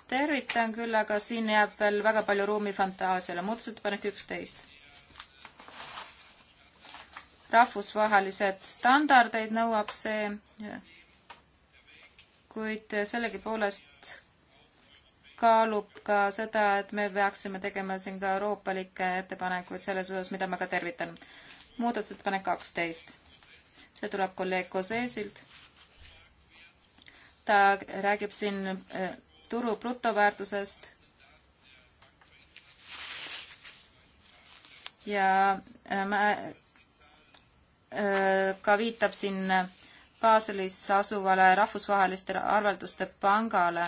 tervitan küll, aga siin jääb veel väga palju ruumi fantaasiale. muudatusettepanek üksteist rahvusvahelised standardeid nõuab see, kuid sellegipoolest kaalub ka seda, et me peaksime tegema siin ka euroopalikke ettepanekuid selles osas, mida ma ka tervitan. muudatusettepanek kaksteist. see tuleb kolleeg Koseesilt. ta räägib siin äh, turu brutoväärtusest ja äh, Äh, ka viitab siin Baselis asuvale rahvusvaheliste arvelduste pangale.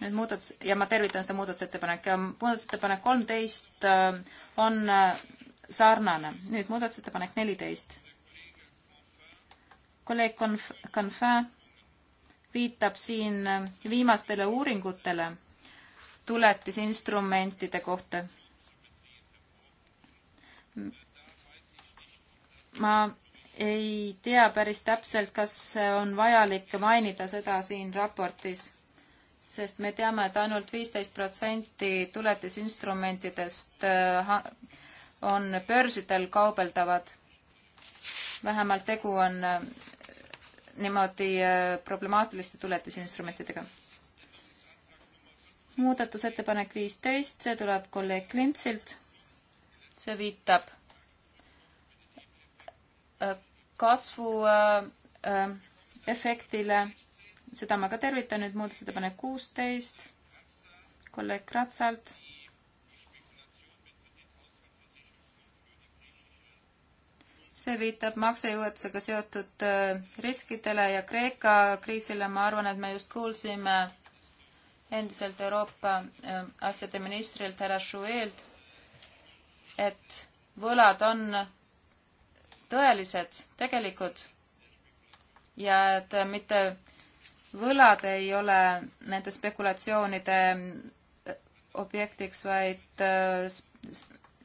nüüd muudatus, ja ma tervitan seda muudatusettepanek, muudatusettepanek kolmteist äh, on äh, sarnane. nüüd muudatusettepanek neliteist. kolleeg Conf-, Confin viitab siin viimastele uuringutele tuletisinstrumentide kohta ma ei tea päris täpselt, kas on vajalik mainida seda siin raportis, sest me teame, et ainult viisteist protsenti tuletisinstrumentidest äh, on börsidel kaubeldavad. vähemalt tegu on äh, niimoodi äh, problemaatiliste tuletisinstrumentidega. muudatusettepanek viisteist, see tuleb kolleeg Klintsilt. see viitab Äh, kasvuefektile, äh, äh, seda ma ka tervitan, nüüd muudatusettepanek kuusteist kolleeg Kratsalt. see viitab maksejõuetusega seotud riskidele ja Kreeka kriisile, ma arvan, et me just kuulsime endiselt Euroopa asjade ministrilt härra Šuelt, et võlad on tõelised, tegelikud ja et mitte võlad ei ole nende spekulatsioonide objektiks, vaid äh,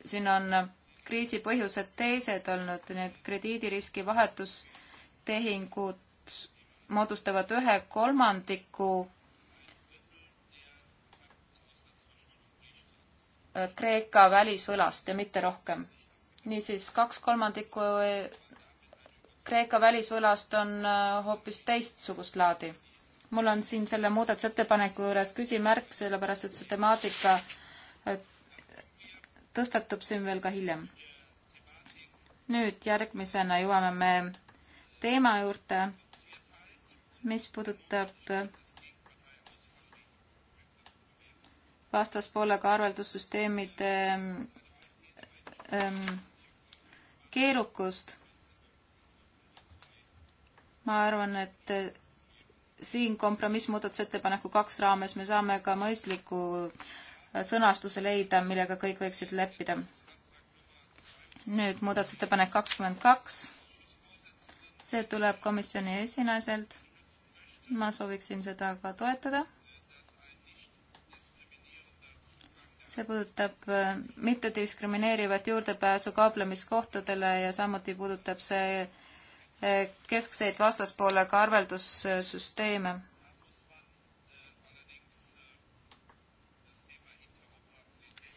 siin on kriisi põhjused teised olnud, need krediidiriski vahetustehingud moodustavad ühe kolmandiku äh, Kreeka välisvõlast ja mitte rohkem niisiis kaks kolmandikku eh, Kreeka välisvõlast on eh, hoopis teistsugust laadi. mul on siin selle muudatusettepaneku juures küsimärk, sellepärast et see temaatika tõstatub siin veel ka hiljem. nüüd järgmisena jõuame me teema juurde, mis puudutab eh, vastaspoolega arveldussüsteemide ähm, keerukust. ma arvan, et siin kompromiss muudatusettepaneku kaks raames me saame ka mõistliku sõnastuse leida, millega kõik võiksid leppida. nüüd muudatusettepanek kakskümmend kaks. see tuleb komisjoni esinaiselt. ma sooviksin seda ka toetada see puudutab äh, mittediskrimineerivat juurdepääsu kaablemiskohtadele ja samuti puudutab see äh, keskseid vastaspoolega arveldussüsteeme.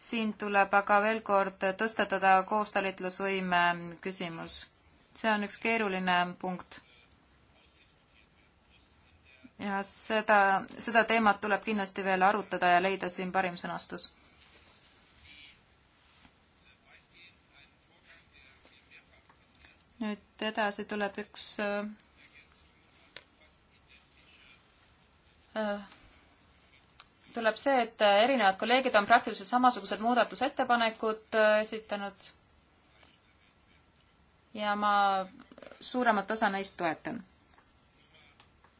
siin tuleb aga veel kord tõstatada koostalitlusvõime küsimus. see on üks keeruline punkt. ja seda, seda teemat tuleb kindlasti veel arutada ja leida siin parim sõnastus nüüd edasi tuleb üks äh, äh, tuleb see, et äh, erinevad kolleegid on praktiliselt samasugused muudatusettepanekud esitanud. ja ma suuremat osa neist toetan.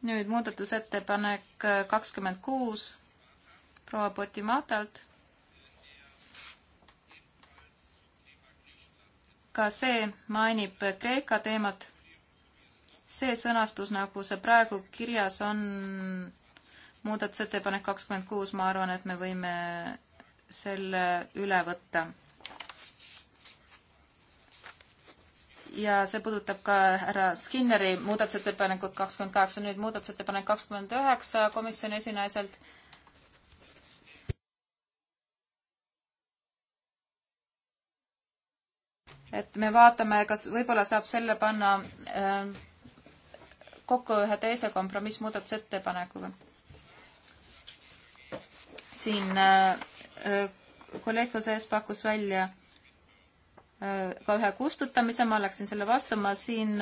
nüüd muudatusettepanek kakskümmend kuus proua Potimatalt ka see mainib Kreeka teemat. see sõnastus, nagu see praegu kirjas on, muudatusettepanek kakskümmend kuus, ma arvan, et me võime selle üle võtta. ja see puudutab ka härra Skinneri muudatusettepanekut kakskümmend kaheksa, nüüd muudatusettepanek kakskümmend üheksa komisjoni esinaiselt et me vaatame, kas võib-olla saab selle panna äh, kokku ühe teise kompromissmuudatusettepanekuga. siin äh, kolleeg Kosees pakkus välja äh, ka ühe kustutamise, ma läksin selle vastu, ma siin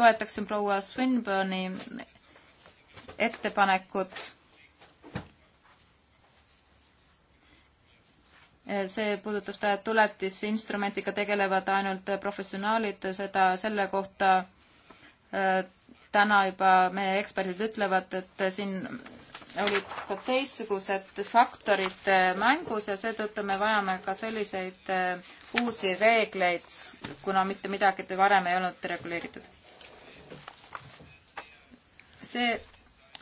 toetaksin proua Swinburne'i ettepanekut Eh, see puudutab seda, et tuletisinstrumentiga tegelevad ainult professionaalid, seda selle kohta eh, täna juba meie eksperdid ütlevad, et siin olid ka teistsugused faktorid eh, mängus ja seetõttu me vajame ka selliseid uusi reegleid, kuna mitte midagi varem ei olnud reguleeritud. see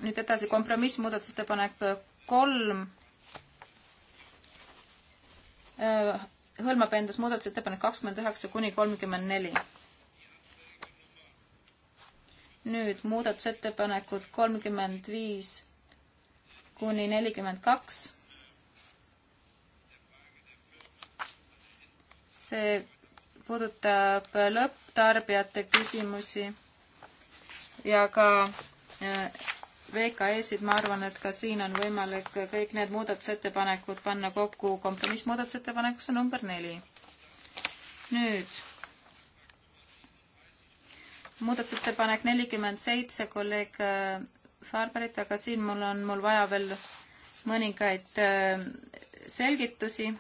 nüüd edasi kompromiss muudatusettepanek kolm Äh, hõlmab endas muudatusettepanek kakskümmend üheksa kuni kolmkümmend neli. nüüd muudatusettepanekud kolmkümmend viis kuni nelikümmend kaks. see puudutab lõpptarbijate küsimusi ja ka äh, VKE-sid, ma arvan, et ka siin on võimalik kõik need muudatusettepanekud panna kokku kompromissmuudatusettepanekusse number neli. nüüd muudatusettepanek nelikümmend seitse kolleeg äh, Farberit, aga siin mul on mul vaja veel mõningaid äh, selgitusi.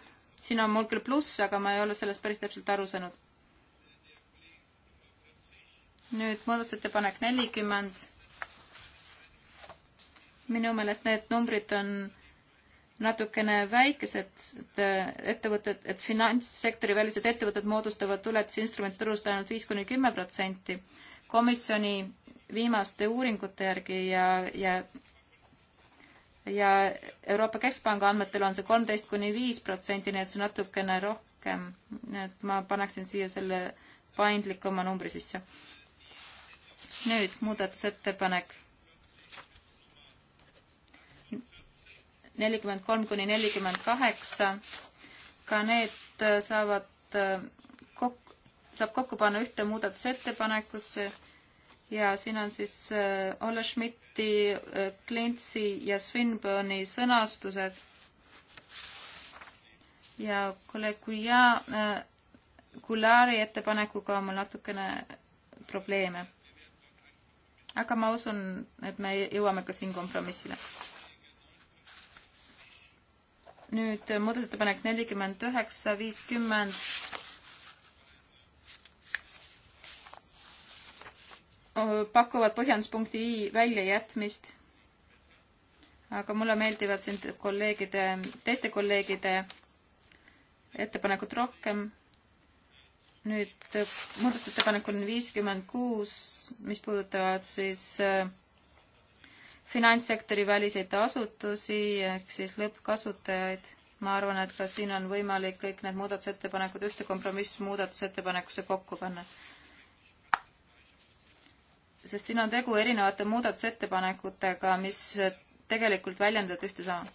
siin on mul küll pluss, aga ma ei ole sellest päris täpselt aru saanud. nüüd muudatusettepanek nelikümmend minu meelest need numbrid on natukene väikesed, et ettevõtted, et finantssektori välised ettevõtted moodustavad tuletisinstrumentide turust ainult viis kuni kümme protsenti. komisjoni viimaste uuringute järgi ja, ja ja Euroopa Keskpanga andmetel on see kolmteist kuni viis protsenti, nii et see natukene rohkem. et ma paneksin siia selle paindlikuma numbri sisse. nüüd muudatusettepanek nelikümmend kolm kuni nelikümmend kaheksa, ka need äh, saavad äh, kok-, saab kokku panna ühte muudatusettepanekusse ja siin on siis äh, Olle Schmidti, Klintsi ja Swinburne'i sõnastused ja kolleeg Kuja, Kulari ettepanekuga on mul natukene probleeme. aga ma usun, et me jõuame ka siin kompromissile nüüd muudatusettepanek nelikümmend üheksa, viiskümmend. pakuvad põhjenduspunkti i väljajätmist. aga mulle meeldivad siin kolleegide, teiste kolleegide ettepanekud rohkem. nüüd muudatusettepanek on viiskümmend kuus, mis puudutavad siis äh, finantssektori väliseid asutusi ehk siis lõppkasutajaid. ma arvan, et ka siin on võimalik kõik need muudatusettepanekud ühte kompromissmuudatusettepanekusse kokku panna. sest siin on tegu erinevate muudatusettepanekutega, mis tegelikult väljendavad ühte sama.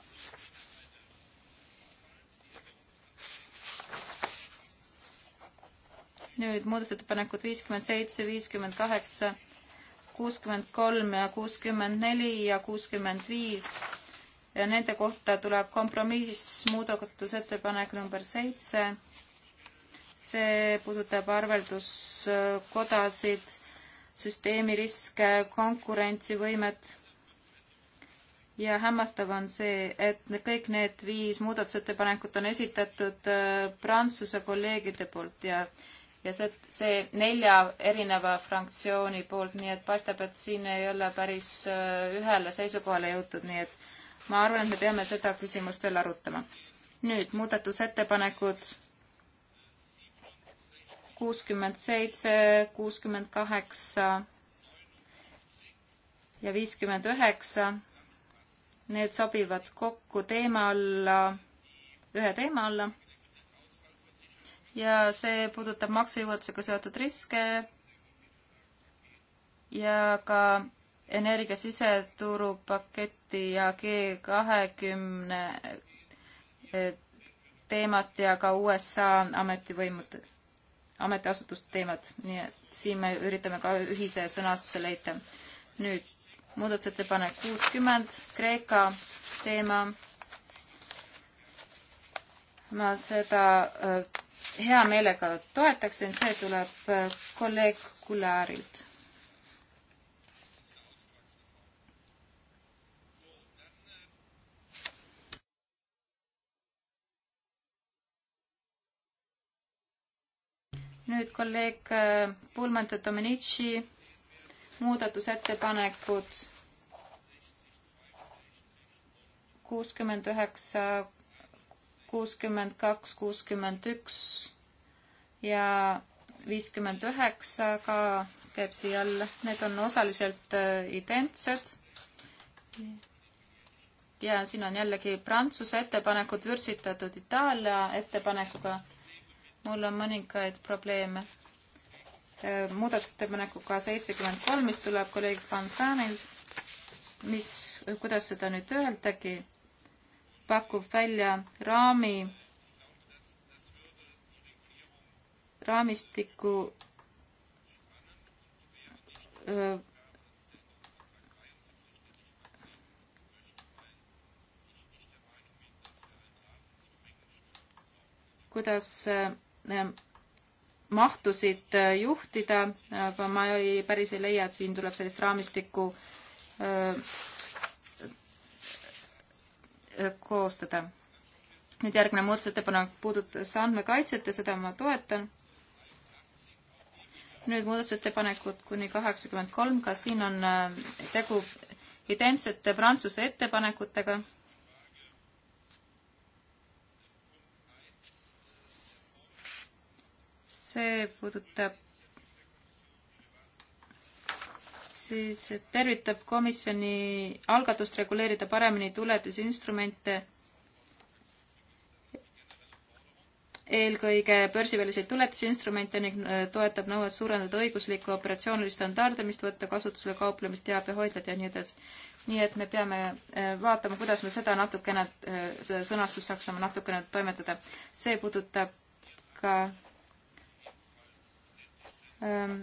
nüüd muudatusettepanekud viiskümmend seitse, viiskümmend kaheksa kuuskümmend kolm ja kuuskümmend neli ja kuuskümmend viis. ja nende kohta tuleb kompromiss, muudatusettepanek number seitse. see puudutab arvelduskodasid, süsteemi riske, konkurentsivõimet. ja hämmastav on see, et kõik need viis muudatusettepanekut on esitatud äh, Prantsuse kolleegide poolt ja ja see, see nelja erineva fraktsiooni poolt, nii et paistab, et siin ei ole päris äh, ühele seisukohale jõutud, nii et ma arvan, et me peame seda küsimust veel arutama. nüüd muudatusettepanekud kuuskümmend seitse, kuuskümmend kaheksa ja viiskümmend üheksa. Need sobivad kokku teema alla, ühe teema alla ja see puudutab maksejõuetusega seotud riske ja ka energia siseturu paketti ja G20 eh, teemat ja ka USA ametivõimud, ametiasutuste teemad, nii et siin me üritame ka ühise sõnastuse leida. nüüd muudatusettepanek kuuskümmend, Kreeka teema. ma seda äh, hea meelega toetaksin, see tuleb äh, kolleeg Kullaarilt. nüüd kolleeg äh, Pulmanto Dominici muudatusettepanekud kuuskümmend üheksa kuuskümmend kaks, kuuskümmend üks ja viiskümmend üheksa ka käib siia alla, need on osaliselt äh, identsed. ja siin on jällegi Prantsuse ettepanekud vürtsitatud Itaalia ettepanekuga. mul on mõningaid probleeme äh, muudatusettepanekuga seitsekümmend kolm, mis tuleb kolleeg Van Fanilt, mis, kuidas seda nüüd öeldagi pakub välja raami, raamistiku öö, kuidas mahtusid juhtida, aga ma ei, päris ei leia, et siin tuleb sellist raamistikku koostada. nüüd järgmine muudatusettepanek puudutas andmekaitset ja seda ma toetan. nüüd muudatusettepanekud kuni kaheksakümmend kolm, ka siin on äh, tegu identsete Prantsuse ettepanekutega see puudutab siis tervitab komisjoni algatust reguleerida paremini tuletisinstrumente, eelkõige börsiväliseid tuletisinstrumente ning äh, toetab nõuet suurendada õiguslikku operatsioonilist standardimist, võtta kasutusele kauplemisteabehoidlad ja nii edasi. nii et me peame äh, vaatama, kuidas me seda natukene, äh, seda sõnastust saaksime natukene toimetada. see puudutab ka ähm,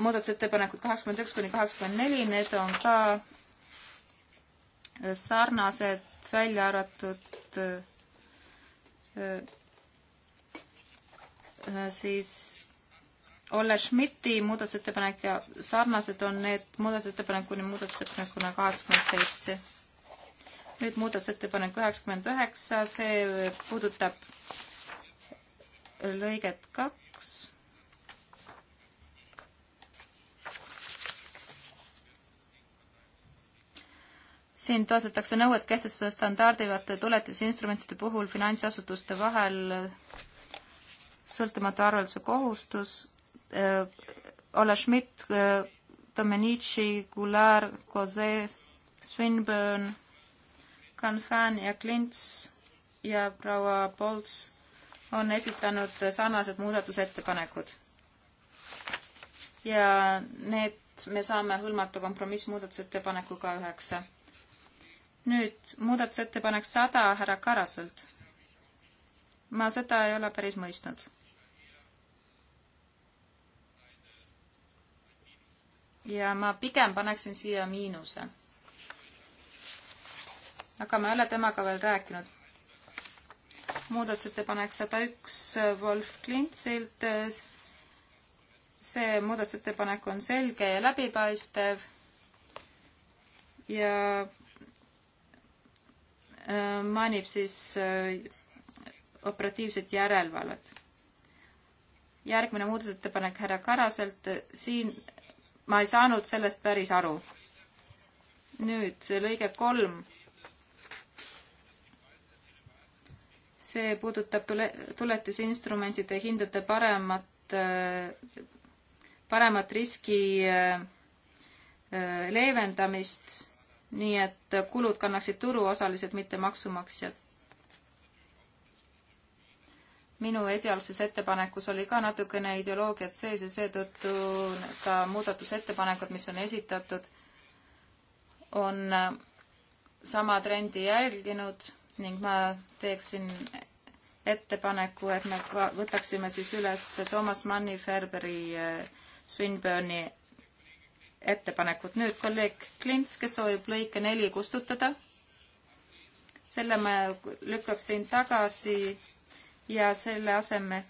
muudatusettepanekud kaheksakümmend üks kuni kaheksakümmend neli, need on ka sarnased välja arvatud äh, äh, siis Olle Schmidti muudatusettepanek ja sarnased on need muudatusettepanek kuni muudatusettepanekuna kaheksakümmend seitse. nüüd muudatusettepanek üheksakümmend üheksa, see puudutab lõiget kaks siin toetatakse nõuet kehtestada standardivate tuletisinstrumentide puhul finantsasutuste vahel sõltumatu arvelduse kohustus. Äh, Olle Schmidt, äh, Domenici, Goulart, Cosé, Swinburne, Canfan ja Klints ja proua Bolts on esitanud sarnased muudatusettepanekud. ja need me saame hõlmata kompromissmuudatusettepanekuga üheksa nüüd muudatusettepanek sada härra Karaselt. ma seda ei ole päris mõistnud. ja ma pigem paneksin siia miinuse. aga ma ei ole temaga veel rääkinud. muudatusettepanek sada üks Wolf Klintsilt. see muudatusettepanek on selge ja läbipaistev ja Äh, mainib siis äh, operatiivset järelevalvet. järgmine muudatusettepanek härra Karaselt, siin ma ei saanud sellest päris aru. nüüd lõige kolm. see puudutab tule, tuletisinstrumentide hindade paremat, äh, paremat riski leevendamist nii et kulud kannaksid turuosalised, mitte maksumaksjad. minu esialgses ettepanekus oli ka natukene ideoloogiat sees ja seetõttu ka muudatusettepanekud, mis on esitatud, on sama trendi jälginud ning ma teeksin ettepaneku, et me võtaksime siis üles Toomas Manni, Ferberi, eh, Swinburne'i ettepanekut. nüüd kolleeg Klints, kes soovib lõike neli kustutada. selle ma lükkaksin tagasi ja selle asemel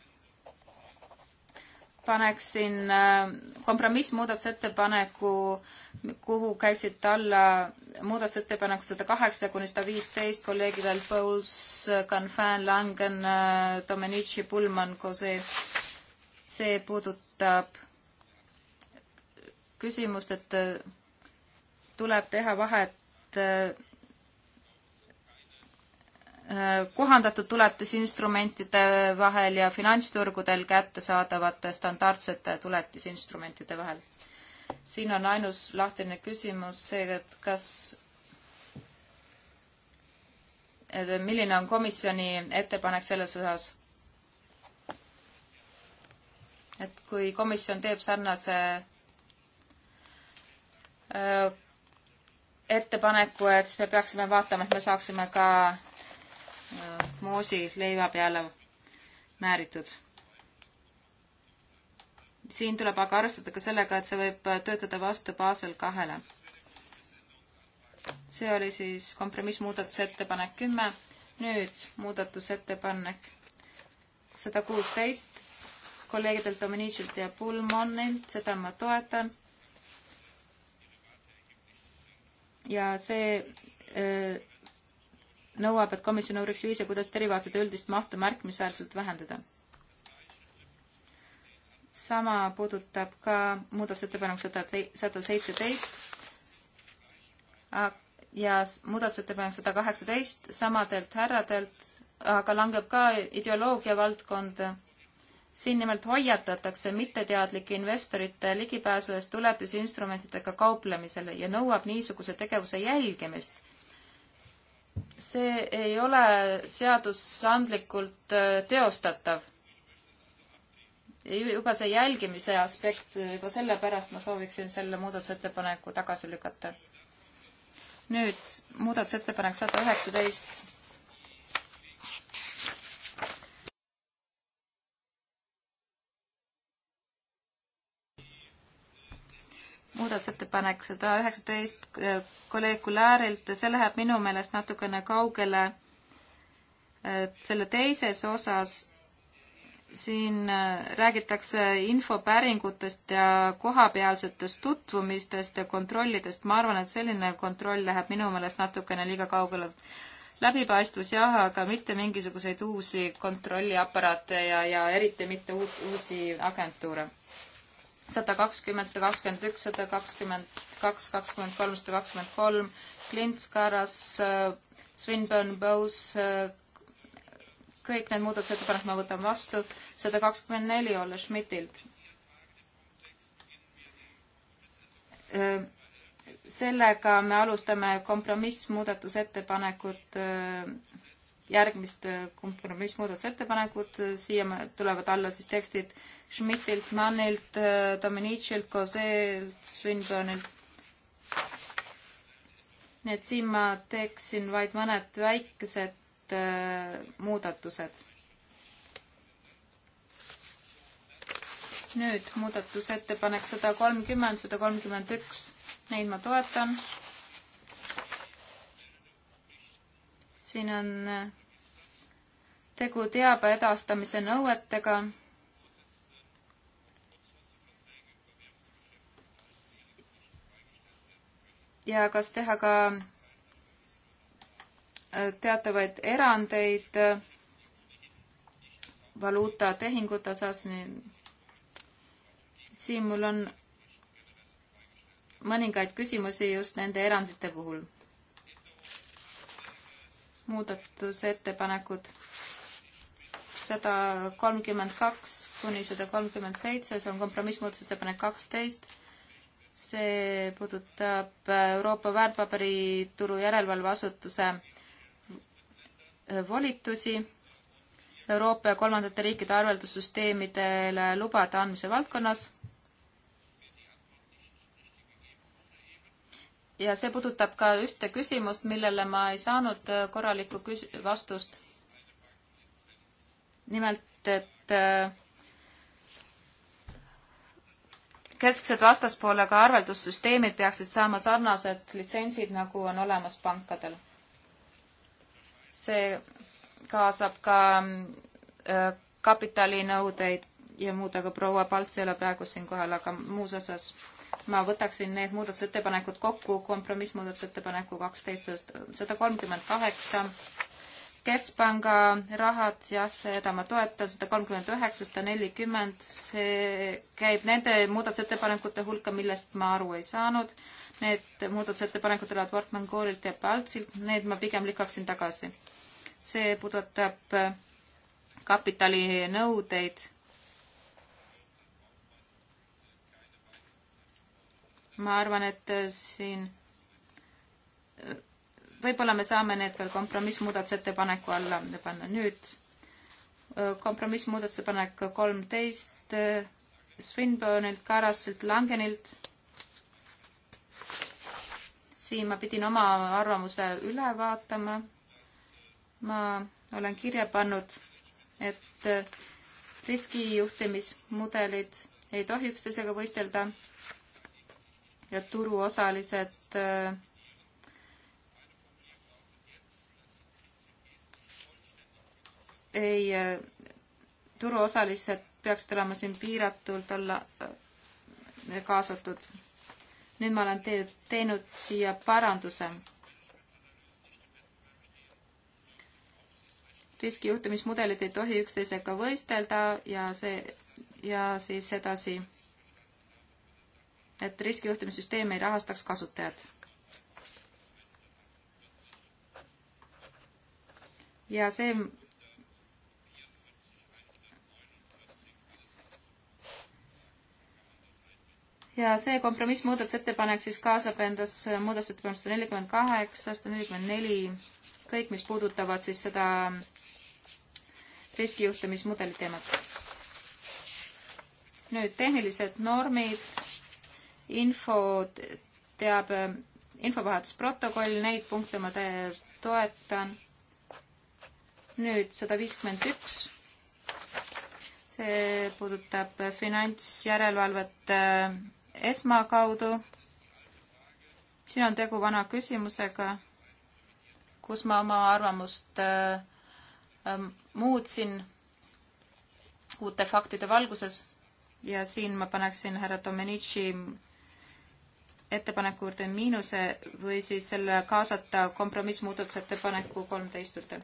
paneksin äh, kompromissmuudatusettepaneku, kuhu käisid alla muudatusettepanekud sada kaheksa kuni sada viisteist kolleegidel Pouls, Canfin, Langen, äh, Domenici, Pullman, Cose. see puudutab küsimust, et äh, tuleb teha vahet äh, äh, kohandatud tuletisinstrumentide vahel ja finantsturgudel kättesaadavate standardsete tuletisinstrumentide vahel. siin on ainus lahtine küsimus see, et kas, et milline on komisjoni ettepanek selles osas? et kui komisjon teeb sarnase Äh, ettepaneku, et siis me peaksime vaatama, et me saaksime ka äh, moosi leiva peale määritud. siin tuleb aga arvestada ka sellega, et see võib töötada vastu baasel kahele. see oli siis kompromissmuudatuse ettepanek kümme, nüüd muudatusettepanek sada kuusteist kolleegidelt Dominicilt ja Pulmonilt, seda ma toetan ja see öö, äh, nõuab, et komisjon uuriks viise, kuidas derivaatide üldist mahtu märkimisväärselt vähendada. sama puudutab ka muudatusettepanek sada, sada seitseteist ja muudatusettepanek sada kaheksateist samadelt härradelt, aga langeb ka ideoloogia valdkonda siin nimelt hoiatatakse mitteteadlike investorite ligipääsu eest tuletisinstrumentidega kauplemisele ja nõuab niisuguse tegevuse jälgimist. see ei ole seadusandlikult äh, teostatav. juba see jälgimise aspekt, juba sellepärast ma sooviksin selle muudatusettepaneku tagasi lükata. nüüd muudatusettepanek sada üheksateist muudatusettepanek sada üheksateist eh, kolleeg Kuläärilt, see läheb minu meelest natukene kaugele selle teises osas. siin eh, räägitakse infopäringutest ja kohapealsetest tutvumistest ja kontrollidest. ma arvan, et selline kontroll läheb minu meelest natukene liiga kaugele. läbipaistvus jah, aga mitte mingisuguseid uusi kontrolliaparaate ja, ja eriti mitte uut, uusi agentuure sada kakskümmend, sada kakskümmend üks, sada kakskümmend kaks, kakskümmend kolm, sada kakskümmend kolm, Klints, Karas, äh, Swinburne, Bose, äh, kõik need muudatusettepanekud ma võtan vastu, sada kakskümmend neli Olle Schmidtilt. Äh, sellega me alustame kompromissmuudatusettepanekut järgmist äh, kompromissmuudatusettepanekut, äh, siia tulevad alla siis tekstid Schmidtilt, Mannilt, äh, Dominicilt, Coseelt, Swinburnilt. nii et siin ma teeksin vaid mõned väikesed äh, muudatused. nüüd muudatusettepanek sada kolmkümmend, sada kolmkümmend üks, neid ma toetan siin on äh, tegu teabe edastamise nõuetega. ja kas teha ka äh, teatavaid erandeid äh, valuutatehingute osas, nii siin mul on mõningaid küsimusi just nende erandite puhul muudatusettepanekud sada kolmkümmend kaks kuni sada kolmkümmend seitse, see on kompromissmuudatusettepanek kaksteist. see puudutab Euroopa väärtpaberituru järelevalveasutuse volitusi Euroopa ja kolmandate riikide arveldussüsteemidele lubade andmise valdkonnas ja see puudutab ka ühte küsimust, millele ma ei saanud äh, korralikku küs-, vastust. nimelt, et äh, kesksed vastaspoolega arveldussüsteemid peaksid saama sarnased litsentsid, nagu on olemas pankadel. see kaasab ka äh, kapitalinõudeid ja muud, aga proua Palts ei ole praegu siin kohal, aga muus osas ma võtaksin need muudatusettepanekud kokku kompromissmuudatusettepaneku kaksteist, sest sada kolmkümmend kaheksa keskpanga rahad, jah, seda ma toetan, sada kolmkümmend üheksa, sada nelikümmend, see käib nende muudatusettepanekute hulka, millest ma aru ei saanud. Need muudatusettepanekud tulevad Wortmann Koolilt ja Paltsilt, need ma pigem lükkaksin tagasi. see puudutab kapitalinõudeid ma arvan, et äh, siin äh, võib-olla me saame need veel kompromissmuudatusettepaneku alla panna. nüüd äh, kompromissmuudatusettepanek kolmteist Swinburne'ilt, Karaselt, Langenilt. siin ma pidin oma arvamuse üle vaatama. ma olen kirja pannud, et riskijuhtimismudelid ei tohi üksteisega võistelda ja turuosalised äh, ei, äh, turuosalised peaksid olema siin piiratult olla äh, kaasatud. nüüd ma olen teinud, teinud siia paranduse. riskijuhtimismudelid ei tohi üksteisega võistelda ja see ja siis edasi et riskijuhtimissüsteemi ei rahastaks kasutajad. ja see ja see kompromissmuudatusettepanek siis kaasab endas muudatusettepanek sada nelikümmend kaheksa, sada nelikümmend neli, kõik, mis puudutavad siis seda riskijuhtimismudeli teemat. nüüd tehnilised normid infoteabe, infovahetusprotokoll, neid punkte ma toetan. nüüd sada viiskümmend üks. see puudutab finantsjärelevalvet äh, ESMA kaudu. siin on tegu vana küsimusega, kus ma oma arvamust äh, äh, muutsin uute faktide valguses ja siin ma paneksin härra Domenici ettepaneku juurde miinuse või siis selle kaasata kompromissmuudatusettepaneku kolmteist juurde.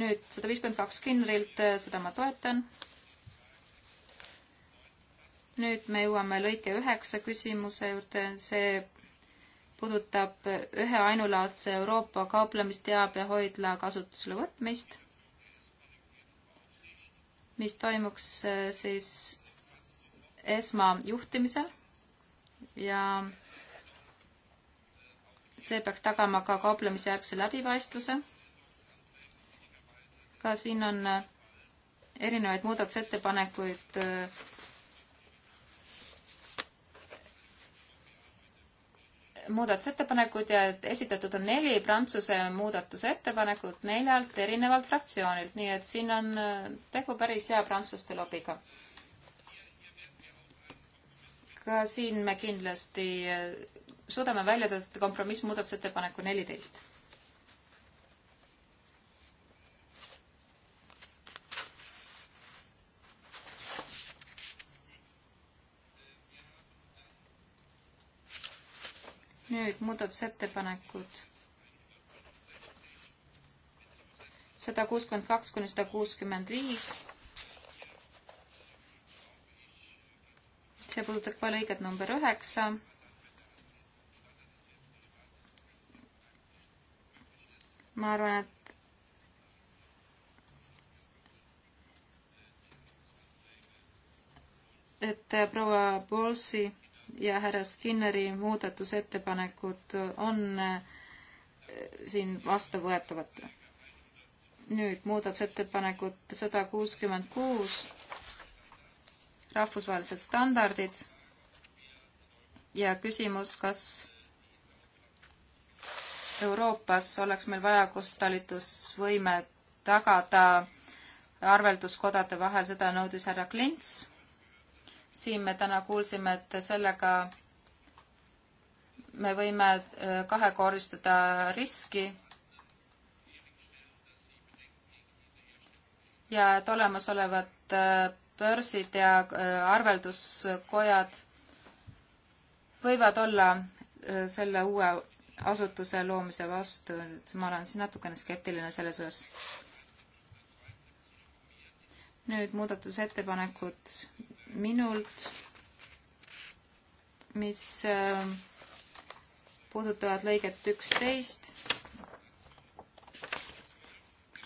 nüüd sada viiskümmend kaks kinrilt, seda ma toetan. nüüd me jõuame lõike üheksa küsimuse juurde, see puudutab ühe ainulaadse Euroopa kauplemisteabehoidla kasutusele võtmist, mis toimuks äh, siis esmajuhtimisel ja see peaks tagama ka kauplemisjärgse läbipaistvuse. ka siin on äh, erinevaid muudatusettepanekuid äh, muudatusettepanekud ja esitatud on neli Prantsuse muudatusettepanekut neljalt erinevalt fraktsioonilt, nii et siin on äh, tegu päris hea prantslaste lobiga ka siin me kindlasti eh, suudame välja töötada kompromissmuudatusettepaneku neliteist. nüüd muudatusettepanekud. sada kuuskümmend kaks kuni sada kuuskümmend viis puudutab ka lõiget number üheksa. ma arvan, et et proua Bolsi ja härra Skinneri muudatusettepanekud on eh, siin vastuvõetavad. nüüd muudatusettepanekud sada kuuskümmend kuus rahvusvahelised standardid ja küsimus, kas Euroopas oleks meil vaja kustalitusvõime tagada arvelduskodade vahel, seda nõudis härra Klints. siin me täna kuulsime, et sellega me võime äh, kahekordistada riski ja et olemasolevat äh, börsid ja äh, arvelduskojad võivad olla äh, selle uue asutuse loomise vastu, et ma olen siin natukene skeptiline selles osas. nüüd muudatusettepanekud minult, mis äh, puudutavad lõiget üksteist.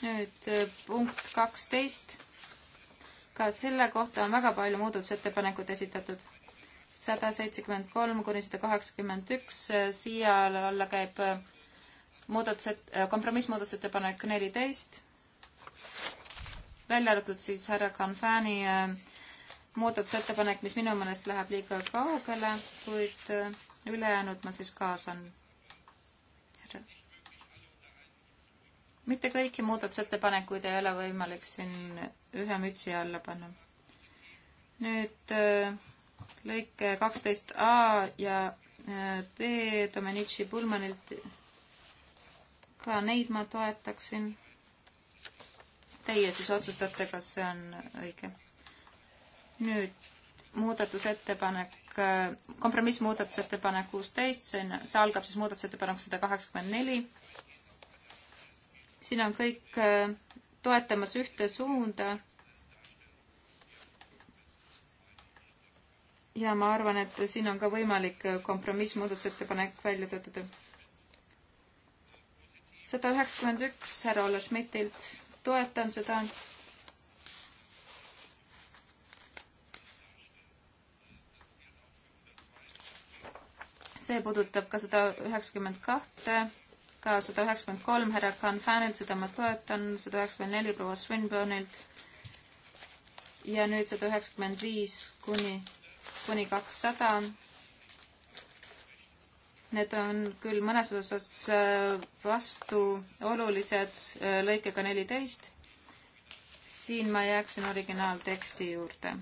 nüüd punkt kaksteist ka selle kohta on väga palju muudatusettepanekuid esitatud. sada seitsekümmend kolm kuni sada kaheksakümmend üks, siia alla käib äh, muudatused, äh, kompromissmuudatusettepanek neliteist, välja arvatud siis härra Canfani äh, muudatusettepanek, mis minu meelest läheb liiga kaugele, kuid ülejäänud ma siis kaasan mitte kõiki muudatusettepanekuid ei ole võimalik siin ühe mütsi alla panna. nüüd äh, lõike kaksteist A ja äh, B Domenici Pulmanilt. ka neid ma toetaksin. Teie siis otsustate, kas see on õige. nüüd muudatusettepanek, äh, kompromissmuudatusettepanek kuusteist, see on, see algab siis muudatusettepanek sada kaheksakümmend neli. siin on kõik toetamas ühte suunda. ja ma arvan, et siin on ka võimalik kompromiss, muudatusettepanek välja töötada. sada üheksakümmend üks härra Olle Schmidtilt, toetan seda. see puudutab ka sada üheksakümmend kahte ka sada üheksakümmend kolm härra Canfanilt, seda ma toetan, sada üheksakümmend neli proua Swinburne'ilt ja nüüd sada üheksakümmend viis kuni, kuni kakssada. Need on küll mõnes osas äh, vastuolulised äh, lõikega neliteist. siin ma jääksin originaalteksti juurde.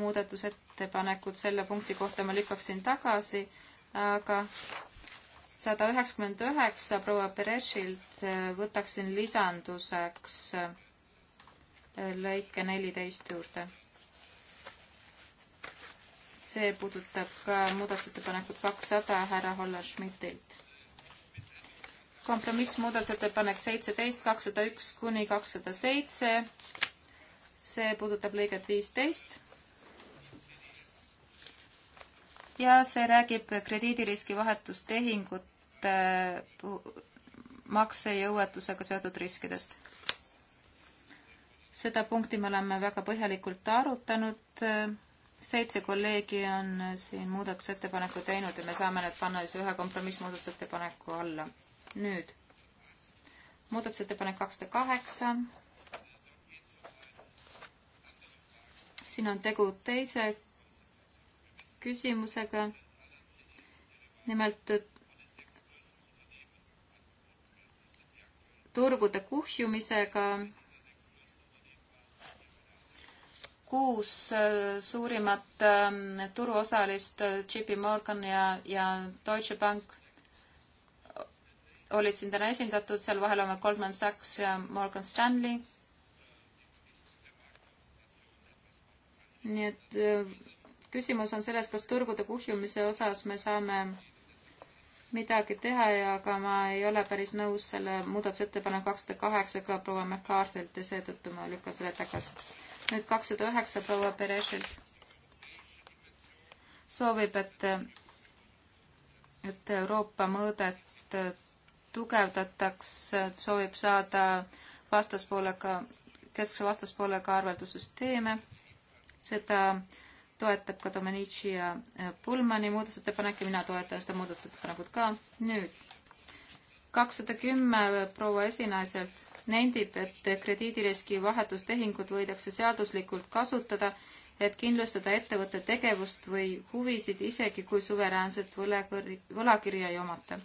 muudatusettepanekud selle punkti kohta ma lükkaksin tagasi, aga sada üheksakümmend üheksa proua Perešilt äh, võtaksin lisanduseks äh, lõike neliteist juurde. see puudutab ka muudatusettepanekut kakssada härra Hollar Schmidtilt. kompromiss muudatusettepanek seitseteist, kakssada üks kuni kakssada seitse. see puudutab lõiget viisteist ja see räägib krediidiriski vahetustehingute maksete, äh, maksejõuetusega seotud riskidest. seda punkti me oleme väga põhjalikult arutanud. seitse kolleegi on siin muudatusettepaneku teinud ja me saame need panna siis ühe kompromissmuudatusettepaneku alla. nüüd muudatusettepanek kakssada kaheksa. siin on tegu teise küsimusega. nimelt turgude kuhjumisega. kuus äh, suurimat ähm, turuosalist, äh, JP Morgan ja, ja Deutsche Bank olid siin täna esindatud, seal vahel on Goldman Sachs ja Morgan Stanley. nii et äh, küsimus on selles, kas turgude kuhjumise osas me saame midagi teha ja ka ma ei ole päris nõus selle muudatusettepaneku kakssada kaheksaga proua McCarthy'lt ja seetõttu ma lükkan selle tagasi. nüüd kakssada üheksa proua Perešilt soovib, et, et Euroopa mõõdet tugevdataks, soovib saada vastaspoolega, keskse vastaspoolega arveldussüsteeme, seda äh, toetab ka Domenici ja äh, Pullmani muudatusettepanek ja mina toetan seda muudatusettepanekut ka. nüüd kakssada kümme proua esinaiselt nendib, et krediidiriski vahetustehingut võidakse seaduslikult kasutada, et kindlustada ettevõtte tegevust või huvisid, isegi kui suveräänset võlakõrri, võlakirja ei omata.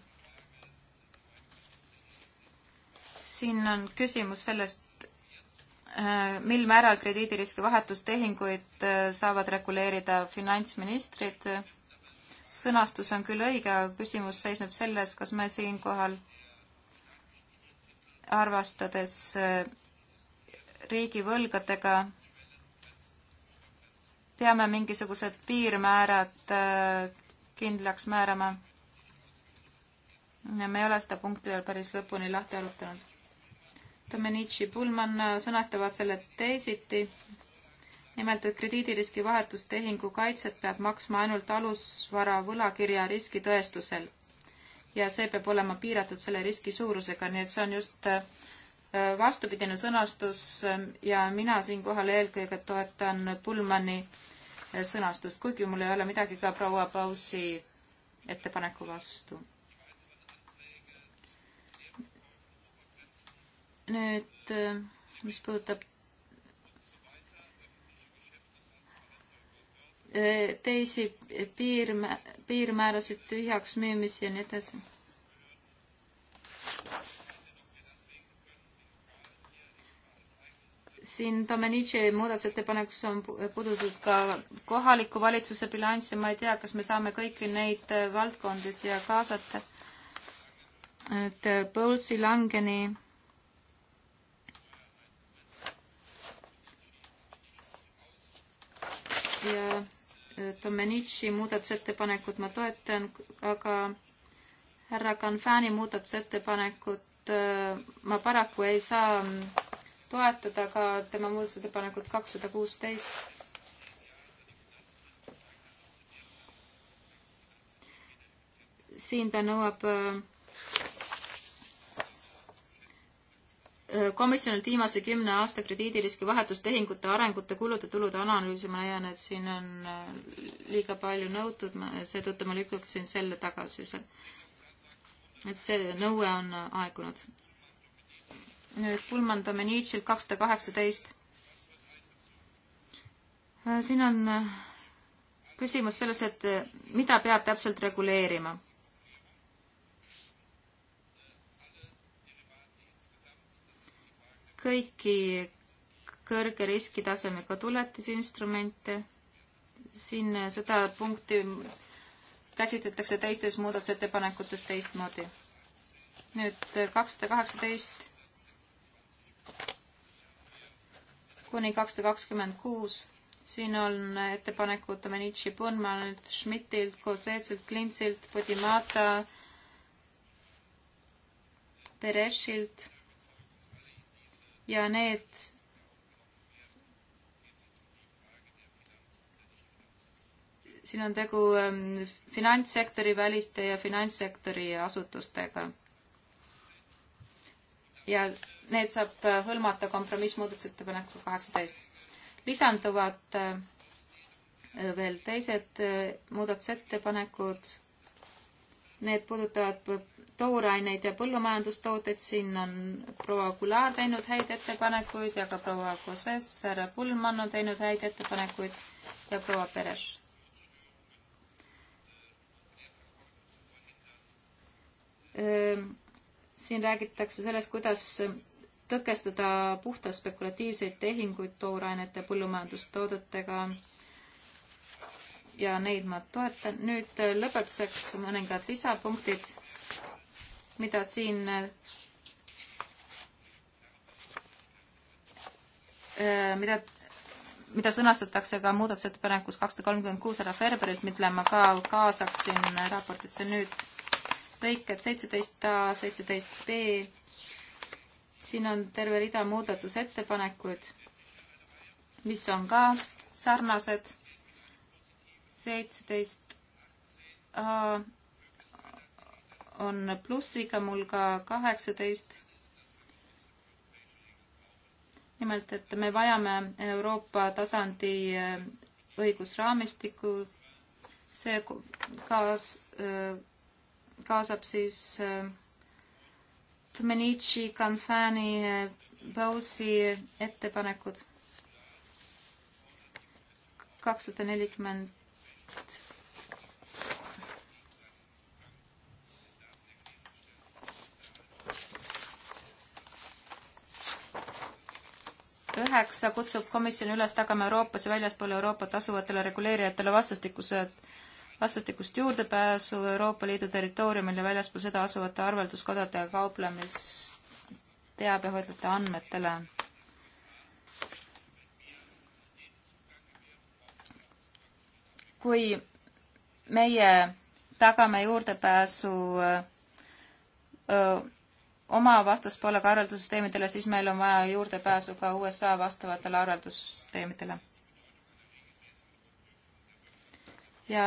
siin on küsimus sellest, Äh, mil määral krediidiriski vahetustehinguid äh, saavad reguleerida finantsministrid. sõnastus on küll õige, aga küsimus seisneb selles, kas me siinkohal arvestades äh, riigivõlgadega peame mingisugused piirmäärad kindlaks määrama. me ei ole seda punkti veel päris lõpuni lahti arutanud. Domenici Pullman sõnastavad selle teisiti. nimelt, et krediidiriski vahetustehingu kaitset peab maksma ainult alusvara võlakirja riskitõestusel ja see peab olema piiratud selle riski suurusega, nii et see on just äh, vastupidine sõnastus ja mina siinkohal eelkõige toetan Pullmani äh, sõnastust, kuigi mul ei ole midagi ka proua Pausi ettepaneku vastu nüüd, äh, mis puudutab äh, teisi piirmä-, piirmäärasid tühjaks müümisi ja nii edasi. siin Domenici muudatusettepanekus on puudutud ka kohaliku valitsuse bilanss ja ma ei tea, kas me saame kõiki neid äh, valdkondi siia kaasata. et Põlsi langeni ja äh, Domenici muudatusettepanekut ma toetan, aga härra Canfani muudatusettepanekut äh, ma paraku ei saa mm, toetada, ka tema muudatusettepanekut kakssada kuusteist. siin ta nõuab äh, komisjonilt viimase kümne aasta krediidiriski vahetustehingute arengute kulude-tulude analüüsi, ma leian, et siin on äh, liiga palju nõutud, seetõttu ma lükkaksin selle tagasi seal. see nõue on äh, aegunud. nüüd Pullman Domenitšilt kakssada kaheksateist. Äh, siin on küsimus selles, et mida peab täpselt reguleerima kõiki kõrge riskitasemega tuletisinstrumente. siin seda punkti käsitletakse teistes muudatusettepanekutes teistmoodi. nüüd kakssada kaheksateist kuni kakssada kakskümmend kuus. siin on ettepanekud Domenici Bonmanilt, Schmidtilt, Kosetsilt, Klintsilt, Podimata, Bereshilt ja need siin on tegu ähm, finantssektori väliste ja finantssektori asutustega. ja need saab äh, hõlmata kompromissmuudatusettepanekuga kaheksateist. lisanduvad äh, veel teised äh, muudatusettepanekud Need puudutavad tooraineid ja põllumajandustooteid, siin on proua Goulart teinud häid ettepanekuid ja ka proua Koses, härra Pullmann on teinud häid ettepanekuid ja proua Peres. siin räägitakse sellest, kuidas tõkestada puhtalt spekulatiivseid tehinguid toorainete põllumajandustoodetega ja neid ma toetan. nüüd äh, lõpetuseks mõningad lisapunktid, mida siin äh, mida, mida sõnastatakse ka muudatusettepanekus kakssada kolmkümmend kuus härra Ferberilt, mille ma ka kaasaksin raportisse nüüd. lõiked seitseteist A, seitseteist B. siin on terve rida muudatusettepanekuid, mis on ka sarnased seitseteist A on plussiga mul ka kaheksateist. nimelt, et me vajame Euroopa tasandi e, õigusraamistikku, see kaas, e, kaasab siis e, Domenici, Canfani, Bowsi ettepanekud. kakssada nelikümmend üheksa kutsub komisjoni üles tagama Euroopas ja väljaspool Euroopat asuvatele reguleerijatele vastastikused, vastastikust juurdepääsu Euroopa Liidu territooriumil ja väljaspool seda asuvate arvelduskodade kauplemisteabehoidlate andmetele kui meie tagame juurdepääsu öö, oma vastaspoolega arveldussüsteemidele, siis meil on vaja juurdepääsu ka USA vastavatele arveldussüsteemidele. ja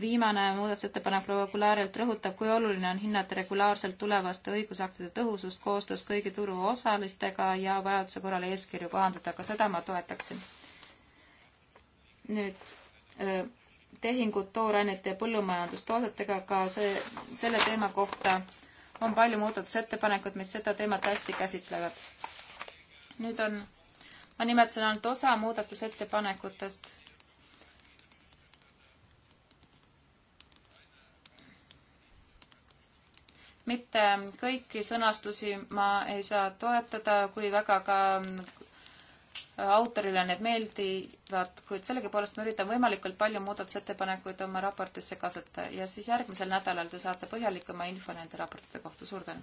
viimane muudatusettepanek proua Kulaarilt rõhutab, kui oluline on hinnata regulaarselt tulevaste õigusaktide tõhusust koostöös kõigi turuosalistega ja vajaduse korral eeskirju kohandada, ka seda ma toetaksin nüüd tehingud toorainete ja põllumajandustoodetega, ka see, selle teema kohta on palju muudatusettepanekuid, mis seda teemat hästi käsitlevad. nüüd on, ma nimetasin ainult osa muudatusettepanekutest. mitte kõiki sõnastusi ma ei saa toetada, kui väga ka autorile need meeldivad, kuid sellegipoolest ma üritan võimalikult palju muudatusettepanekuid oma raportisse kaasata ja siis järgmisel nädalal te saate põhjalikuma info
nende raportite kohta. suur tänu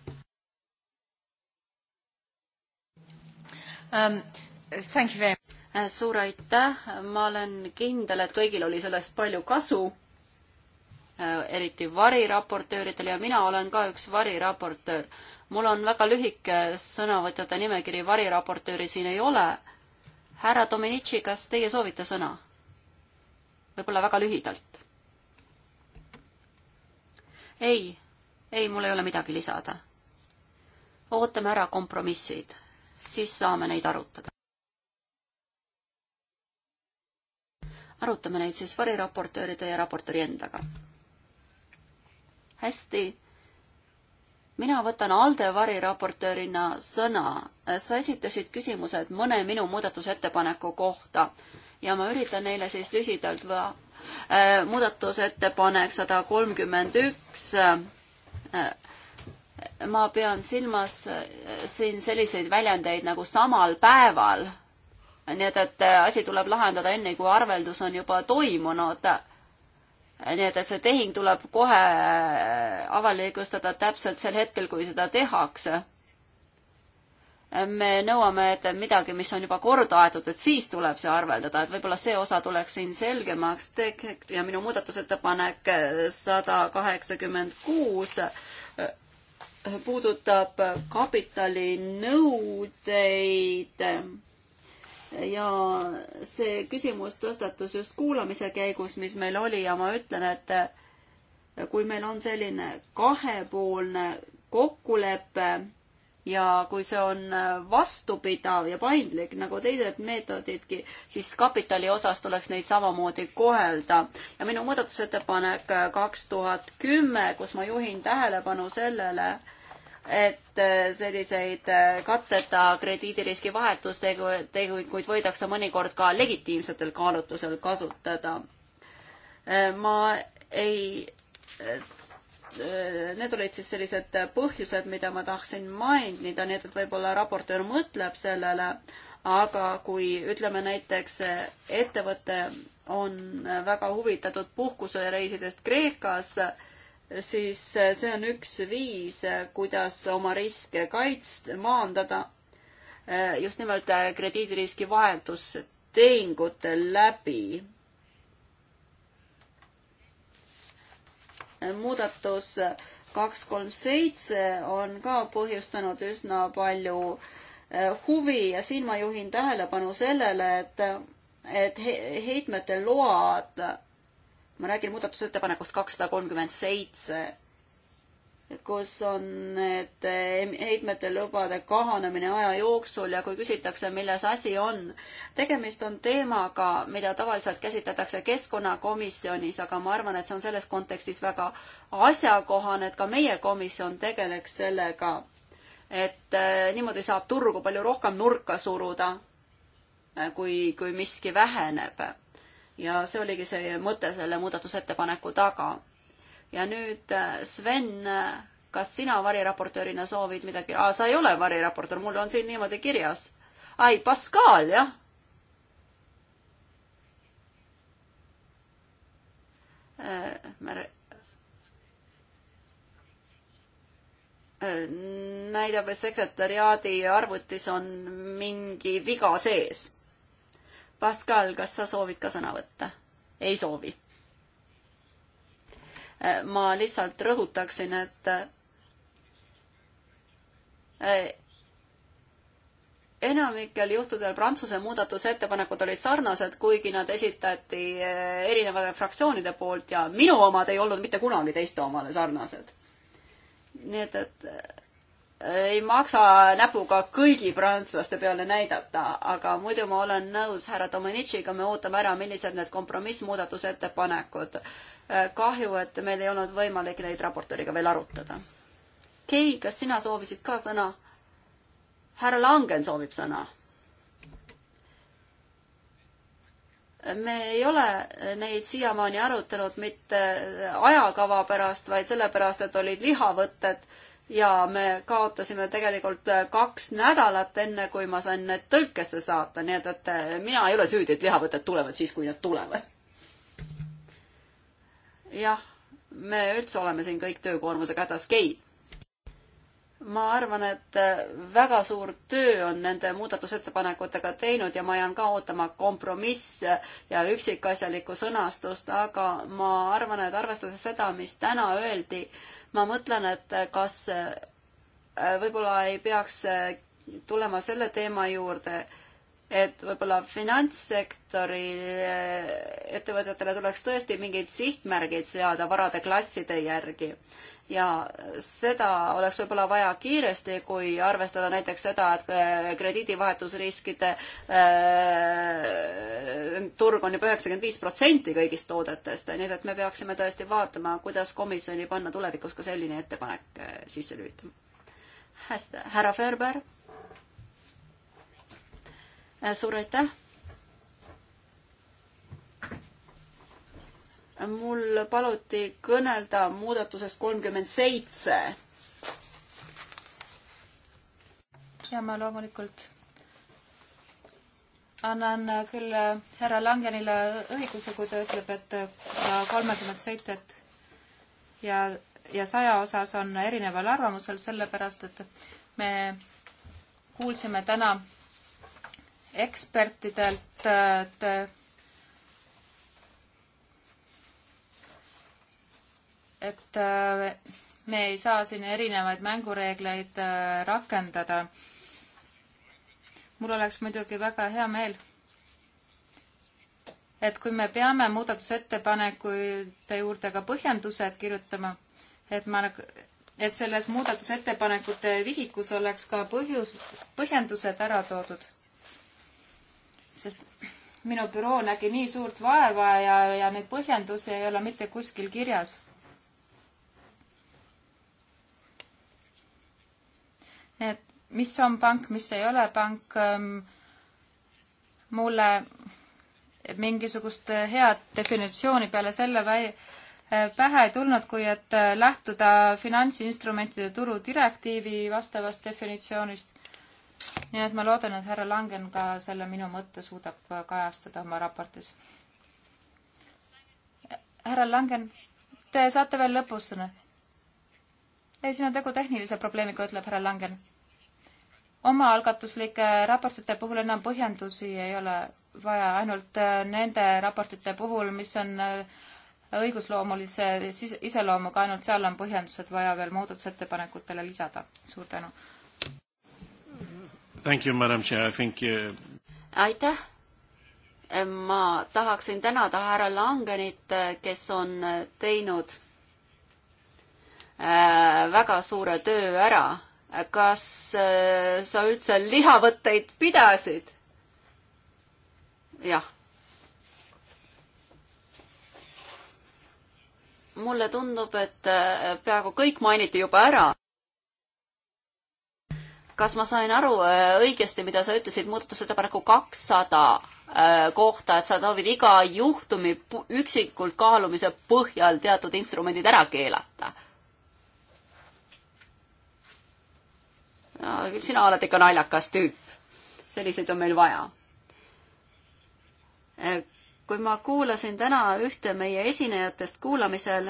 um,! Thank you very much! Äh, suur aitäh, ma olen kindel, et kõigil oli sellest palju kasu, äh, eriti variraportööridel ja mina olen ka üks variraportöör. mul on väga lühike sõnavõtjate nimekiri, variraportööri siin ei ole härra Domenici, kas teie soovite sõna? võib-olla väga lühidalt. ei, ei, mul ei ole midagi lisada. ootame ära kompromissid, siis saame neid arutada. arutame neid siis variraportööride ja raportööri endaga. hästi mina võtan ALDE variraportöörina sõna. sa esitasid küsimused mõne minu muudatusettepaneku kohta ja ma üritan neile siis lühidalt va-, äh, muudatusettepanek sada kolmkümmend üks. Äh, ma pean silmas äh, siin selliseid väljendeid nagu samal päeval. nii et, et asi tuleb lahendada enne, kui arveldus on juba toimunud nii et, et see tehing tuleb kohe äh, avalikustada täpselt sel hetkel, kui seda tehakse. me nõuame, et midagi, mis on juba korda aetud, et siis tuleb see arveldada, et võib-olla see osa tuleks siin selgemaks tege- ja minu muudatusettepanek äh, sada kaheksakümmend kuus äh, puudutab kapitalinõudeid ja see küsimus tõstatus just kuulamise käigus, mis meil oli ja ma ütlen, et kui meil on selline kahepoolne kokkulepe ja kui see on vastupidav ja paindlik nagu teised meetodidki, siis kapitali osas tuleks neid samamoodi kohelda. ja minu muudatusettepanek kaks tuhat kümme, kus ma juhin tähelepanu sellele, et äh, selliseid äh, katteta krediidiriski vahetusteguid võidakse mõnikord ka legitiimsetel kaalutlusel kasutada. Äh, ma ei, need olid siis sellised põhjused, mida ma tahtsin mainida, nii et võib-olla raportöör mõtleb sellele, aga kui ütleme näiteks ettevõte on väga huvitatud puhkusereisidest Kreekas, siis eh, see on üks viis, eh, kuidas oma riske kaitsta, maandada eh, just nimelt krediidiriski vahendustehingute läbi. muudatus kaks, kolm, seitse on ka põhjustanud üsna palju huvi ja siin ma juhin tähelepanu sellele, et, et heitmete load ma räägin muudatusettepanekust kakssada kolmkümmend seitse, kus on need eh, heitmete lubade kahanemine aja jooksul ja kui küsitakse, milles asi on, tegemist on teemaga, mida tavaliselt käsitletakse keskkonnakomisjonis, aga ma arvan, et see on selles kontekstis väga asjakohane, et ka meie komisjon tegeleks sellega. et eh, niimoodi saab turgu palju rohkem nurka suruda, eh, kui, kui miski väheneb ja see oligi see mõte selle muudatusettepaneku taga. ja nüüd äh, Sven, äh, kas sina variraportöörina soovid midagi ah,, sa ei ole variraportöör, mul on siin niimoodi kirjas. ai, Pascal, jah. Äh, näidab, et sekretäriaadi arvutis on mingi viga sees Pascal, kas sa soovid ka sõna võtta? ei soovi. Äh, ma lihtsalt rõhutaksin, et äh, enamikel juhtudel Prantsuse muudatusettepanekud olid sarnased, kuigi nad esitati äh, erinevate fraktsioonide poolt ja minu omad ei olnud mitte kunagi teiste omale sarnased. nii et, et ei maksa näpuga kõigi prantslaste peale näidata, aga muidu ma olen nõus härra Dominiciga, me ootame ära, millised need kompromissmuudatusettepanekud. kahju, et meil ei olnud võimalik neid raportööriga veel arutada. Kei, kas sina soovisid ka sõna? härra Langen soovib sõna. me ei ole neid siiamaani arutanud mitte ajakava pärast, vaid sellepärast, et olid lihavõtted ja me kaotasime tegelikult äh, kaks nädalat, enne kui ma sain need tõlkesse saata, nii et, et äh, mina ei ole süüdi, et lihavõtted tulevad siis, kui nad tulevad. jah, me üldse oleme siin kõik töökoormusega hädas. Keit ma arvan, et äh, väga suur töö on nende muudatusettepanekutega teinud ja ma jään ka ootama kompromisse ja üksikasjalikku sõnastust, aga ma arvan, et arvestades seda, mis täna öeldi, ma mõtlen, et äh, kas äh, võib-olla ei peaks tulema selle teema juurde, et võib-olla finantssektori ettevõtetele tuleks tõesti mingid sihtmärgid seada varade klasside järgi ja seda oleks võib-olla vaja kiiresti, kui arvestada näiteks seda, et krediidivahetusriskide äh, turg on juba üheksakümmend viis protsenti kõigist toodetest, nii et me peaksime tõesti vaatama, kuidas komisjoni panna tulevikus ka selline ettepanek äh, sisse lülitama. hästi, härra Ferber. Äh, suur aitäh mul paluti kõnelda muudatusest kolmkümmend seitse. ja ma loomulikult
annan küll härra Langenile õiguse, kui ta ütleb, et kolmekümmet sõitjat ja, ja saja osas on erineval arvamusel, sellepärast et me kuulsime täna ekspertidelt, et et äh, me ei saa siin erinevaid mängureegleid äh, rakendada. mul oleks muidugi väga hea meel, et kui me peame muudatusettepanekute juurde ka põhjendused kirjutama, et ma, nagu, et selles muudatusettepanekute vihikus oleks ka põhjus, põhjendused ära toodud. sest minu büroo nägi nii suurt vaeva ja, ja neid põhjendusi ei ole mitte kuskil kirjas et mis on pank, mis ei ole pank, ähm, mulle mingisugust head definitsiooni peale selle väi-, äh, pähe ei tulnud, kui et äh, lähtuda finantsinstrumentide turu direktiivi vastavast definitsioonist. nii et ma loodan, et härra Langen ka selle minu mõtte suudab kajastada oma raportis. härra Langen, te saate veel lõpus sõna? ei, siin on tegu tehnilise probleemiga, ütleb härra Langen omaalgatuslike raportite puhul enam põhjendusi ei ole vaja, ainult äh, nende raportite puhul, mis on äh, õigusloomulise iseloomuga, ainult seal on põhjendused vaja veel muudatusettepanekutele
lisada. suur tänu.
Thank you, madam chair, I think
you... Uh, aitäh ma tahaksin tänada härra Langenit, kes on teinud äh, väga suure töö ära kas äh, sa üldse lihavõtteid pidasid? jah. mulle tundub, et äh, peaaegu kõik mainiti juba ära. kas ma sain aru äh, õigesti, mida sa ütlesid muudatusettepaneku kakssada kohta, et sa soovid iga juhtumi üksikult kaalumise põhjal teatud instrumendid ära keelata? küll sina oled ikka naljakas tüüp. selliseid on meil vaja. Äh, kui ma kuulasin täna ühte meie esinejatest kuulamisel,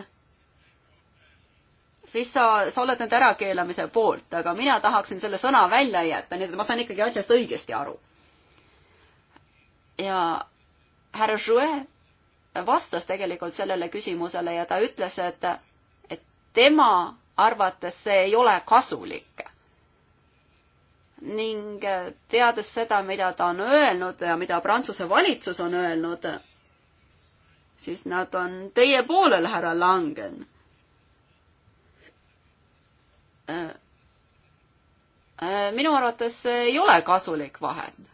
siis sa, sa oled nüüd ärakeelamise poolt, aga mina tahaksin selle sõna välja jätta, nii et ma saan ikkagi asjast õigesti aru. ja härra Jouet vastas tegelikult sellele küsimusele ja ta ütles, et, et tema arvates see ei ole kasulik ning äh, teades seda, mida ta on öelnud ja mida Prantsuse valitsus on öelnud, siis nad on teie poolel, härra Langen. Äh, äh, minu arvates see ei ole kasulik vahend.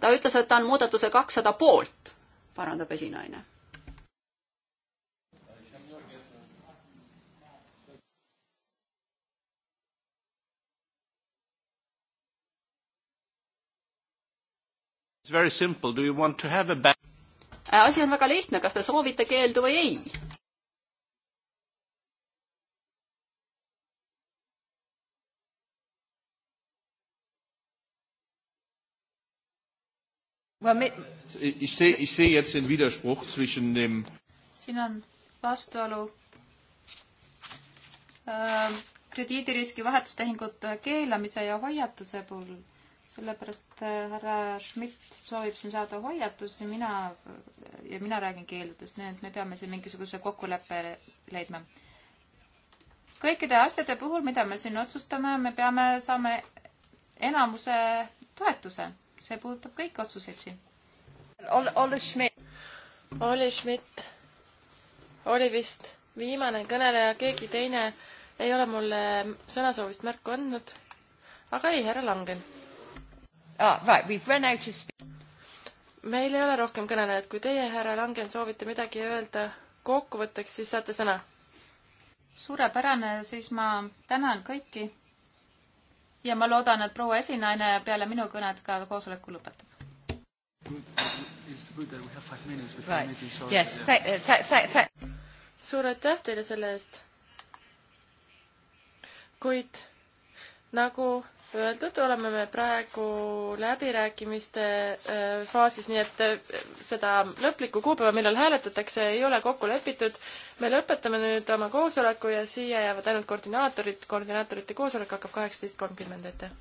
ta ütles, et ta on muudatuse kakssada poolt, parandab esinaine
very simple, do you want to have a ban?
Äh, asi on väga lihtne, kas te soovite keeldu või ei?
Ich sehe, ich sehe jetzt den Widerspruch zwischen dem siin on vastuolu ähm, krediidiriski vahetustehingute keelamise ja hoiatuse puhul sellepärast äh, härra Schmidt soovib siin saada hoiatusi, mina ja mina räägin keeldudest, nii et me peame siin mingisuguse kokkuleppe leidma. kõikide asjade puhul, mida me siin otsustame, me peame, saame enamuse toetuse, see
puudutab kõiki otsuseid siin. Olle Schmidt. Olli Schmidt oli vist viimane kõneleja, keegi teine ei ole mulle sõnasoovist märku andnud. aga ei, härra Langen ah,. Right, we've run out of meil ei ole rohkem kõnelejat, kui teie, härra Langen, soovite midagi öelda kokkuvõtteks, siis saate sõna.
suurepärane, siis ma tänan kõiki. ja ma loodan, et proua esinaine peale minu kõnet ka koosoleku lõpetab.
suur aitäh teile selle eest. kuid nagu öeldud, oleme me praegu läbirääkimiste äh, faasis, nii et äh, seda lõplikku kuupäeva, millal hääletatakse, ei ole kokku lepitud. me lõpetame nüüd oma koosoleku ja siia jäävad ainult koordinaatorid, koordinaatorite koosolek hakkab kaheksateist kolmkümmend ette